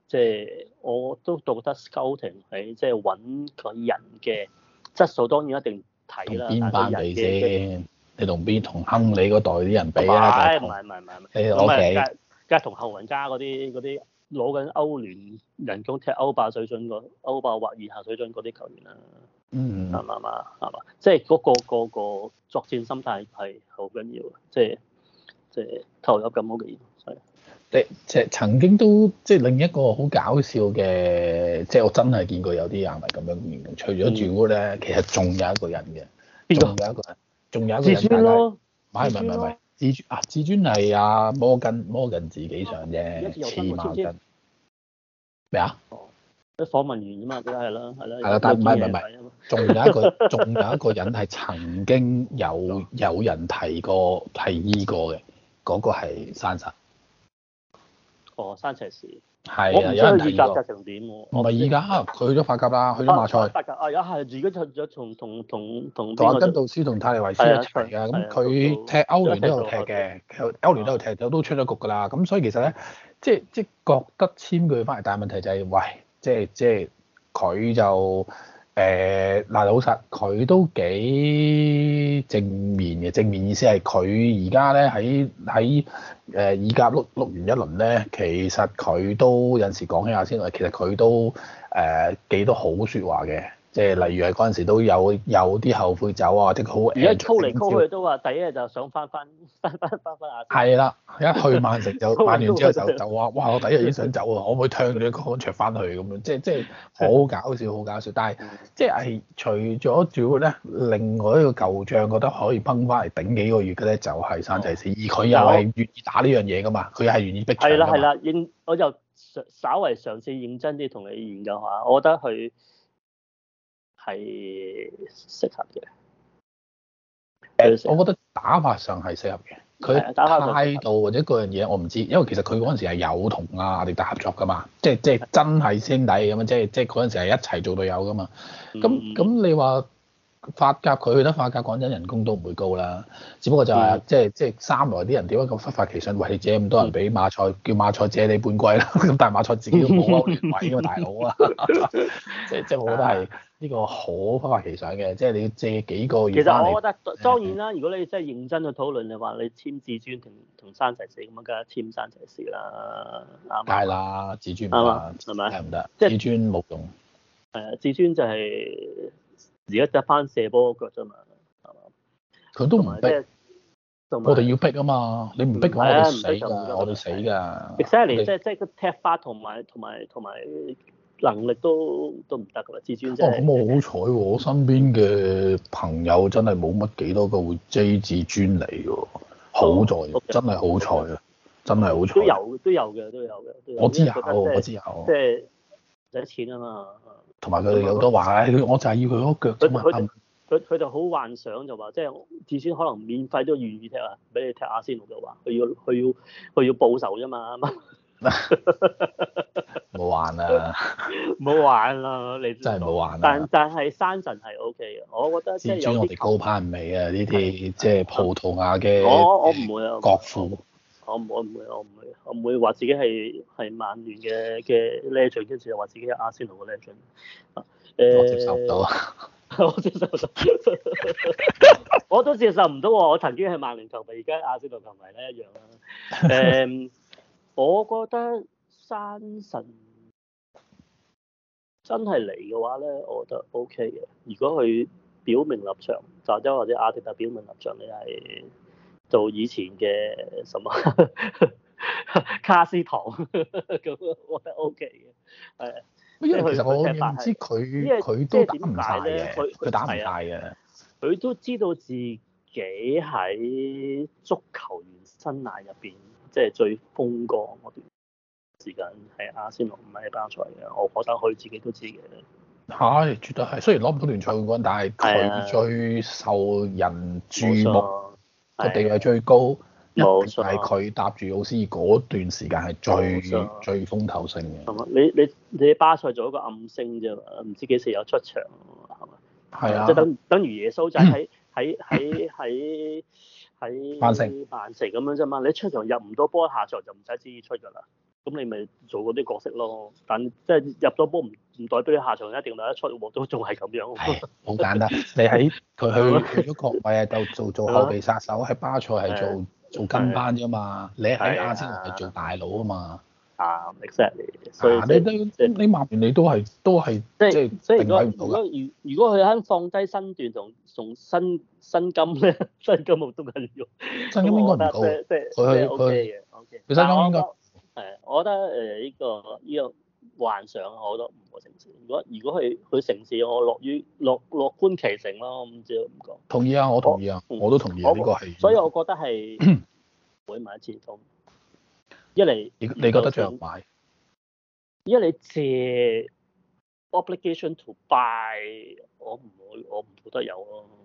即係、就是、我都覺得 scouting 係即係揾佢人嘅質素，當然一定睇啦。同邊班人先？你同邊同亨利嗰代啲人比啦、啊？唔係唔係唔係唔係。你我而家同後雲加嗰啲啲攞緊歐聯人工踢歐霸水準個歐霸或以下水準嗰啲球員啦、啊。嗯。係嘛嘛係嘛，即係嗰個、那個、那個那個那個作戰心態係好緊要嘅，即係即係投入咁好嘅。即係曾經都即係另一個好搞笑嘅，即係我真係見過有啲人係咁樣嘅。除咗住屋咧，其實仲有一個人嘅，仲有一個人，仲有一個人，自尊咯，唔係唔係唔係，自尊啊，自尊係阿摩根，摩根自己上啫，錢茂根，咩啊？哦，啲訪問員啊嘛，梗係啦，係啦。係啦，但係唔係唔係唔係，仲有一個，仲有一個人係曾經有有人提過提依個嘅，嗰個係山神。佛山崎史，係啊，有問題喎。我咪而家佢去咗法甲啦，去咗馬賽。啊、法甲啊，有係，而家就就同同同同阿根道斯同泰利維斯一齊㗎。咁佢、啊啊啊、踢歐聯都有踢嘅，佢、啊啊、歐聯都有踢，啊踢，都出咗局㗎啦。咁所以其實咧，即係即係覺得簽佢翻嚟，但係問題就係、是，喂，即係即係佢就。誒嗱、呃，老實，佢都幾正面嘅。正面意思係佢而家咧喺喺誒，而家碌碌完一輪咧，其實佢都有陣時講起下先，其實佢都誒、呃、幾多好説話嘅。即係例如係嗰陣時都有有啲後悔走啊，或者好。而家操嚟操去都話，第一日就想翻翻翻翻翻翻下。係啦，一去萬食就萬完之後就就話，哇！我第一日已經想走啊， *laughs* 我唔去劏住啲乾場翻去咁樣，即係即係好搞笑，好搞笑。但係即係除咗除咗咧，另外一個舊將覺得可以崩翻嚟頂幾個月嘅咧，就係山齊士。哦、而佢又係願意打呢樣嘢㗎嘛，佢又係願意逼搶。係啦係啦，認我就稍為嘗試認真啲同你研究下，我覺得佢。係適合嘅，欸，我覺得打法上係適合嘅。佢打法態度或者嗰樣嘢我唔知，因為其實佢嗰陣時係有同阿、啊、迪達合作㗎嘛，即係即係真係兄弟咁啊，即係即係嗰陣時係一齊做隊友㗎嘛。咁咁你話？嗯法甲佢去得法甲，講緊人工都唔會高啦。只不過就係即係即係三來啲人點解咁忽發奇想，為借咁多人俾馬賽叫馬賽借你半季啦？咁但係馬賽自己都冇歐聯位呢個大佬啊！即係即係我覺得係呢個好忽發奇想嘅，即係你要借幾個月。其實我覺得當然啦，如果你真係認真去討論，就話你簽自尊同同山齊士咁樣，梗係簽山齊士啦，啱唔啱？梗係啦，自尊唔得，係唔得，即係自尊冇用。係啊，自尊就係。而家執翻射波個腳啫嘛，係嘛？佢都唔逼，我哋要逼啊嘛！你唔逼我哋死㗎，我哋死㗎。Exactly，即係即係個踢法同埋同埋同埋能力都都唔得㗎啦，自尊即係。咁我好彩喎，我身邊嘅朋友真係冇乜幾多個會 j 字 y 自尊嚟喎，好在真係好彩啊，真係好彩。都有都有嘅都有嘅。我知有，我知有。即係唔使錢啊嘛！同埋佢哋有，有多話，佢，我就係要佢嗰腳啫嘛。佢佢就好有幻想就話，即係至少可能免費都願意踢啊，俾你踢下先。我就話佢要佢要佢要，要報仇啫嘛。冇 *laughs* *laughs* 玩啦，冇 *laughs* 玩啦，你真係冇玩但。但但係山神係 O K 嘅，我覺得即係有啲高攀唔起啊。呢啲即係葡萄牙嘅，我我唔會啊國庫。我唔我唔會我唔會我唔會話自己係係曼聯嘅嘅 legend，跟住又話自己係阿仙奴嘅 legend。啊，我接受唔到， *laughs* 我接受唔到， *laughs* 我都接受唔到喎！我曾經係曼聯球迷，而家阿仙奴球迷咧一樣啦。誒， *laughs* um, 我覺得山神真係嚟嘅話咧，我覺得 OK 嘅。如果佢表明立場，或州或者阿迪達表明立場，你係？做以前嘅什麼 *laughs* 卡斯堂咁， *laughs* 我覺得 OK 嘅，係因為其實我唔知佢佢都打唔大嘅，佢打唔大嘅。佢都知道自己喺足球員生涯入邊，即係最風光嗰段時間係阿仙奴唔係巴塞嘅，我我覺得佢自己都知嘅。嚇！絕對係，雖然攞唔到聯賽冠軍，但係佢最受人注目、哎呀。個地位最高，但係佢搭住奧斯爾嗰段時間係最錯最風頭盛嘅。你你你喺巴塞做一個暗星啫，唔知幾時有出場，係嘛？係是啊，即，即係等等如耶穌仔喺喺喺喺喺曼城咁樣啫嘛，你出場入唔到波下，下場就唔使至於出㗎啦。咁你咪做嗰啲角色咯，但即係入咗波唔唔代表你下場一定第一出，都仲係咁樣。係，好簡單。你喺佢去咗國外啊，做做做後備殺手，喺巴塞係做做跟班啫嘛。你喺阿仙奴係做大佬啊嘛。啊，exactly。啊，你都你問完你都係都係即係即係如果如果如如果佢肯放低身段同從薪薪金薪金冇咁緊要，薪金應該唔高。即係即係。佢薪金應該？誒，我覺得誒、這、呢個呢、這個幻想，我都唔會成事。如果如果佢佢成事，我樂於樂樂觀其成咯，唔知唔講。同意啊，我同意啊，我，我都同意呢、啊、我個係。所以我覺得係會買一次通。一嚟，你覺得最仲買？一嚟借 obligation to buy，我唔會，我唔覺得有咯、啊。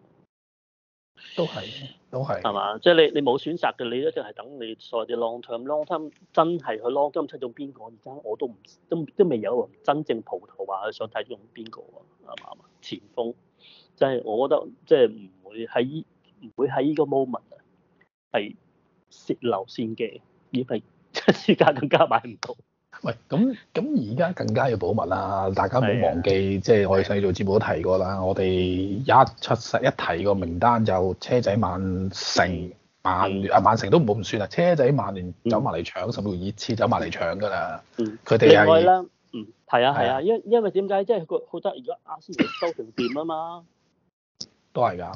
都係，都係，係嘛？即、就、係、是、你，你冇選擇嘅，你一定係等你所謂啲 long term long term 真係去 long term，睇中邊個而家我都唔都都未有真正葡萄話、啊、佢想睇中邊個，係嘛？前鋒即係、就是、我覺得即係唔會喺唔會喺呢個 moment 係蝕流線嘅，而係時間更加買唔到。喂，咁咁而家更加要保密啦，大家唔好忘記，啊、即係我哋上期節目都提過啦。我哋一出世一提個名單就車仔萬成，萬啊萬城都唔好唔算啦，車仔萬、嗯、年走埋嚟搶，甚至乎熱刺走埋嚟搶㗎啦。佢哋、嗯、啊，嗯，係啊係啊，因因為點解？即係覺得而家阿仙奴收成掂啊嘛，都係㗎。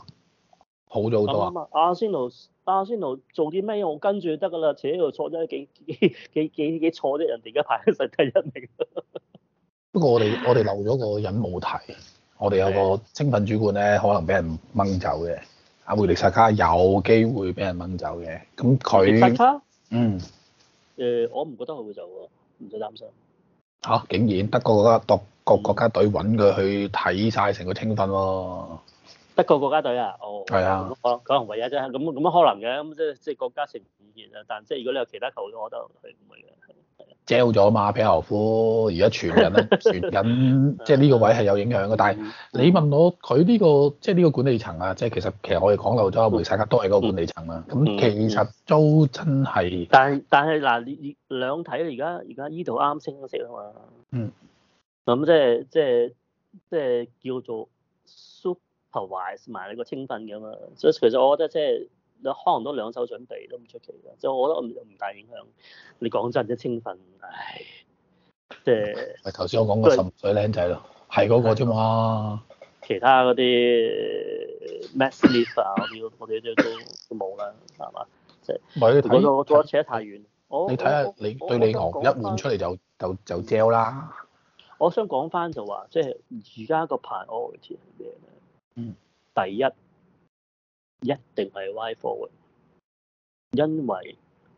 好咗好多啊！阿仙奴，阿仙奴做啲咩我跟住就得㗎喇，扯佢錯啫，幾幾幾幾幾錯啫，人哋而家排喺世界第一名。不過我哋我哋漏咗個隱務題，我哋有個青訓主管咧，可能俾人掹走嘅，阿梅利薩卡有機會俾人掹走嘅，咁佢嗯誒、呃，我唔覺得佢會走喎，唔使擔心。嚇、啊！竟然德國國家國國家隊揾佢去睇晒成個青訓喎。得個國家隊啊，哦，係啊，講講為啊啫，咁咁樣可能嘅，咁即即國家成員啊，但即如果你有其他球隊，我都覺得係唔會嘅。sell 咗嘛，皮球夫而家傳人傳緊， *laughs* 即呢個位係有影響嘅。但係你問我，佢呢、這個即呢個管理層啊，即其實其實我哋講漏咗，其實大家都係嗰個管理層啊。咁、嗯、其實都真係。但係但係嗱，你你兩睇啦，而家而家呢度啱升一升啊嘛。嗯。咁即即即叫做。叫做 o 埋你個青訓㗎嘛，所以其實我覺得即係你可能都兩手準備都唔出奇嘅，就我覺得唔大影響。你講真啲青訓，唉，即係。咪頭先我講個十五歲僆仔咯，係嗰個啫嘛。的的其他嗰啲 match leaf 啊，我哋啲都都冇啦，係嘛？即係。唔係，我睇得扯得太遠。你睇下你對你昂一面出嚟就就就 gel 啦。我,我,我,我,我,我想講翻就話，即係而家個排 order 係咩嗯，第一一定係 Y4 嘅，因為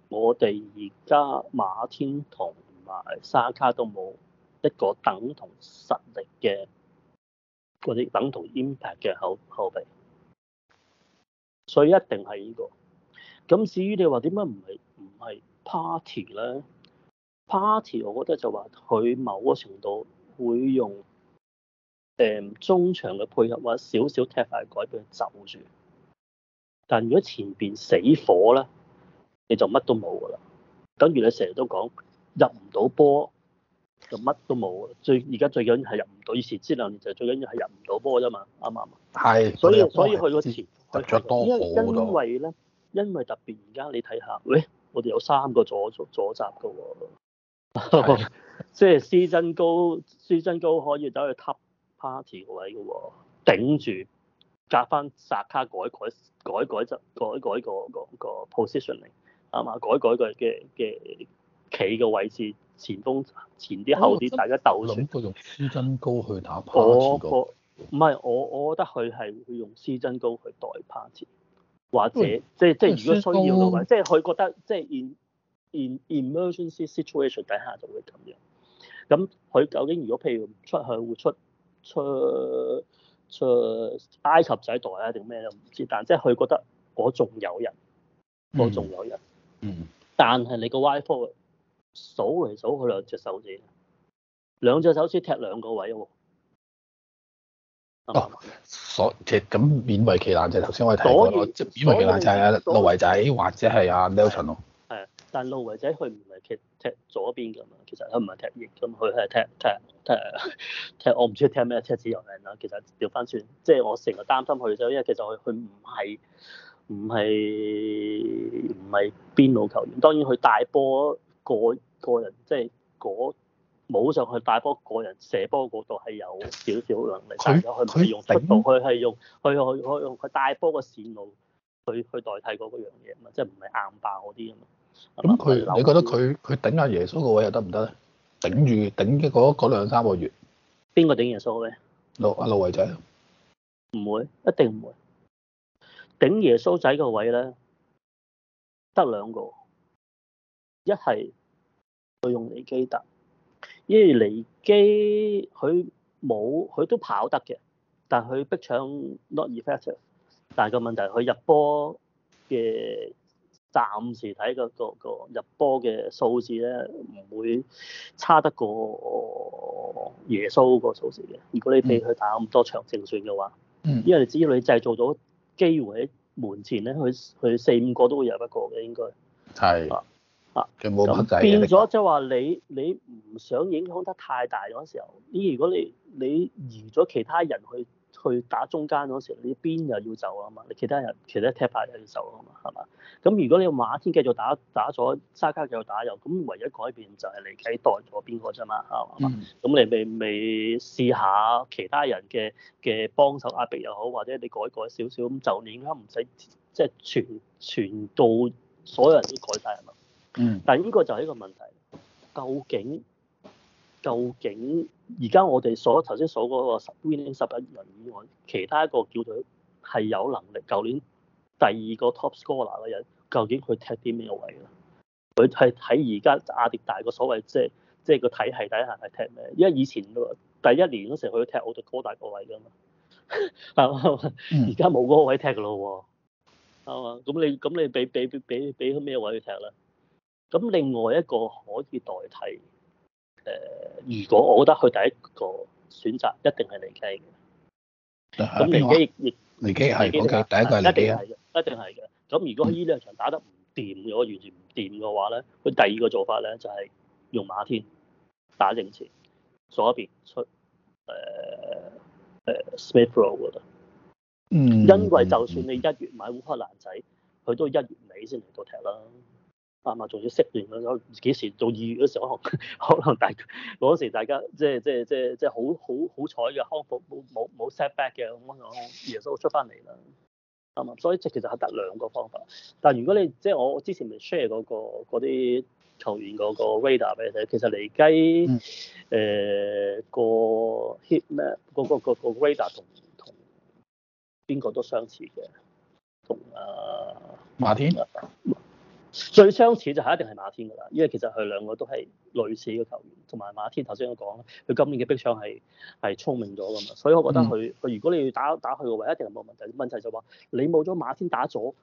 我哋而家馬天同埋沙卡都冇一個等同實力嘅嗰啲等同 impact 嘅後後備，所以一定係呢個。咁至於你話點解唔係唔係 party 咧？party 我覺得就話佢某個程度會用。誒，中場嘅配合或者少少踢法嘅改變走住，但如果前邊死火咧，你就乜都冇噶啦。等於你成日都講入唔到波就乜都冇啊！最而家最緊要係入唔到，以前只能就最緊要係入唔到波啫嘛，啱啱？係，所以所以佢個前著多多。因為咧，因為特別而家你睇下，喂，我哋有三個阻左閘噶喎，即係施珍高、施珍高可以走去 party 位嘅喎，頂住隔翻薩卡改改改改則改改個個個 positioning 啱啊，改改個嘅嘅企嘅位置前鋒前啲後啲，哦、大家鬥算。諗過用輸真高去打 Partey 唔係我、那個、我，我覺得佢係會用輸真高去代 Partey 或者即即、嗯即係即係、如果需要嘅話，即係佢覺得即係、即係、in, in in emergency situation 底下就會咁樣。咁佢究竟如果譬如出去會出？出出埃及仔袋啊定咩咧？唔知，但即係佢覺得嗰仲有人，嗰仲、嗯、有人。嗯。但係你個 WiFi 數嚟數去兩隻手指，兩隻手指踢兩個位喎。哦，是是所踢咁勉為其難就係頭先我哋睇過即以勉為其難就係、是、阿盧維仔或者係阿 Nelson。但路維仔佢唔係踢踢左邊㗎嘛，其實佢唔係踢翼，咁佢係踢踢踢踢我唔知踢咩，踢自由人啦。其實調返轉，即係我成日擔心佢就因為其實佢佢唔係唔係唔係邊路球員。當然佢帶波個個人即係冇上去帶波個人射波嗰度係有少少能力，他但係佢唔係用速度，佢係他用佢佢佢佢帶波嘅線路去，去佢代替嗰個樣嘢嘛，即係唔係硬爆嗰啲啊嘛。咁佢，你覺得佢佢頂阿耶穌個位又得唔得咧？頂住頂嘅嗰兩三個月，邊個頂耶穌嘅位？阿路維仔唔會，一定唔會頂耶穌仔個位咧，得兩個，一係佢用尼基特，因為尼基佢冇佢都跑得嘅，但係佢逼搶 not effective，但係個問題佢入波嘅。暫時睇、嗰個、嗰個入波嘅數字咧，唔會差得過、呃、耶穌個數字嘅。如果你俾佢打咁多場正選嘅話，嗯、因為你知道你製造咗機會喺門前咧，佢佢四五個都會有一個嘅應該。係是啊，佢冇乜變咗，即係話你你唔想影響得太大嗰陣時候，你如果你你移咗其他人去。去打中間嗰時，你邊又要走啊嘛？你其他人、其他踢牌又要走咯、啊、嘛，係嘛？咁如果你馬天繼續打，打咗沙卡繼續打又，咁唯一改變就係你取代咗邊個啫嘛，係嘛？咁、嗯、你未未試下其他人嘅嘅幫手壓逼又好，或者你改一改少少咁，就你應該唔使即係全全到所有人都改晒係嘛？嗯。但係呢個就係一個問題，究竟？究竟而家我哋所頭先所嗰個十 winning 十一人以外，其他一個叫佢係有能力，舊年第二個 top scorer 嘅人，究竟佢踢啲咩位咧？佢係睇而家亞迪大個所謂即係即係個體系底下係踢咩？因為以前第一年嗰時佢踢我督高大位 *laughs* 個位㗎嘛，係而家冇嗰個位踢㗎咯喎，係嘛？咁你咁你俾俾俾俾俾佢咩位去踢咧？咁另外一個可以代替。誒，如果我覺得佢第一個選擇一定係嚟基嘅，咁李基亦亦李基係第一個李基啊，一定係嘅。咁如果呢兩場打得唔掂，如果完全唔掂嘅話咧，佢第二個做法咧就係用馬天打正前左邊出誒誒 Smith Rowe 嗰度。呃呃、嗯，因為就算你一月買烏克蘭仔，佢都一月尾先嚟到踢啦。啊嘛，仲要 set 完啦，幾時到二月嗰時，可可能大嗰時大家即係即係即係即係好好好彩嘅康復冇冇 set back 嘅咁樣，耶穌出翻嚟啦。啊嘛，所以即係其實係得兩個方法。但係如果你即係我之前咪 share 嗰個嗰啲球員嗰個 radar 俾你睇，其實嚟雞誒個 heat map 嗰個個個 radar 同同邊個都相似嘅，同啊馬天最相似就係一定係馬天㗎喇，因為其實佢兩個都係類似嘅球員，同埋馬天頭先我講，佢今年嘅逼搶係係聰明咗㗎嘛，所以我覺得佢佢如果你要打打佢個位一定冇問題，問題就話、是、你冇咗馬天打咗，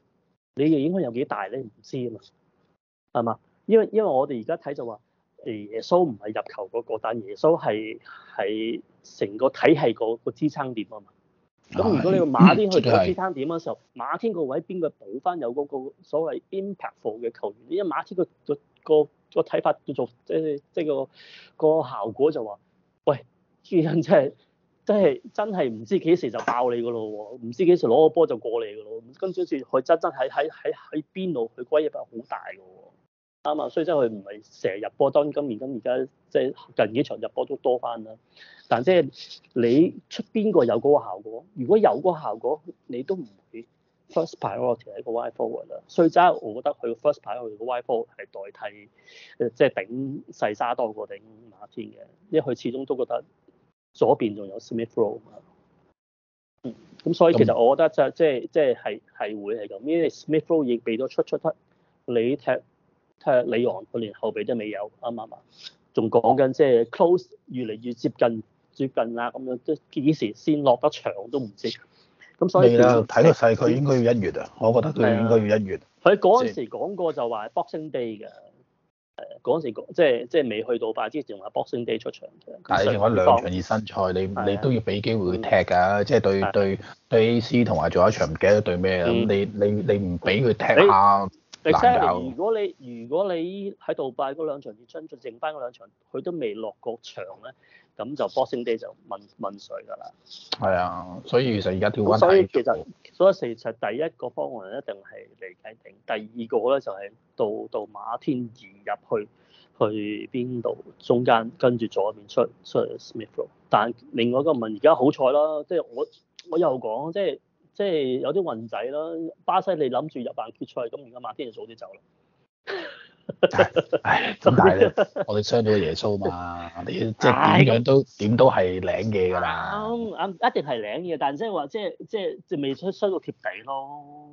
你嘅影響有幾大你唔知啊嘛，係嘛？因為因為我哋而家睇就話，誒耶穌唔係入球嗰、那個，但耶穌係係成個體系、那個支撐點啊嘛。咁如果你個馬天去做支撐點嘅時候，嗯、馬天個位邊個補翻有嗰個所謂 impactful 嘅球員？因為馬天個個個睇法叫做即係即係個個,個,個效果就話：，喂，呢個人真係真係真係唔知幾時就爆你㗎咯喎，唔知幾時攞個波就過嚟㗎咯。咁跟住好似許真真喺喺喺喺邊度，佢鬼嘢拍好大㗎喎。啱啊，所以真佢唔係成日入波，當今年今而家即係近幾場入波都多翻啦。但即係你出邊個有嗰個效果？如果有嗰個效果，你都唔會 first priority 係個 wide forward 啦。所以真係我覺得佢 first priority 個 wide forward 係代替即係頂細沙多過頂馬天嘅，因為佢始終都覺得左邊仲有 Smith Rowe 啊、嗯。咁所以其實我覺得就即係即係係係會係咁，因為 Smith Rowe 已經俾咗出出得你踢。誒李昂連後備都未有，啱唔啱？仲講緊即係 close 越嚟越接近接近啦、啊，咁樣都幾時先落得場都唔知。咁所以睇個勢佢應該要一月啊，我覺得佢應該要一月。佢嗰陣時講過就話 Boxing Day 㗎，誒嗰陣時講、就是、即係即係未去到八之前話 Boxing Day 出場嘅。但係你仲揾兩場熱身賽，你的你都要俾機會佢踢㗎、啊，即、就、係、是、對的對對 AC 同埋做一場唔記得對咩啦的，你你你唔俾佢踢下？如果你如果你喺杜拜嗰兩場熱身賽剩翻嗰兩場，佢都未落過場咧，咁就 Boxing Day 就問問水㗎啦。係啊，所以，所以其實而家跳翻大。所以其實所以其實第一個方案一定係嚟睇定，第二個咧就係到到馬天宇入去去邊度中間跟住左邊出出 Smith，但另外一個問而家好彩啦，即係我我又講即係。即係有啲運仔啦，巴西你諗住入半決賽，咁而家馬天尼早啲走啦。唉，點解咧？我哋傷咗耶穌嘛，我哋即係點樣都點唉 都係靚嘢㗎啦。啱啱一定係靚嘢，但係、即係、即係話即係即係未衰衰到貼地咯。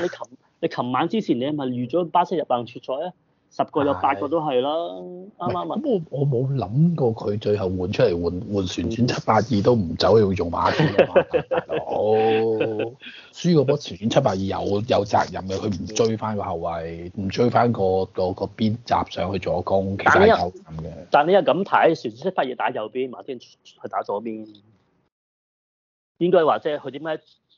你琴你琴晚之前你係咪預咗巴西入半決賽啊？十個有八個都係啦，啱啱是剛問我。我冇諗過佢最後換出嚟換換旋轉七八二都唔走，要用馬天。好， *laughs* 輸個波旋轉七八二有有責任嘅，佢唔追翻、那個後衞，唔追翻個個、那個邊閘上去助攻，其實係有嘅。但你又咁睇旋轉七八二打右邊，馬天去打左邊，應該話啫，佢點解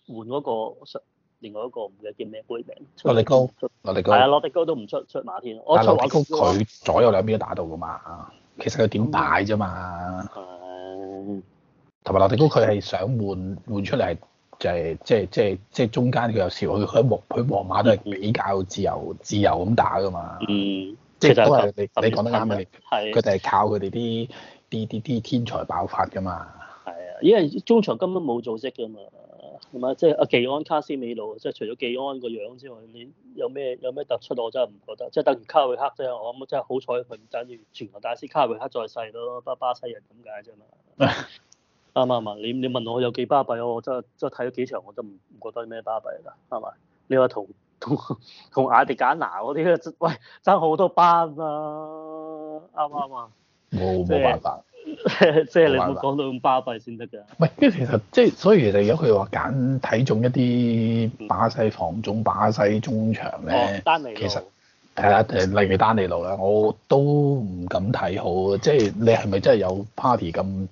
換嗰、那個？另外一個唔知叫咩杯名，羅迪高，羅迪、啊、高，係啊，羅迪高都唔出出馬添。我羅迪高佢左右兩邊都打到噶嘛，其實佢點打啫嘛。係、嗯。同埋羅迪高佢係想換換出嚟就係即係即係即係中間佢有時佢喺皇佢皇馬都係比較自由、嗯、自由咁打噶嘛。嗯。即其實都、就、係、是、你你講得啱嘅。佢哋係靠佢哋啲啲啲啲天才爆發噶嘛。係啊、嗯，因為中場根本冇組織噶嘛。係嘛？即係阿技安卡斯美路，即係除咗技安個樣之外，你有咩有咩突出？我真係唔覺得。即係等於卡維克即係，我諗真係好彩佢等於全球大師卡維克再世咯，巴巴西人咁解啫嘛。啱啊！ *laughs* 啱啊！你你問我有幾巴閉，我真係真係睇咗幾場，我都唔唔覺得咩巴閉啦，係咪？你話同同同亞迪加拿嗰啲，喂爭好多班啊，啱唔啱啊？冇冇辦法。即係 *laughs* 你冇講到咁巴閉先得㗎。唔係，跟其實即係，所以其實如果佢話揀睇中一啲巴西防中巴西中場咧，其實係啊，例如丹尼路啦，我都唔敢睇好。即係你係咪真係有 party 咁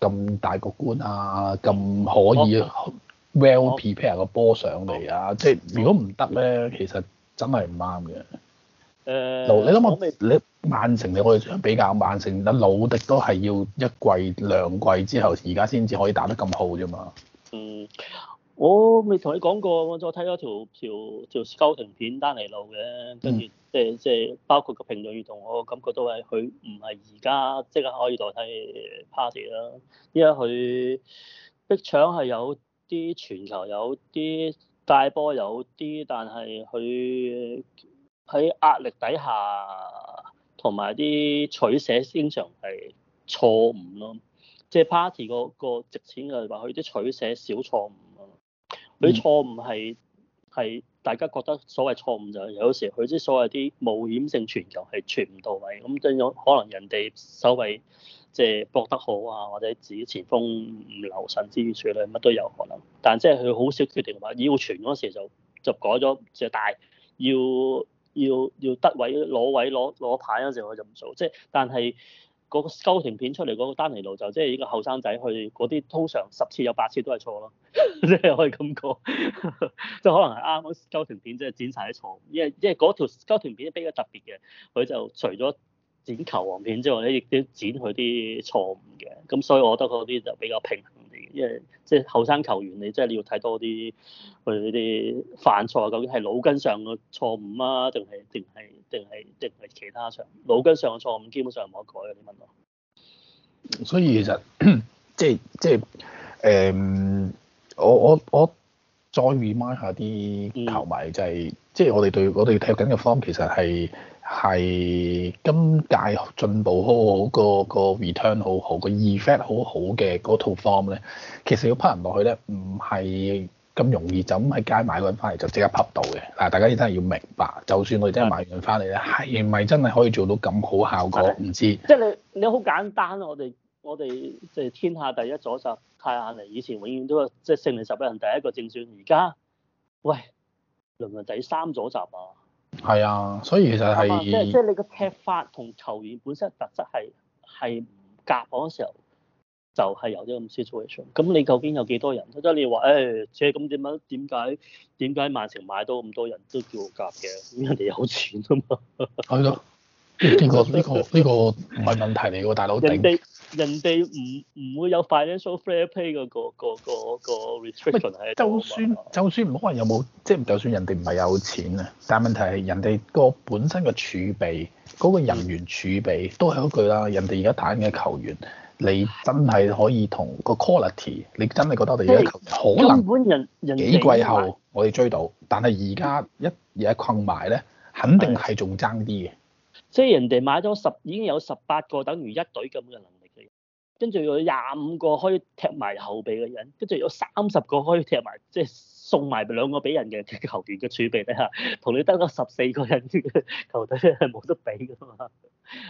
咁大局觀啊？咁可以 well prepared 個波上嚟啊？即係如果唔得咧，其實真係唔啱嘅。誒，呃、你諗下，未你曼城你可以比較曼城，得老迪都係要一季、兩季之後，而家先至可以打得咁好啫嘛。嗯，我未同你講過，我再睇咗條條條 scouting 片丹尼路嘅，跟住即係即係包括個評論員同我感覺都係佢唔係而家即刻可以代替的 Partey 啦。因為佢逼搶係有啲傳球有啲帶波有啲，但係佢。喺壓力底下，同埋啲取捨經常係錯誤咯。即係 party 個個值錢嘅話，佢啲取捨小錯誤啊。佢啲錯誤係係大家覺得所謂錯誤，就有時佢啲所謂啲冒險性全球傳球係傳唔到位。咁即係可能人哋守位即係博得好啊，或者自己前鋒唔留神之處咧，乜都有可能。但即係佢好少決定話，要傳嗰時就就改咗隻大要。要要得位攞位攞攞牌嗰陣時佢就唔做，即係但係嗰、那個膠片出嚟，嗰個丹尼路就即係呢個後生仔去嗰啲，通常十次有八次都係錯咯，即 *laughs* 係可以咁講，即 *laughs* 係可能係啱嗰膠片即係、就是、剪晒啲錯，因為因為嗰條膠片比較特別嘅，佢就除咗。剪球王片之外咧，亦都剪佢啲錯誤嘅。咁所以我覺得嗰啲就比較平衡啲，因為即係後生球員，你真係你要睇多啲佢哋呢啲犯錯，究竟係腦筋上嘅錯誤啊，定係定係定係定係其他上？腦筋上嘅錯誤基本上冇得改啊！你問我。所以其實即係即係誒、嗯，我我我再 remind 下啲球迷就係、是，即係、嗯、我哋對我哋踢緊嘅方其實係。係今屆進步好好個、個 return 好好、個 effect 好好嘅嗰套 form 咧，其實要拋人落去咧，唔係咁容易就咁喺街買揾翻嚟就即刻 pop 到嘅。嗱，大家亦真係要明白，就算我哋真係買完翻嚟咧，係咪是的 真係可以做到咁好效果？唔的知即。即係你你好簡單，我哋我哋即係天下第一左閘 Tierney 嚟，以前永遠都係即係勝利十一人第一個正選，而家喂淪為第三左閘啊！係啊，所以其實係即即係你個踢法同球員本身特質係係唔夾嘅時候，就係、是、有啲咁 situation。咁你究竟有幾多人？即、就、係、是、你話誒，即係咁點樣？點解點解曼城買到咁多人都叫我夾嘅？咁人哋有錢啊嘛。係咯，呢、呢個呢、呢個呢、呢個唔係問題嚟喎，大佬頂人哋唔唔會有 financial fair play 嗰個嗰個嗰個嗰個 restriction 係算，就算就算唔好話有冇，即係就算人哋唔係有錢啊。但問題係人哋個本身嘅儲備，嗰個人員儲備都係嗰句啦。人哋而家打緊嘅球員，你真係可以同個 quality，你真係覺得我哋而家球員的可能人人幾季後我哋追到，但係而家一而家的困埋咧，肯定係仲爭啲嘅。即係的人哋買咗十已經有十八個等於一隊咁嘅能。跟住有廿五個可以踢埋後備嘅人，跟住有三十個可以踢埋，就是嗯，即係送埋兩個俾人嘅球員嘅儲備咧下，同你得嗰十四個人球隊咧係冇得比噶嘛，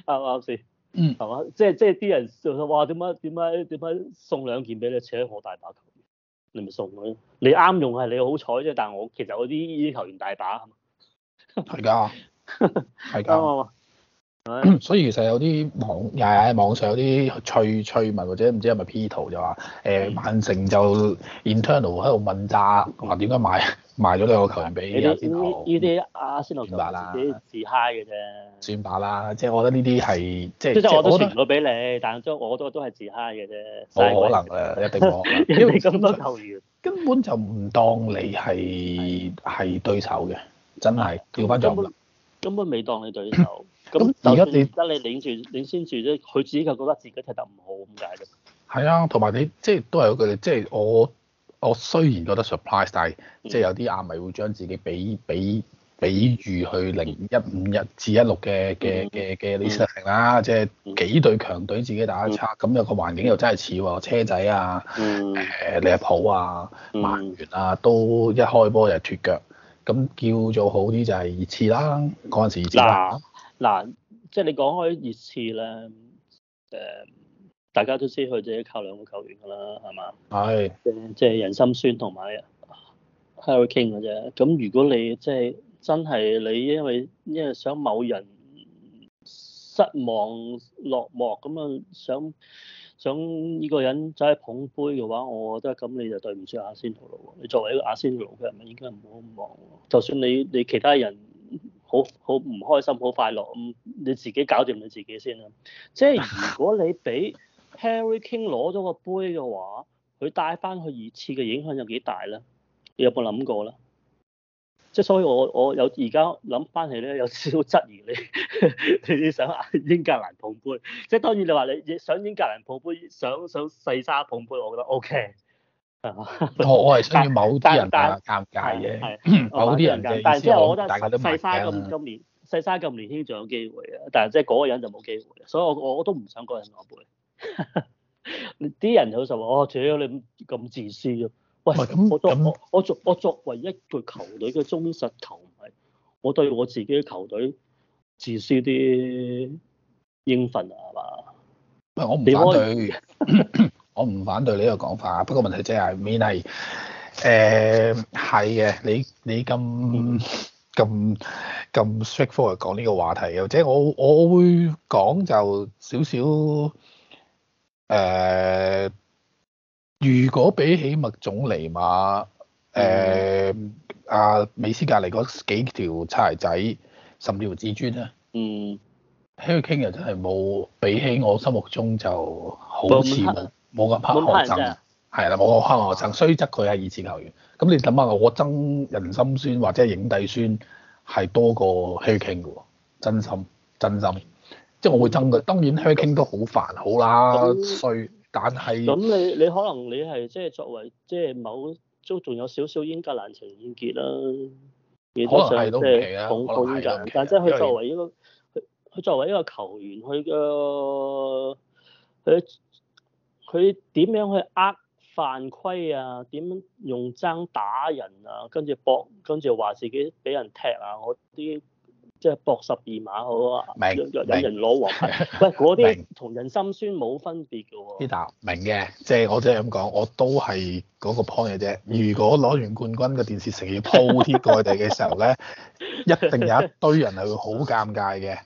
啱唔啱先？嗯，係嘛？即係即係啲人就話點解點解點解送兩件俾你，且我大把球員，你咪送佢？你啱用係你好彩啫。但係我其實我啲球員大把，係㗎，係㗎。 *laughs* *noise* 所以其實有啲網，係喺網上有啲趣趣聞，或者唔知係咪 P 圖就話誒曼城就 internal 喺度問責，話點解賣賣咗兩個球員俾阿仙奴？呢啲呢啲阿仙奴自嗨嘅啫，算把啦，即係我覺得呢啲係即係即係我，我都傳咗俾你，但係都我覺得都係自嗨嘅啫。我可能誒一定冇。咁 *laughs* 多球員根本就唔當你係係對手嘅，真係調翻轉根本未當你對手。 *coughs* 咁而家你得你領住你領先住啫，佢自己就覺得自己踢得唔好咁解啫。係啊，同埋你即係都係嗰句即係我我雖然覺得 surprise，但係、嗯、即係有啲阿迷會將自己比比比喻去零一五日至一六嘅嘅嘅嘅呢場啦，即係幾隊強隊自己打一差，咁、嗯、有個環境又真係似喎車仔啊，誒利物浦啊、曼聯啊，都一開波就脱腳，咁叫做好啲就係熱刺啦嗰陣時熱嗱，即係你講開熱刺咧，誒、呃，大家都知佢自己靠兩個球員㗎啦，係嘛？係是，即係人心酸同埋 Harry Kane 㗎啫。咁如果你即係真係你因為因為想某人失望落寞咁啊，想想呢個人走去捧杯嘅話，我覺得咁你就對唔住阿仙奴咯。你作為一個阿仙奴嘅人，佢係咪應該唔好咁忙，就算你你其他人。好好唔開心，好快樂。嗯，你自己搞掂你自己先啦。即係如果你俾 Harry King 攞咗個杯嘅話，佢帶翻去二次嘅影響有幾大咧？你有冇諗過咧？即係所以我我有而家諗翻起咧，有少少質疑你 *laughs* 你想英格蘭捧杯？即係當然你話你想英格蘭捧杯，想想細沙捧杯，我覺得 O、OK、K。 *laughs* 哦、我我係需要某啲人尷尬嘅，某啲人嘅意思。即係 *laughs* 我覺得大家唔好咁細沙咁咁年，細沙咁年輕仲有機會嘅。但係即係嗰個人就冇機會，所以我我都唔想嗰個人攞杯。啲 *laughs* 人就話：我、哦，除咗你咁自私嘅。喂，我我、嗯、我作、嗯、我，作，我，作我作為一個球隊嘅忠實球迷，我對我自己嘅球隊自私啲應份啊，係嘛？唔，我唔反對。 *laughs* 我唔反對你呢個講法，不過問題即、就、係、是，面係誒係嘅。你你咁咁咁 straightforward 講呢個話題，或者我我會講就少少誒、呃。如果比起麥總尼馬誒，阿美斯隔離嗰幾條柴仔，甚至乎至尊咧，嗯，Harry Kane 又真係冇比起我心目中就好似冇咁怕何振，係啦，冇咁怕何振。雖則佢係二次球員，咁你諗下，我憎人心酸或者影帝酸，係多過 Harry Kane 嘅喎，真心真心。即係我會憎佢。當然 Harry Kane 都好煩，好乸衰，但係咁你你可能你係即係作為即係某都仲有少少英格蘭情結啦、啊。可能係都奇啊，可能係人、啊。啊、但即係佢作為一個佢佢為作為一個球員，佢嘅佢。佢點樣去呃犯規啊？點樣用踭打人啊？跟住搏，跟住話自己俾人踢啊！我啲即係搏十二碼、啊，好啊，明有白人攞王，唔係嗰啲同人心酸冇分別嘅喎、啊。呢啖明嘅，即、就、係、是、我即係咁講，我都係嗰個 point 嘅啫。如果攞完冠軍嘅電視城要鋪天蓋地嘅時候咧， *laughs* 一定有一堆人係會好尷尬嘅。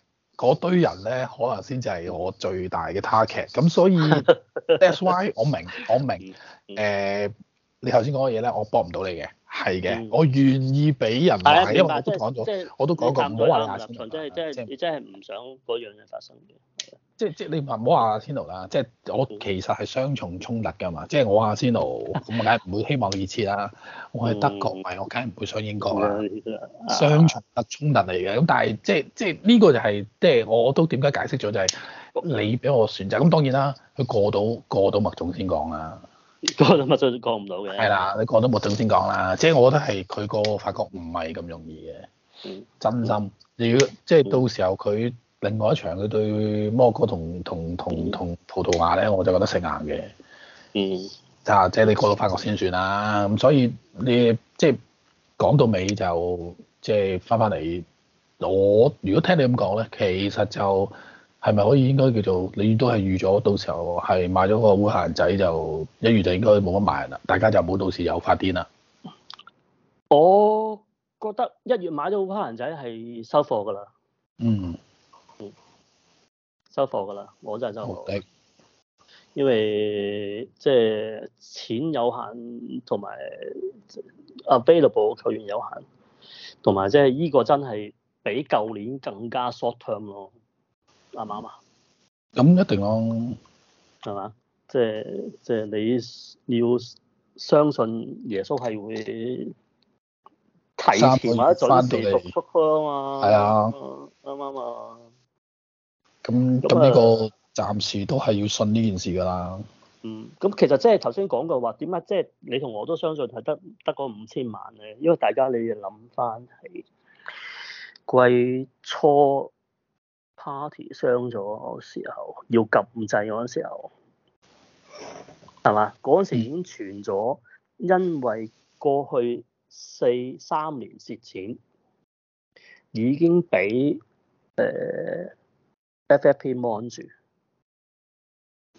嗰堆人咧，可能先至係我最大嘅 target。咁所以，that's why 我明我明。誒，你頭先講嘅嘢咧，我幫唔到你嘅。係嘅，我願意俾人話，因為我都講咗，我都講過唔好話牙齒。即係即係，你真係唔想嗰樣嘢發生嘅。即即你唔好話阿仙奴啦，即我其實係雙重衝突嘅嘛，即我阿仙奴咁梗係唔會希望二次啦，我係德國，唔係我梗係唔會想英國啦，啊，雙重衝突嚟嘅。咁但係即即呢個就係、是，即我我都點解解釋咗就係你俾我選擇，咁當然啦，佢過到過到麥總先講啦，啊，過到麥總都過唔到嘅。係啦，你過到麥總先講啦，啊，即我覺得係佢過法國唔係咁容易嘅，真心你要即到時候佢。另外一場佢對摩哥同同同同葡萄牙咧，我就覺得食硬嘅。嗯。啊，即係你過到法國先算啦。咁所以你即係講到尾就即係翻翻嚟。我如果聽你咁講咧，其實就係咪可以應該叫做你都係預咗到時候係買咗個烏蝦仁仔就一月就應該冇乜買啦。大家就冇到時有發癲啦。我覺得一月買咗烏蝦仁仔係收貨㗎啦。嗯。收貨噶啦，我真係收貨。敵因為即係、就是、錢有限，同埋啊 available 球員有限，同埋即係呢個真係比舊年更加 short term 咯，啱啱啊？咁一定講係嘛？即係即係你要相信耶穌係會提前或者早啲復甦啊嘛？係啊，啱啱啊？嗯嗯嗯嗯咁咁呢個暫時都係要信呢件事㗎啦、嗯。嗯，咁、嗯、其實即係頭先講嘅話，點解即係你同我都相信係得得五千萬咧？因為大家你要諗翻起季初 party 傷咗嗰時候，要撳掣嗰時候，係嘛？嗰時已經存咗，嗯、因為過去四三年蝕錢已經俾誒。呃 F F P 望住，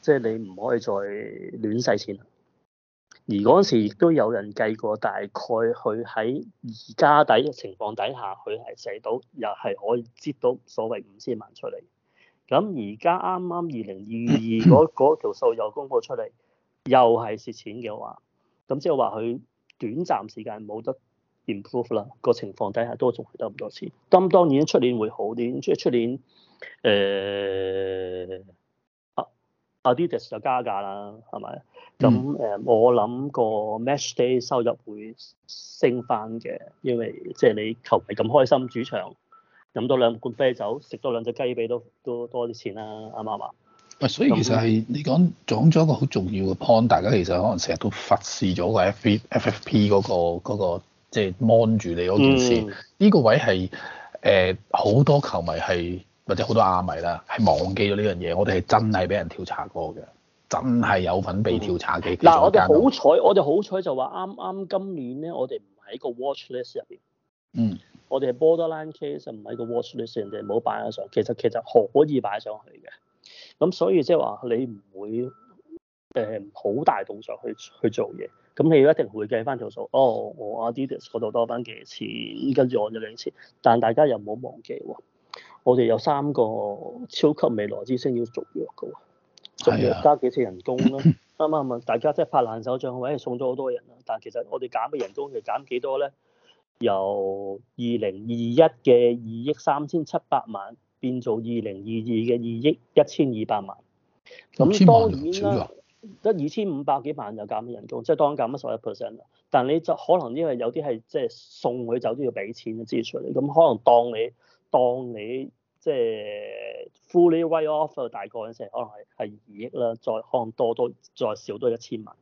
即係你唔可以再亂使錢。而嗰陣時亦都有人計過，大概佢喺而家底嘅情況底下，佢係使到又係可以接到所謂五千萬出嚟。咁而家啱啱二零二二嗰嗰條數又公佈出嚟，又係蝕錢嘅話，咁即係話佢短暫時間冇得。improve 啦，個情況底下都仲係得唔多錢。咁當然出年會好啲，即係出年誒阿阿 d i 就加價啦，係咪？咁誒、嗯嗯，我諗個 Match Day 收入會升翻嘅，因為即係你球迷咁開心，主場飲多兩罐啤酒，食多兩隻雞髀都都多啲錢啦，啱唔啱啊？喂，所以其實係你講講咗一個好重要嘅 point，大家其實可能成日都忽視咗個 F FP, F P 嗰個嗰個。那個即係望住你嗰件事，呢、嗯、個位係誒好多球迷係或者好多阿迷啦，係忘記咗呢樣嘢。我哋係真係俾人調查過嘅，真係有份被調查嘅。嗱，我哋好彩，我哋好彩就話啱啱今年咧，我哋唔喺個 watch list 入邊。嗯。我哋係 borderline case，唔喺個 watch list 入面，人哋冇擺上。其實其實可以擺上去嘅。咁所以即係話你唔會誒好、呃、大動作去去做嘢。咁你要一定回計翻條數，哦，我阿 d i 嗰度多翻幾錢，跟住我咗幾錢。但大家又唔好忘記喎，我哋有三個超級未來之星要續約嘅喎，續約加幾次人工啦。啱唔啱？大家即係拍爛手掌，喂、哎，送咗好多人啦。但其實我哋減嘅人工係減幾多咧？由二零二一嘅二億三千七百萬變做二零二二嘅二億一千二百萬。咁當然啦。得二千五百幾萬就減咗人工，即係當減咗十一 percent 但係你就可能因為有啲係即係送佢走都要俾錢嘅支出嚟。咁可能當你當你即係、就是、fully write off 大個嗰陣時候，可能係係二億啦，再可能多多再少多一千萬。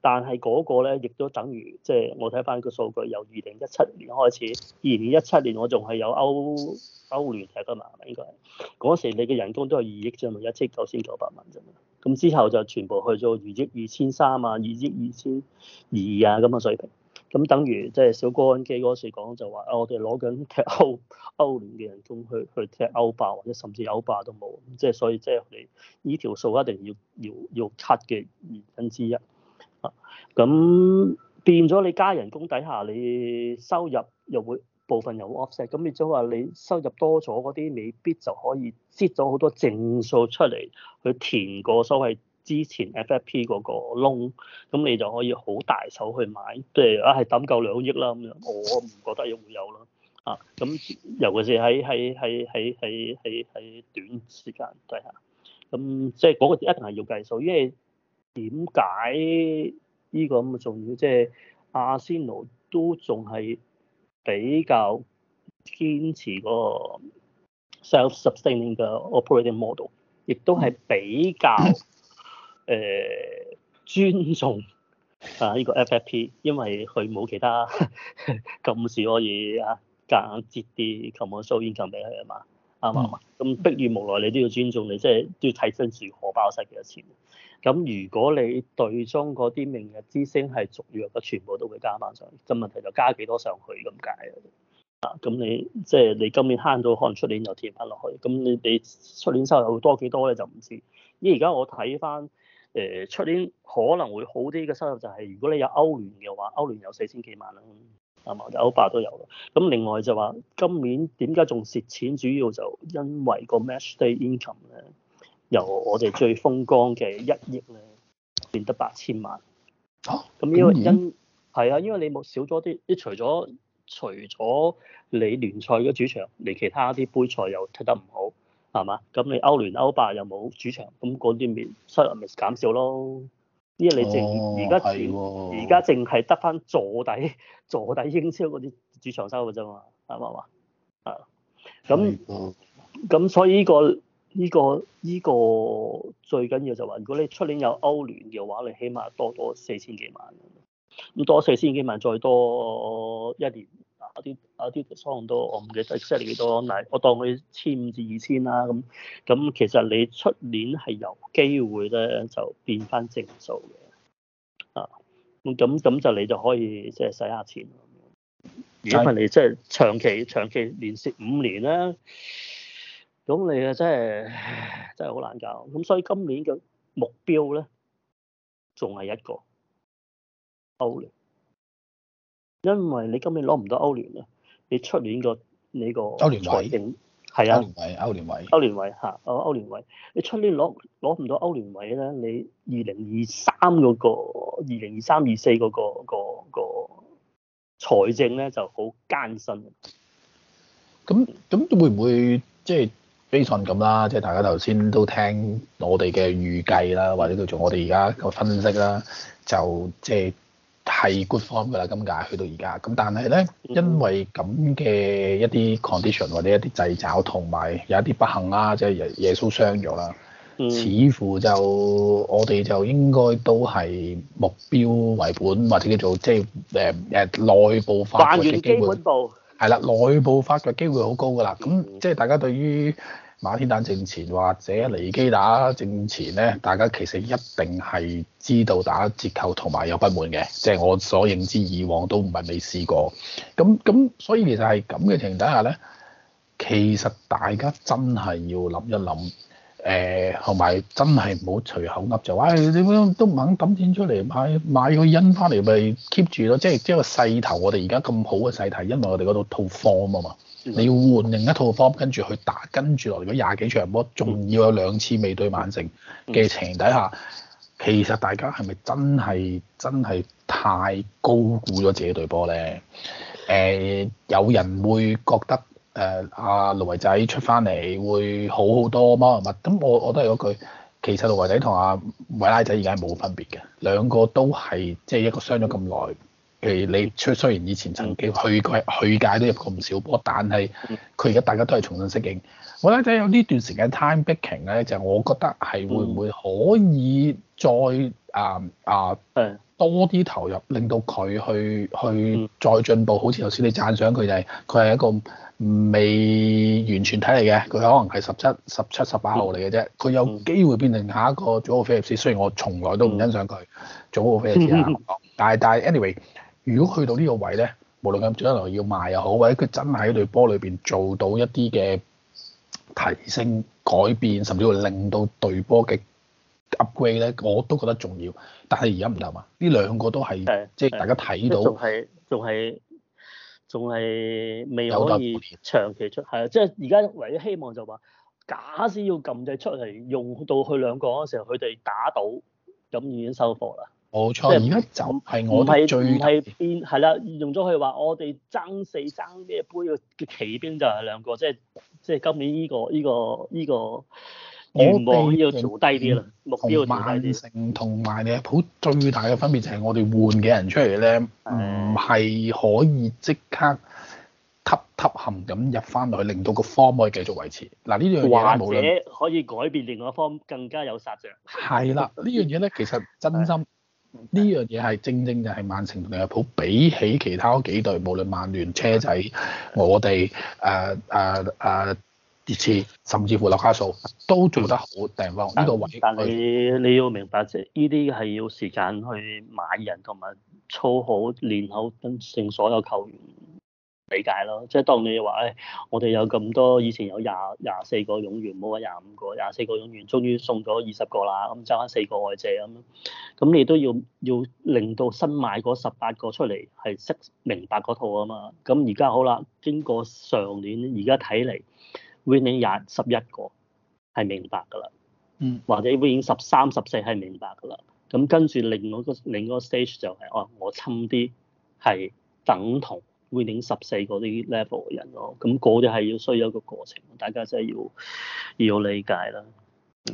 但係嗰個咧亦都等於即係、就是、我睇翻個數據，由二零一七年開始，二零一七年我仲係有歐歐聯睇㗎嘛，應該係嗰時你嘅人工都係二億啫嘛，一千九千九百萬啫嘛。咁之後就全部去做二億二千三啊，二億二千二啊咁嘅水平。咁等於即係小哥安基嗰時講就話，啊我哋攞緊踢歐歐聯嘅人工去去踢歐霸，或者甚至歐霸都冇。咁即係所以即係你呢條數一定要要要 cut 嘅原因之一。啊，咁變咗你加人工底下，你收入又會？部分有 offset，咁亦即係話你收入多咗嗰啲，未必就可以擠咗好多正數出嚟去填個所謂之前 FFP 嗰個窿，咁你就可以好大手去買，即係啊係抌夠兩億啦咁樣，我唔覺得會有啦，啊，咁尤其是喺喺喺喺喺喺喺短時間底下，咁即係嗰個一定係要計數，因為點解呢個咁嘅重要？即係阿仙奴都仲係，比較堅持嗰個 self-sustaining 嘅 operating model，亦都係比較誒、呃、尊重啊呢個 FFP，因為佢冇其他咁少可以啊間接啲 soul 求我收錢俾佢啊嘛。啱啱？咁、嗯、迫於無奈，你都要尊重你，即係都要睇真住荷包使幾多錢。咁如果你隊中嗰啲明日之星係續約嘅，全部都會加翻上去，個問題就加幾多上去咁解啊？咁你即係、就是、你今年慳到，可能出年就貼翻落去。咁你你出年收入會多幾多咧？就唔知。依而家我睇翻誒出年可能會好啲嘅收入、就是，就係如果你有歐聯嘅話，歐聯有四千幾萬啦。係嘛？歐霸都有咯。咁另外就話，今年點解仲蝕錢？主要就因為個 Matchday Income 咧，由我哋最風光嘅一億咧，變得八千萬。咁因為因係啊、嗯嗯、啊，因為你冇少咗啲，啲除咗除咗你聯賽嘅主場，你其他啲杯賽又踢得唔好，係嘛？咁你歐聯、歐霸又冇主場，咁嗰啲面收入咪減少咯。因為你淨而家而家淨係得翻坐底坐底，英超嗰啲主場收嘅啫嘛，係咪嘛？啊，咁咁所以呢個呢個呢個最緊要就係，如果你出年有歐聯嘅話，你起碼多多四千幾萬，咁多四千幾萬，再多一年。啲有啲嘅數量我唔記得即係幾多，但係我當佢千五至二千啦。咁咁其實你出年係有機會咧，就變翻正數嘅。啊咁咁就你就可以即係使下錢。如果係你即係長期長期連蝕五年啦。咁你啊真係真係好難搞。咁所以今年嘅目標咧，仲係一個 O，歐因為你今年攞唔到歐聯啊，你出年個你個財政係啊，歐聯委歐聯委，歐聯委吓，歐歐聯委，你出年攞攞唔到歐聯委咧，你二零二三嗰個二零二三二四嗰個、嗰個、嗰個財政咧就好艱辛。咁咁會唔會即係非常咁啦？即係大家頭先都聽我哋嘅預計啦，或者叫做我哋而家個分析啦，就即係。係 good form 㗎啦，今屆去到而家，咁但係咧，嗯、因為咁嘅一啲 condition 或者一啲掣肘，同埋有一啲不幸啦，即係耶耶穌傷咗啦，嗯、似乎就我哋就應該都係目標為本，或者叫做即係誒誒內部發掘嘅機會。係啦，內部發掘機會好高㗎啦，咁即係大家對於，馬天蛋正前或者尼基打正前咧，大家其實一定係知道打折扣同埋有不滿嘅，即、就、係、是、我所認知，以往都唔係未試過。咁咁，所以其實係咁嘅情況下咧，其實大家真係要諗一諗，誒、呃，同埋真係唔好隨口噏就話，點、哎、樣都唔肯抌錢出嚟買買個印翻嚟咪 keep 住咯，即係即係個勢頭。我哋而家咁好嘅勢頭，因為我哋嗰度套 form 啊嘛。你要換另一套方，跟住去打，跟住落嚟。如果廿幾場波，仲要有兩次未對曼城嘅情形底下，其實大家係咪真係真係太高估咗自己隊波咧？誒、欸，有人會覺得誒阿、呃啊、盧維仔出翻嚟會好好多乜乜乜？咁我我都係嗰句，其實盧維仔同阿維拉仔而家係冇分別嘅，兩個都係即係一個傷咗咁耐。佢你雖雖然以前曾經去過去屆都入過唔少波，但係佢而家大家都係重新適應。我覺睇有呢段時間 time breaking 咧，就係、是、我覺得係會唔會可以再啊啊多啲投入，令到佢去去再進步。好似頭先你讚賞佢，就係佢係一個未完全睇嚟嘅，佢可能係十七、十七、十八號嚟嘅啫。佢有機會變成下一個早合菲入史。雖然我從來都唔欣賞佢早合菲入史，但係但係 anyway。如果去到呢個位咧，無論佢最終來要賣又好，或者佢真喺隊波裏邊做到一啲嘅提升、改變，甚至乎令到隊波嘅 upgrade 咧，我都覺得重要。但係而家唔得嘛？呢兩個都係是，即係大家睇到，仲係仲係未可以長期出。係啊，即係而家唯一希望就話、是，假使要撳掣出嚟用到佢兩個嗰時候，佢哋打到咁已經收貨啦。冇錯，而家就係我睇最唔係變啦，用咗佢話我哋爭四爭呢一杯嘅奇兵就係兩個，即係即係今年個呢個呢個呢個願望要低啲啦，目標要低啲。曼城同埋利物浦最大嘅分別就係我哋換嘅人出嚟咧，唔係的可以即刻吸吸含咁入翻落去，令到個方可以繼續維持。嗱，呢樣話無論或者可以改變另外一方更加有殺著。係啦的， *laughs* 樣，呢樣嘢咧其實真心。呢樣嘢係正正就係曼城同利物浦比起其他嗰幾隊，無論曼聯車仔、嗯、我哋、誒誒誒熱刺，甚至乎紐卡素，都做得好掟波呢個位置，但，但係你要明白，即係依啲係要時間去買人同埋操好、練好，跟成所有球員。理解咯，即係當你話誒、哎，我哋有咁多，以前有廿廿四個養員，唔好話廿五個，廿四個養員終於送咗二十個啦，咁爭翻四個外借咁咁你都要要令到新買嗰十八個出嚟係識明白嗰套啊嘛，咁而家好啦，經過上年，而家睇嚟，winning 廿十一個係明白噶啦，嗯，或者 winning 十三十四係明白噶啦，咁跟住另外個另一個 stage 就係、是、哦，我深啲係等同。會擰十四個啲 level 嘅人咯，咁嗰啲係要需要一個過程，大家真係要要理解啦。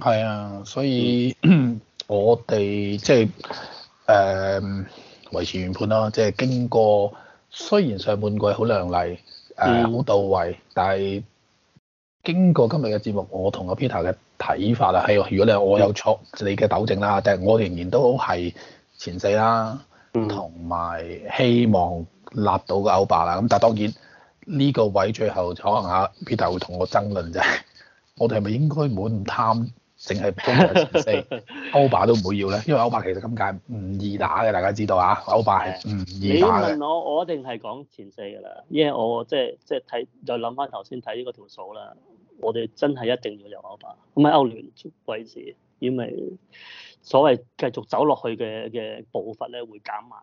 係啊，所以、嗯、 *coughs* 我哋即係誒維持原判啦，即、就、係、是、經過。雖然上半季好亮麗，誒、呃、好、嗯、到位，但係經過今日嘅節目，我同阿 Peter 嘅睇法啊，係啊，如果你我有錯，嗯、你嘅糾正啦，但、就、係、是、我仍然都係前四啦，同埋、嗯、希望。立到個歐霸啦，咁但係當然呢個位最後可能阿、啊、Peter 會同我爭論啫。我哋係咪應該冇咁貪，淨係拼前四？ *laughs* 歐霸都唔會要咧，因為歐霸其實今屆唔易打嘅，大家知道啊。歐霸係唔易打嘅。我，我一定係講前四噶啦，因為我即係即係睇，再諗翻頭先睇呢個條數啦。我哋真係一定要有歐霸。咁喺歐聯出鬼事，因為所謂繼續走落去嘅嘅步伐咧會減慢。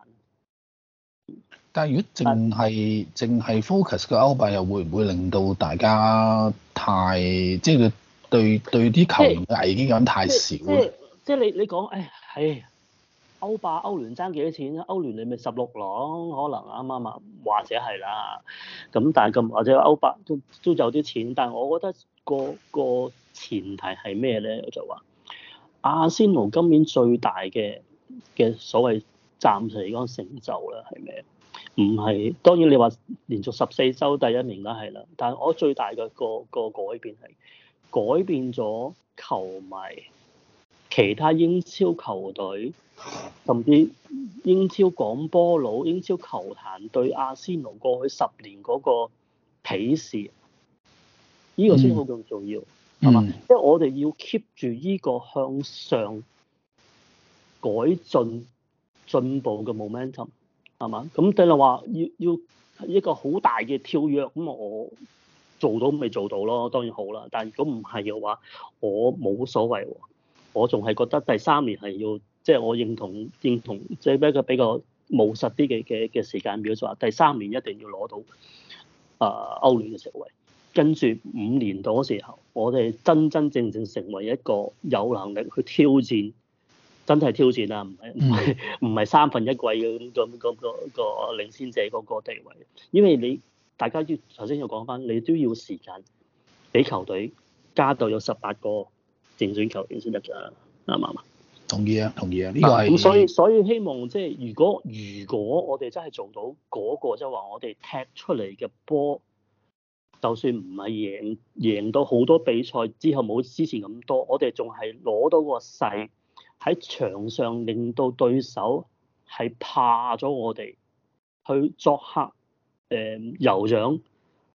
但係如果淨係淨係 focus 個歐霸，又會唔會令到大家太即係對對啲球員，危機感太少，即係你你講誒係歐霸、歐聯爭幾多錢啊？歐聯你咪十六郎，可能啱唔啱？或者係啦咁，但係咁或者歐霸都都有啲錢，但係我覺得個個前提係咩咧？我就話阿仙奴今年最大嘅、嘅所謂。暫時嚟講成就咧係咩？唔係，當然你話連續十四週第一年梗係啦，但係我最大嘅個個改變係改變咗球迷、其他英超球隊、甚至英超廣波佬、英超球壇對阿仙奴過去十年嗰個鄙視，呢個先好重要係嘛？因為我哋要 keep 住呢個向上改進。進步嘅 momentum 係嘛？咁即係話要要一個好大嘅跳躍咁，我做到咪做到咯？當然好啦，但係如果唔係嘅話，我冇所謂喎。我仲係覺得第三年係要，即係我認同認同，即係一個比較務實啲嘅嘅嘅時間表，就話第三年一定要攞到啊歐聯嘅席位，跟住五年度嗰時候，我哋真真正正成為一個有能力去挑戰。真係挑戰啊！唔係唔係唔係三分一季嘅咁嗰嗰個領先者嗰個地位，因為你大家要頭先又講翻，你都要時間俾球隊加到有十八個正選球員先得嘅，啱唔啱啊？同意啊，同意啊，呢個係咁，嗯，所以所以希望即係如果如果我哋真係做到嗰個，即係話我哋踢出嚟嘅波，就算唔係贏贏到好多比賽之後冇之前咁多，我哋仲係攞到個勢，喺場上令到對手係怕咗我哋，去作客誒，酋長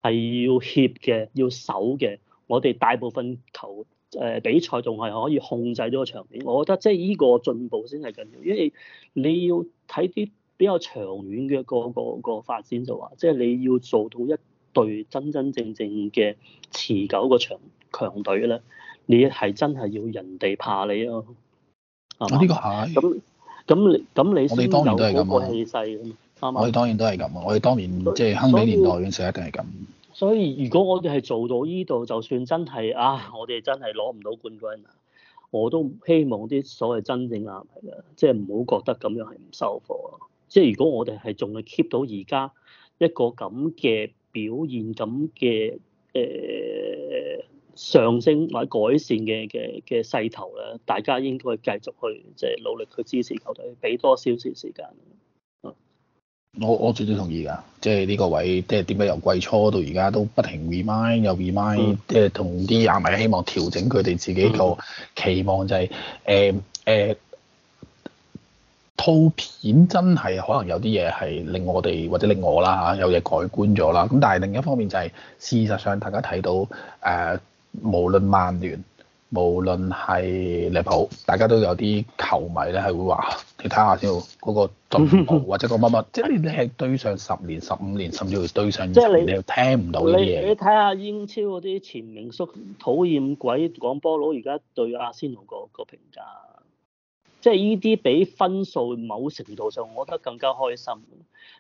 係要怯嘅，要守嘅，我哋大部分球誒、呃、比賽仲係可以控制咗個場面。我覺得即係呢個進步先係緊要，因為你要睇啲比較長遠嘅，嗰個個，嗰個發展就話，即係你要做到一隊真真正正嘅持久個強強隊咧，你係真係要人哋怕你咯，啊。啊！呢個係咁，咁你咁你，我哋當然都係咁氣勢！吧我哋當然都係咁啊！我哋當然，即係亨利年代嗰陣時一定係咁。所以如果我哋係做到依度，就算真係啊、哎，我哋真係攞唔到冠軍，我都希望啲所謂真正球迷啊，即係唔好覺得咁樣係唔收貨。即係如果我哋係仲係 keep 到而家一個咁嘅表現咁嘅誒。上升或者改善嘅嘅嘅勢頭咧，大家應該繼續去即係努力去支持球隊，俾多少少時間，嗯。我我絕對同意噶，即係呢個位，即係點解由季初到而家都不停 remind 又 remind，即係同、嗯、啲阿迷希望調整佢哋自己個期望，就係，就係誒誒套片真係可能有啲嘢係令我哋或者令我啦吓有嘢改觀咗啦。咁但係另一方面就係、係、事實上，大家睇到誒。呃無論曼聯，無論係利物浦，大家都有啲球迷咧係會話，你睇下先，嗰、那個嗰個進步或者個乜乜，即係你係對上十年、十五年，甚至係對上二十年，你又聽唔到呢啲嘢。你睇下英超嗰啲前名宿討厭鬼講波佬，而家對阿仙奴、嗰個、嗰個評價，即係呢啲比分數某程度上，我覺得更加開心。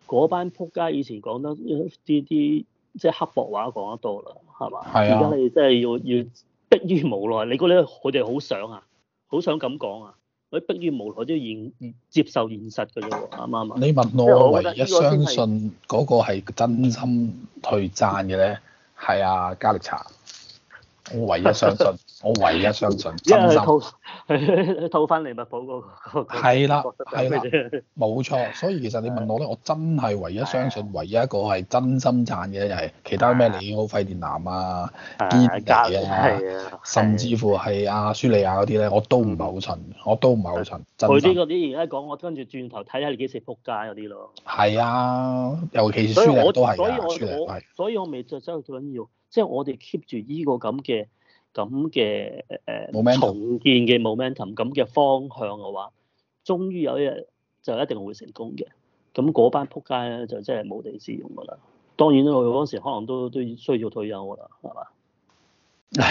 嗰班仆街以前講得啲啲，即係刻薄話講得多啦。係嘛？而家你真係要要逼於無奈，你覺得佢哋好想啊，好想咁講啊，佢逼於無奈都要現接受現實嘅啫喎，啱唔啱啊？你問我，我唯一相信嗰個係真心退贊嘅咧，係啊，加力茶，我唯一相信。 *laughs* 我唯一相信真心，因為套，套翻利物浦嗰個，係啦、那個，係啦，冇 *music* 錯。所以其實你問我咧，我真係唯一相信唯一一個係真心讚嘅就係，其他咩里奧費迪南啊，堅尼啊，甚至乎係阿、啊、舒利亞嗰啲咧，我都唔係好信，我都唔係好信。佢啲嗰啲而家講，我跟住轉頭睇下你幾時撲街嗰啲咯。係啊，尤其是舒利亞都係嘅。所以我所以我我，所以我咪就所以最緊要，即係我哋 keep 住依個咁嘅。咁嘅誒重建嘅 momentum，咁嘅方向嘅話，終於有一日就一定會成功嘅。咁嗰班撲街咧就真係冇地自容噶啦。當然啦，我嗰時可能都都需要退休噶啦，係嘛？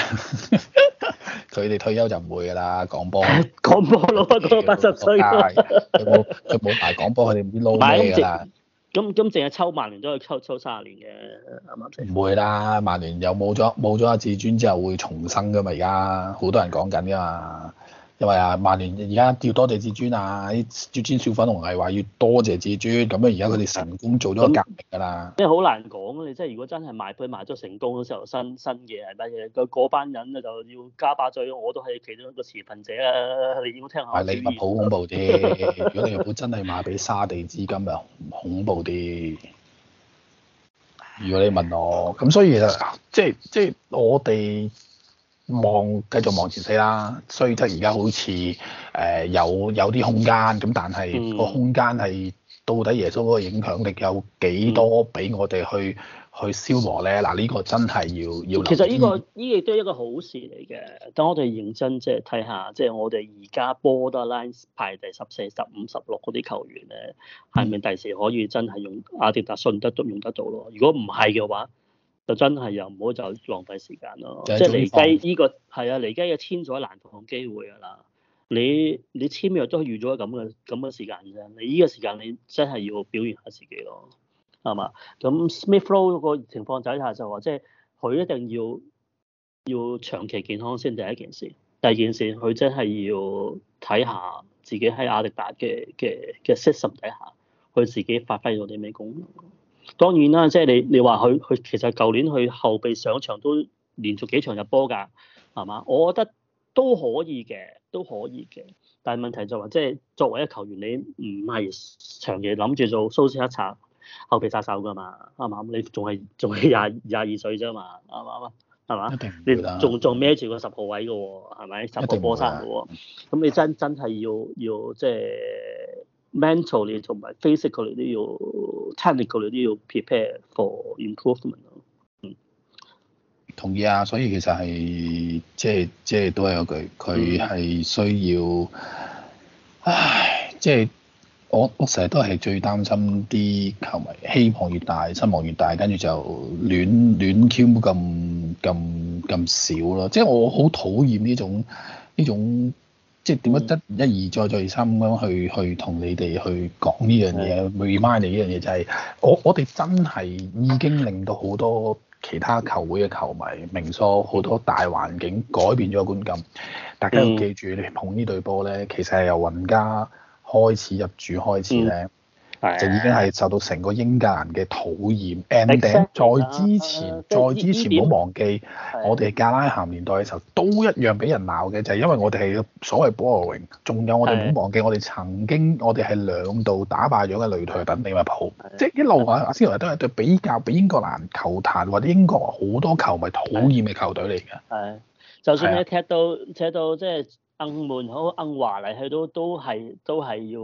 佢哋 *laughs* 退休就唔會噶啦，廣播廣播攞個八十歲，佢冇佢冇大廣播，佢哋唔知撈你㗎啦。咁咁淨係抽曼聯都可以抽抽卅年嘅，啱唔啱先？唔會啦，曼聯又冇咗冇咗阿至尊之後會重生噶嘛，嘛，而家好多人講緊㗎嘛。因為啊，曼聯而家要多謝至尊啊！啲至尊小粉紅係話要多謝至尊，咁樣而家佢哋成功做咗個革命㗎啦！即係好難講你即係如果真係賣翻賣咗成功嘅時候新，新新嘢係乜佢嗰班人啊就要加把嘴，我都係其中一個持份者啦，啊！你要我聽下？係利物浦恐怖啲， *laughs* 如果你如果真係賣俾沙地資金啊，恐怖啲。如果你問我，咁所以啊其實，即係即係我哋。望繼續望前四啦，雖則而家好似誒、呃、有有啲空間，咁但係個空間係到底耶穌嗰個影響力有幾多俾我哋去、嗯、去消磨咧？嗱、啊，呢、這個真係要要。要其實呢、這個呢亦都係一個好事嚟嘅，等我哋認真即係睇下，即、就、係、是、我哋而家 borderline 排第十四、十五、十六嗰啲球員咧，係咪第時可以真係用阿迪達信德都用得到咯？如果唔係嘅話，就真係又唔好就浪費時間咯，即係嚟計呢、呢個係啊嚟計嘅千載難逢機會啊啦！你你簽約都係預咗咁嘅咁嘅時間啫，你呢個時間你真係要表現下自己咯，係嘛？咁 Smith Rowe 個情況底下就話，即係佢一定要要長期健康先第一件事，第二件事佢真係要睇下自己喺阿迪達嘅嘅嘅 system 底下，佢自己發揮咗啲咩功能。當然啦，即係你你話佢佢其實舊年佢後備上場都連續幾場入波㗎，係嘛？我覺得都可以嘅，都可以嘅。但係問題就係、是，即係作為一球員，你唔係長期諗住做蘇斯克策後備殺手㗎嘛？係嘛？你仲係仲係廿廿二歲啫嘛？啱唔啱啊？係嘛？一定唔得。你仲仲孭住個十號位㗎喎，係咪？十個波衫㗎喎。咁你真真係要要即係。mentally 同埋 physically 都要 technical 都要 prepare for improvement 咯、嗯。同意啊，所以其實係即係即係都係嗰句，佢係需要，唉，即係我我成日都係最擔心啲球迷希望越大失望越大，跟住就亂亂 Q 咁咁咁少咯。即係我好討厭呢種呢種。即點樣一、嗯、一而再、再再而三咁樣去去同你哋去講呢樣嘢？Remind 你呢樣嘢就係、是、我我哋真係已經令到好多其他球會嘅球迷、明叔好多大環境改變咗觀感。大家要記住，你捧對呢隊波咧，其實係由雲家開始入主開始咧。嗯啊、就已經係受到成個英格蘭嘅討厭，and 頂再之前、啊、再之前唔好、啊、忘記，我哋加拉咸年代嘅時候都一樣俾人鬧嘅，啊、就係因為我哋係所謂 boring，仲有我哋唔好忘記，我哋曾經我哋係兩度打敗咗嘅雷隊等利物浦，啊、即係一路啊，阿思羅都係對比較比英格蘭球壇或者英國好多球迷討厭嘅球隊嚟嘅。係、啊啊，就算你踢到踢到即係。硬門好硬華麗，去都都係都係要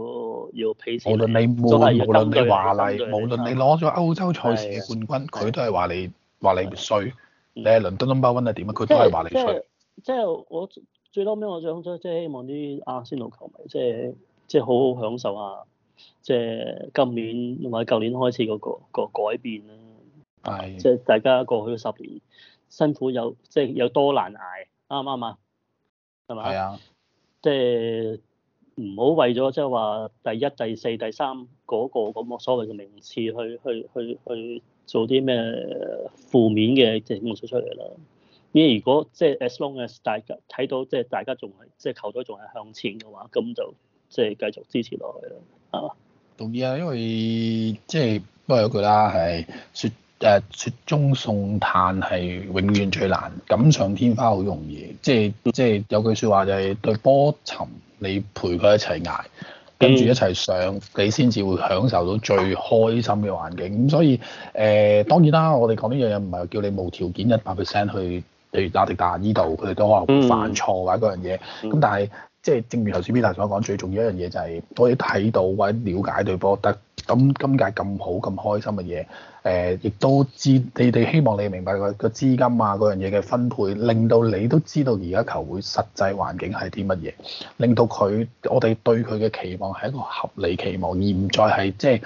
要 pay 無論你門，無論你華麗，無論你攞咗歐洲賽事嘅冠軍，佢的都係話你話的你衰。的你喺倫敦 number one 係點啊？佢都係話你衰。即係我最嬲屘，我想即係希望啲阿仙奴球迷，即係即係好好享受下，即係今年同埋舊年開始、嗰個、嗰個改變啦。係的。即係、即係、大家過去嗰十年辛苦有，即、即、係、係、有多難捱，啱唔啱啊？係嘛吧？啊、即係唔好為咗即係話第一、第四、第三嗰、那個咁嘅、那個、所謂嘅名次去去去去做啲咩負面嘅嘅嘢做出嚟啦。因為如果即係 as long as 大家睇到即係大家仲係即係球隊仲係向前嘅話，咁就即係繼續支持落去啦，係嘛？同意啊，因為即係都係嗰句啦，係說。誒、啊、雪中送炭係永遠最難，錦上添花好容易。即係即係有句説話就係、是、對波沉，你陪佢一齊捱，跟住一齊上，你先至會享受到最開心嘅環境。咁、嗯、所以誒、呃，當然啦，我哋講呢樣嘢唔係叫你無條件一百 percent 去，譬如亞迪達呢度，佢哋都可能會犯錯或者嗰樣嘢。咁但係。即係，正如頭先 Peter 爸所講，最重要一樣嘢就係我哋睇到或者瞭解對波得。咁今屆咁好咁開心嘅嘢，誒、呃，亦都知你哋希望你明白，那個個資金啊嗰樣嘢嘅分配，令到你都知道而家球會實際環境係啲乜嘢，令到佢我哋對佢嘅期望係一個合理期望，而唔再係即係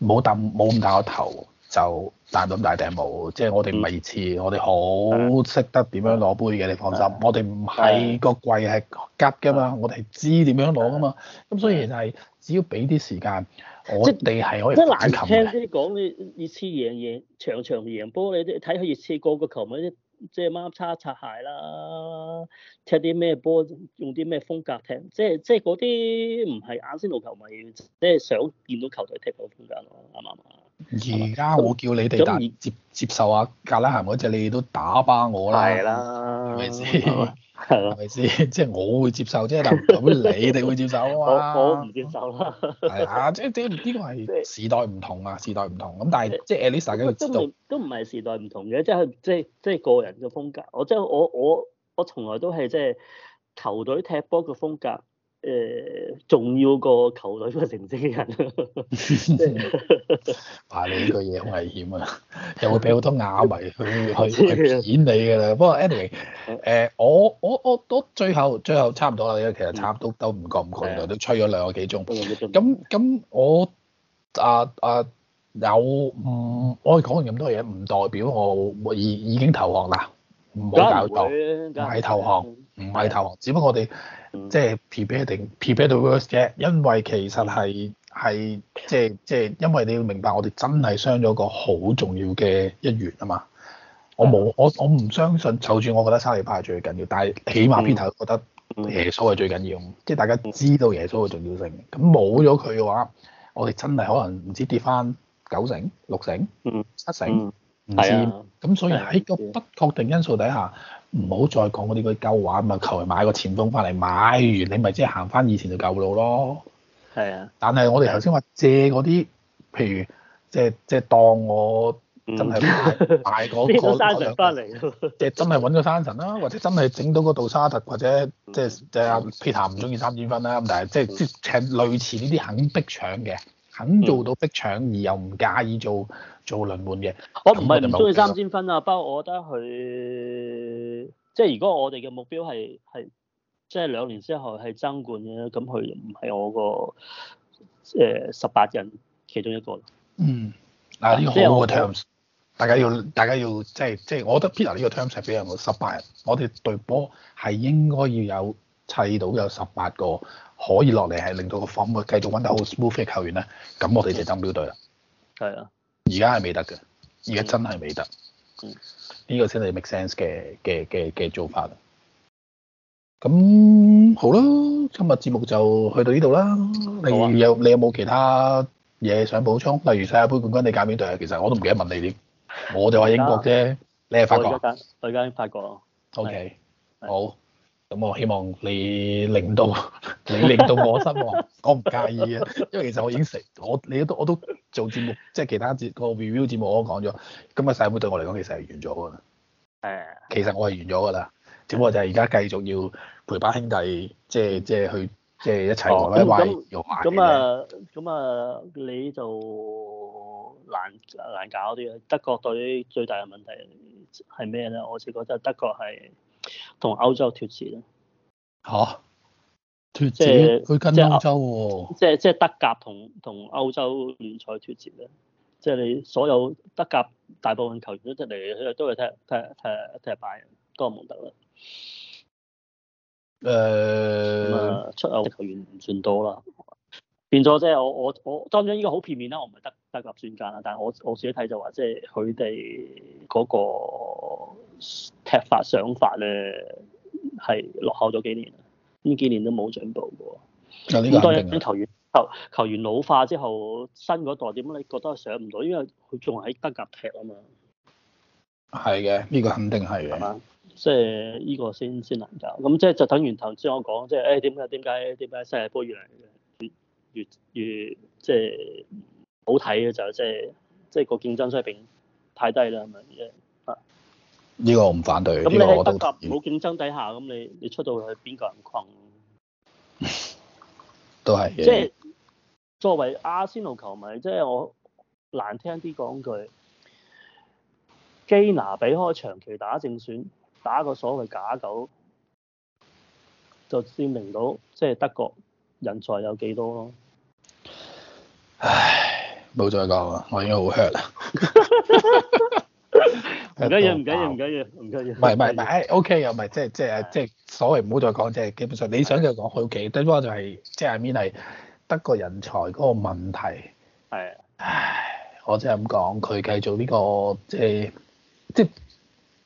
冇咁冇咁大個頭就。大到咁大頂帽，即係我哋唔係熱刺，我哋好識得點樣攞杯嘅，你放心。我哋唔係個櫃係吉噶嘛，我哋係知點樣攞噶嘛。咁的所以就係只要俾啲時間，的我哋係可以即。即聽贏贏長長過過球，難聽啲講，你熱刺贏贏場場贏波，你睇佢熱刺個個球員即係啱叉擦鞋啦，踢啲咩波，用啲咩風格踢，即即係嗰啲唔係眼線路球迷，即係、就是、想見到球隊踢到風格咯，啱唔啱？而家我叫你哋接接受啊，格拉咸嗰隻，你都打巴我啦，係啦，係咪先？係咪先？即係我會接受，即係諗唔到你哋會接受啊！嘛？我唔接受啦，係啊！即係呢個係時代唔同啊，時代唔同咁，但係即係 Elisa 咁做都唔都唔係時代唔同嘅，即係即係即係個人嘅風格。我即係我我我從來都係即係球隊踢波嘅風格。誒重要個球隊嘅成績嘅人，話 *laughs* *laughs* 你呢句嘢好危險啊！又會俾好多阿迷去去演你㗎啦。不過 anyway，誒、呃、我我我我最後最後差唔多啦，其實差唔多都唔過唔過，原來，嗯、都吹咗兩個幾鐘。咁咁、嗯嗯、我啊啊有唔、嗯、我講咁多嘢，唔代表我已已經投降啦，唔好搞到係投降。唔係投降，只不過我哋即係 prepare 定 prepare to worst 啫。因為其實係係即係即係，即係即係、因為你要明白我要，我哋真係傷咗個好重要嘅一員啊嘛。我冇我我唔相信，就算我覺得沙利巴係最緊要，但係起碼 Peter 覺得耶穌係最緊要。即係大家知道耶穌嘅重要性，咁冇咗佢嘅話，我哋真係可能唔知跌翻九成、六成、七成唔、嗯、知。咁、嗯、所以喺個不確定因素底下。唔好再講嗰啲個舊話，咪求其買個前鋒翻嚟，買完你咪即係行翻以前嘅舊路咯。係啊，但係我哋頭先話借嗰啲，譬如即借當我真係買買嗰、那個嗯、 *laughs* 個山神翻嚟，即 *laughs* 係真係揾咗山神啦、啊，或者真係整到個杜沙特，或者即係即係阿 Peter 唔中意三點分啦，咁但係即係即係類似呢啲肯逼搶嘅。肯做到逼搶，而又唔介意做做輪換嘅。我唔係唔中意三千分啊，不過我覺得佢即係如果我哋嘅目標係係即係兩年之後係爭冠嘅，咁佢唔係我個誒十八人其中一個。嗯，嗱呢個好好嘅 terms，大家要大家要即係即係，即係即係、我覺得 Peter 呢個 terms 係比較好十八人，我哋隊波係應該要有砌到有十八個。可以落嚟係令到個 form 繼續揾得好 smooth 嘅球員咧，咁我哋就爭標隊啦。係啊的，而家係未得嘅，而家真係未得，呢、嗯、個先係 make sense 嘅嘅嘅嘅做法。咁好咯，今日節目就去到呢度啦。你有你有冇其他嘢想補充？例如世界盃冠軍你揀邊隊啊？其實我都唔記得問你添，我就話英國啫。在你係法國。我而家，我而家法國。O Okay , K，好。咁我希望你令到 *laughs* 你令到我失望， *laughs* 我唔介意啊，因為其實我已經食我你都我都做節目，即係其他節個 review 節目我都講咗，今日世杯對我嚟講其實係完咗嘅。係。其實我係完咗噶啦，只不過就係而家繼續要陪班兄弟，即係即係去即係一齊玩咁啊咁啊，你就難難搞啲啊！德國隊最大嘅問題係咩咧？我似覺得德國係。同歐洲脫節啦嚇，脫即係佢跟歐洲即係即係德甲同同歐洲聯賽脫節咧，即係你所有德甲大部分球員都出嚟，都係踢踢踢踢拜仁多蒙特。啦、嗯。誒、嗯，出歐的球員唔算多啦。變咗即係我我我，當然依個好片面啦。我唔係德德甲專家啦，但係我我自己睇就話，即係佢哋嗰個踢法想法咧，係落後咗幾年呢幾年都冇進步嘅，好多啲球員球員老化之後，新嗰代點解你覺得上唔到？因為佢仲喺德甲踢啊嘛。係嘅，呢個肯定係嘅。即係呢個先先難搞。咁即係就等完頭先我講，即係誒點解點解點解世界盃越嚟越？越越即係好睇嘅就即係即係個競爭水平太低啦，係咪？呢個我唔反對。咁那你喺德甲格冇競爭底下，咁你你出到去邊個人困？都係是。即係作為阿仙奴球迷，即係我難聽啲講句，基拿比開長期打正選，打個所謂假九，就證明到即係德國人才有幾多咯。唉，冇再講啦，我已經好 hurt 啦。唔緊要，唔緊要，唔緊要，唔緊要。唔係唔係唔係，O K 又唔係，即係即係即係所謂唔好再講啫。基本上你想就講好嘅，對方就係即係 mean 係德國人才嗰個問題。係。唉，我真係咁講，佢繼續呢、呢個即係即係，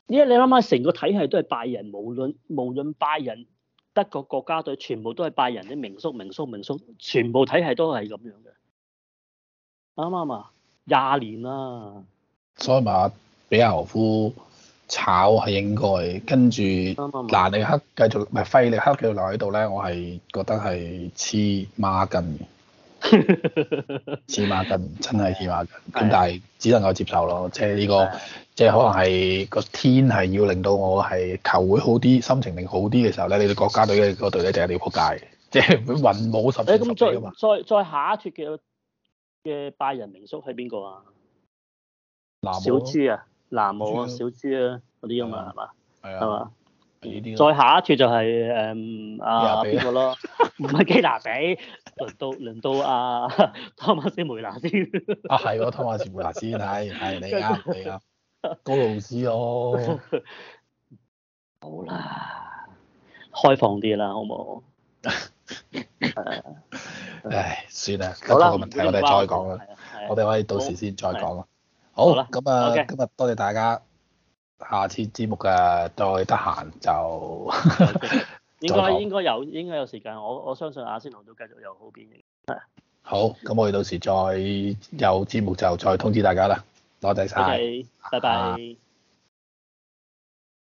因為你諗下成個體係都係拜仁，無論無論拜仁德國國家隊，全部都係拜仁啲名宿名宿名宿，名宿，全部體係都係咁樣嘅。啱唔啱啊？廿、嗯、年啦，所以話比亞豪夫炒係應該，跟住難力克繼續咪費力克繼續留喺度咧，我係覺得係黐孖筋嘅，黐孖筋真係黐孖筋。咁 *laughs* 但係只能夠接受咯，即係呢個即係、就是、可能係個天係要令到我係球會好啲，心情令好啲嘅時候咧，你哋國家隊嘅嗰隊咧就係你撲街，即係會云武十幾十咁再再再下一脫嘅。.嘅拜仁名宿係邊個啊？無小豬啊，南無，南無啊，小豬、嗯、吧啊，嗰啲啊嘛係嘛？係啊。再下一串就係誒阿邊個咯？唔係 *laughs* 基拿比，輪到輪到阿托、啊 *laughs* 啊、馬斯梅拿先。係個托馬斯梅拿先，係係你啊你啊，啊高老師哦。好 *laughs* 啦、啊，開放啲啦，好唔好？ *laughs* *laughs* *laughs* 唉，算啦，今集嘅問題我哋再講啦，不不我哋、啊、可以到時先再講咯。啊啊啊、好，咁啊，今日多謝大家，下次節目嘅、啊、再得閒就 Okay. 應該應該有應該有時間，我我相信阿仙奴都繼續有好表現。啊、好，咁我哋到時再有節目就再通知大家啦。多謝晒，拜拜。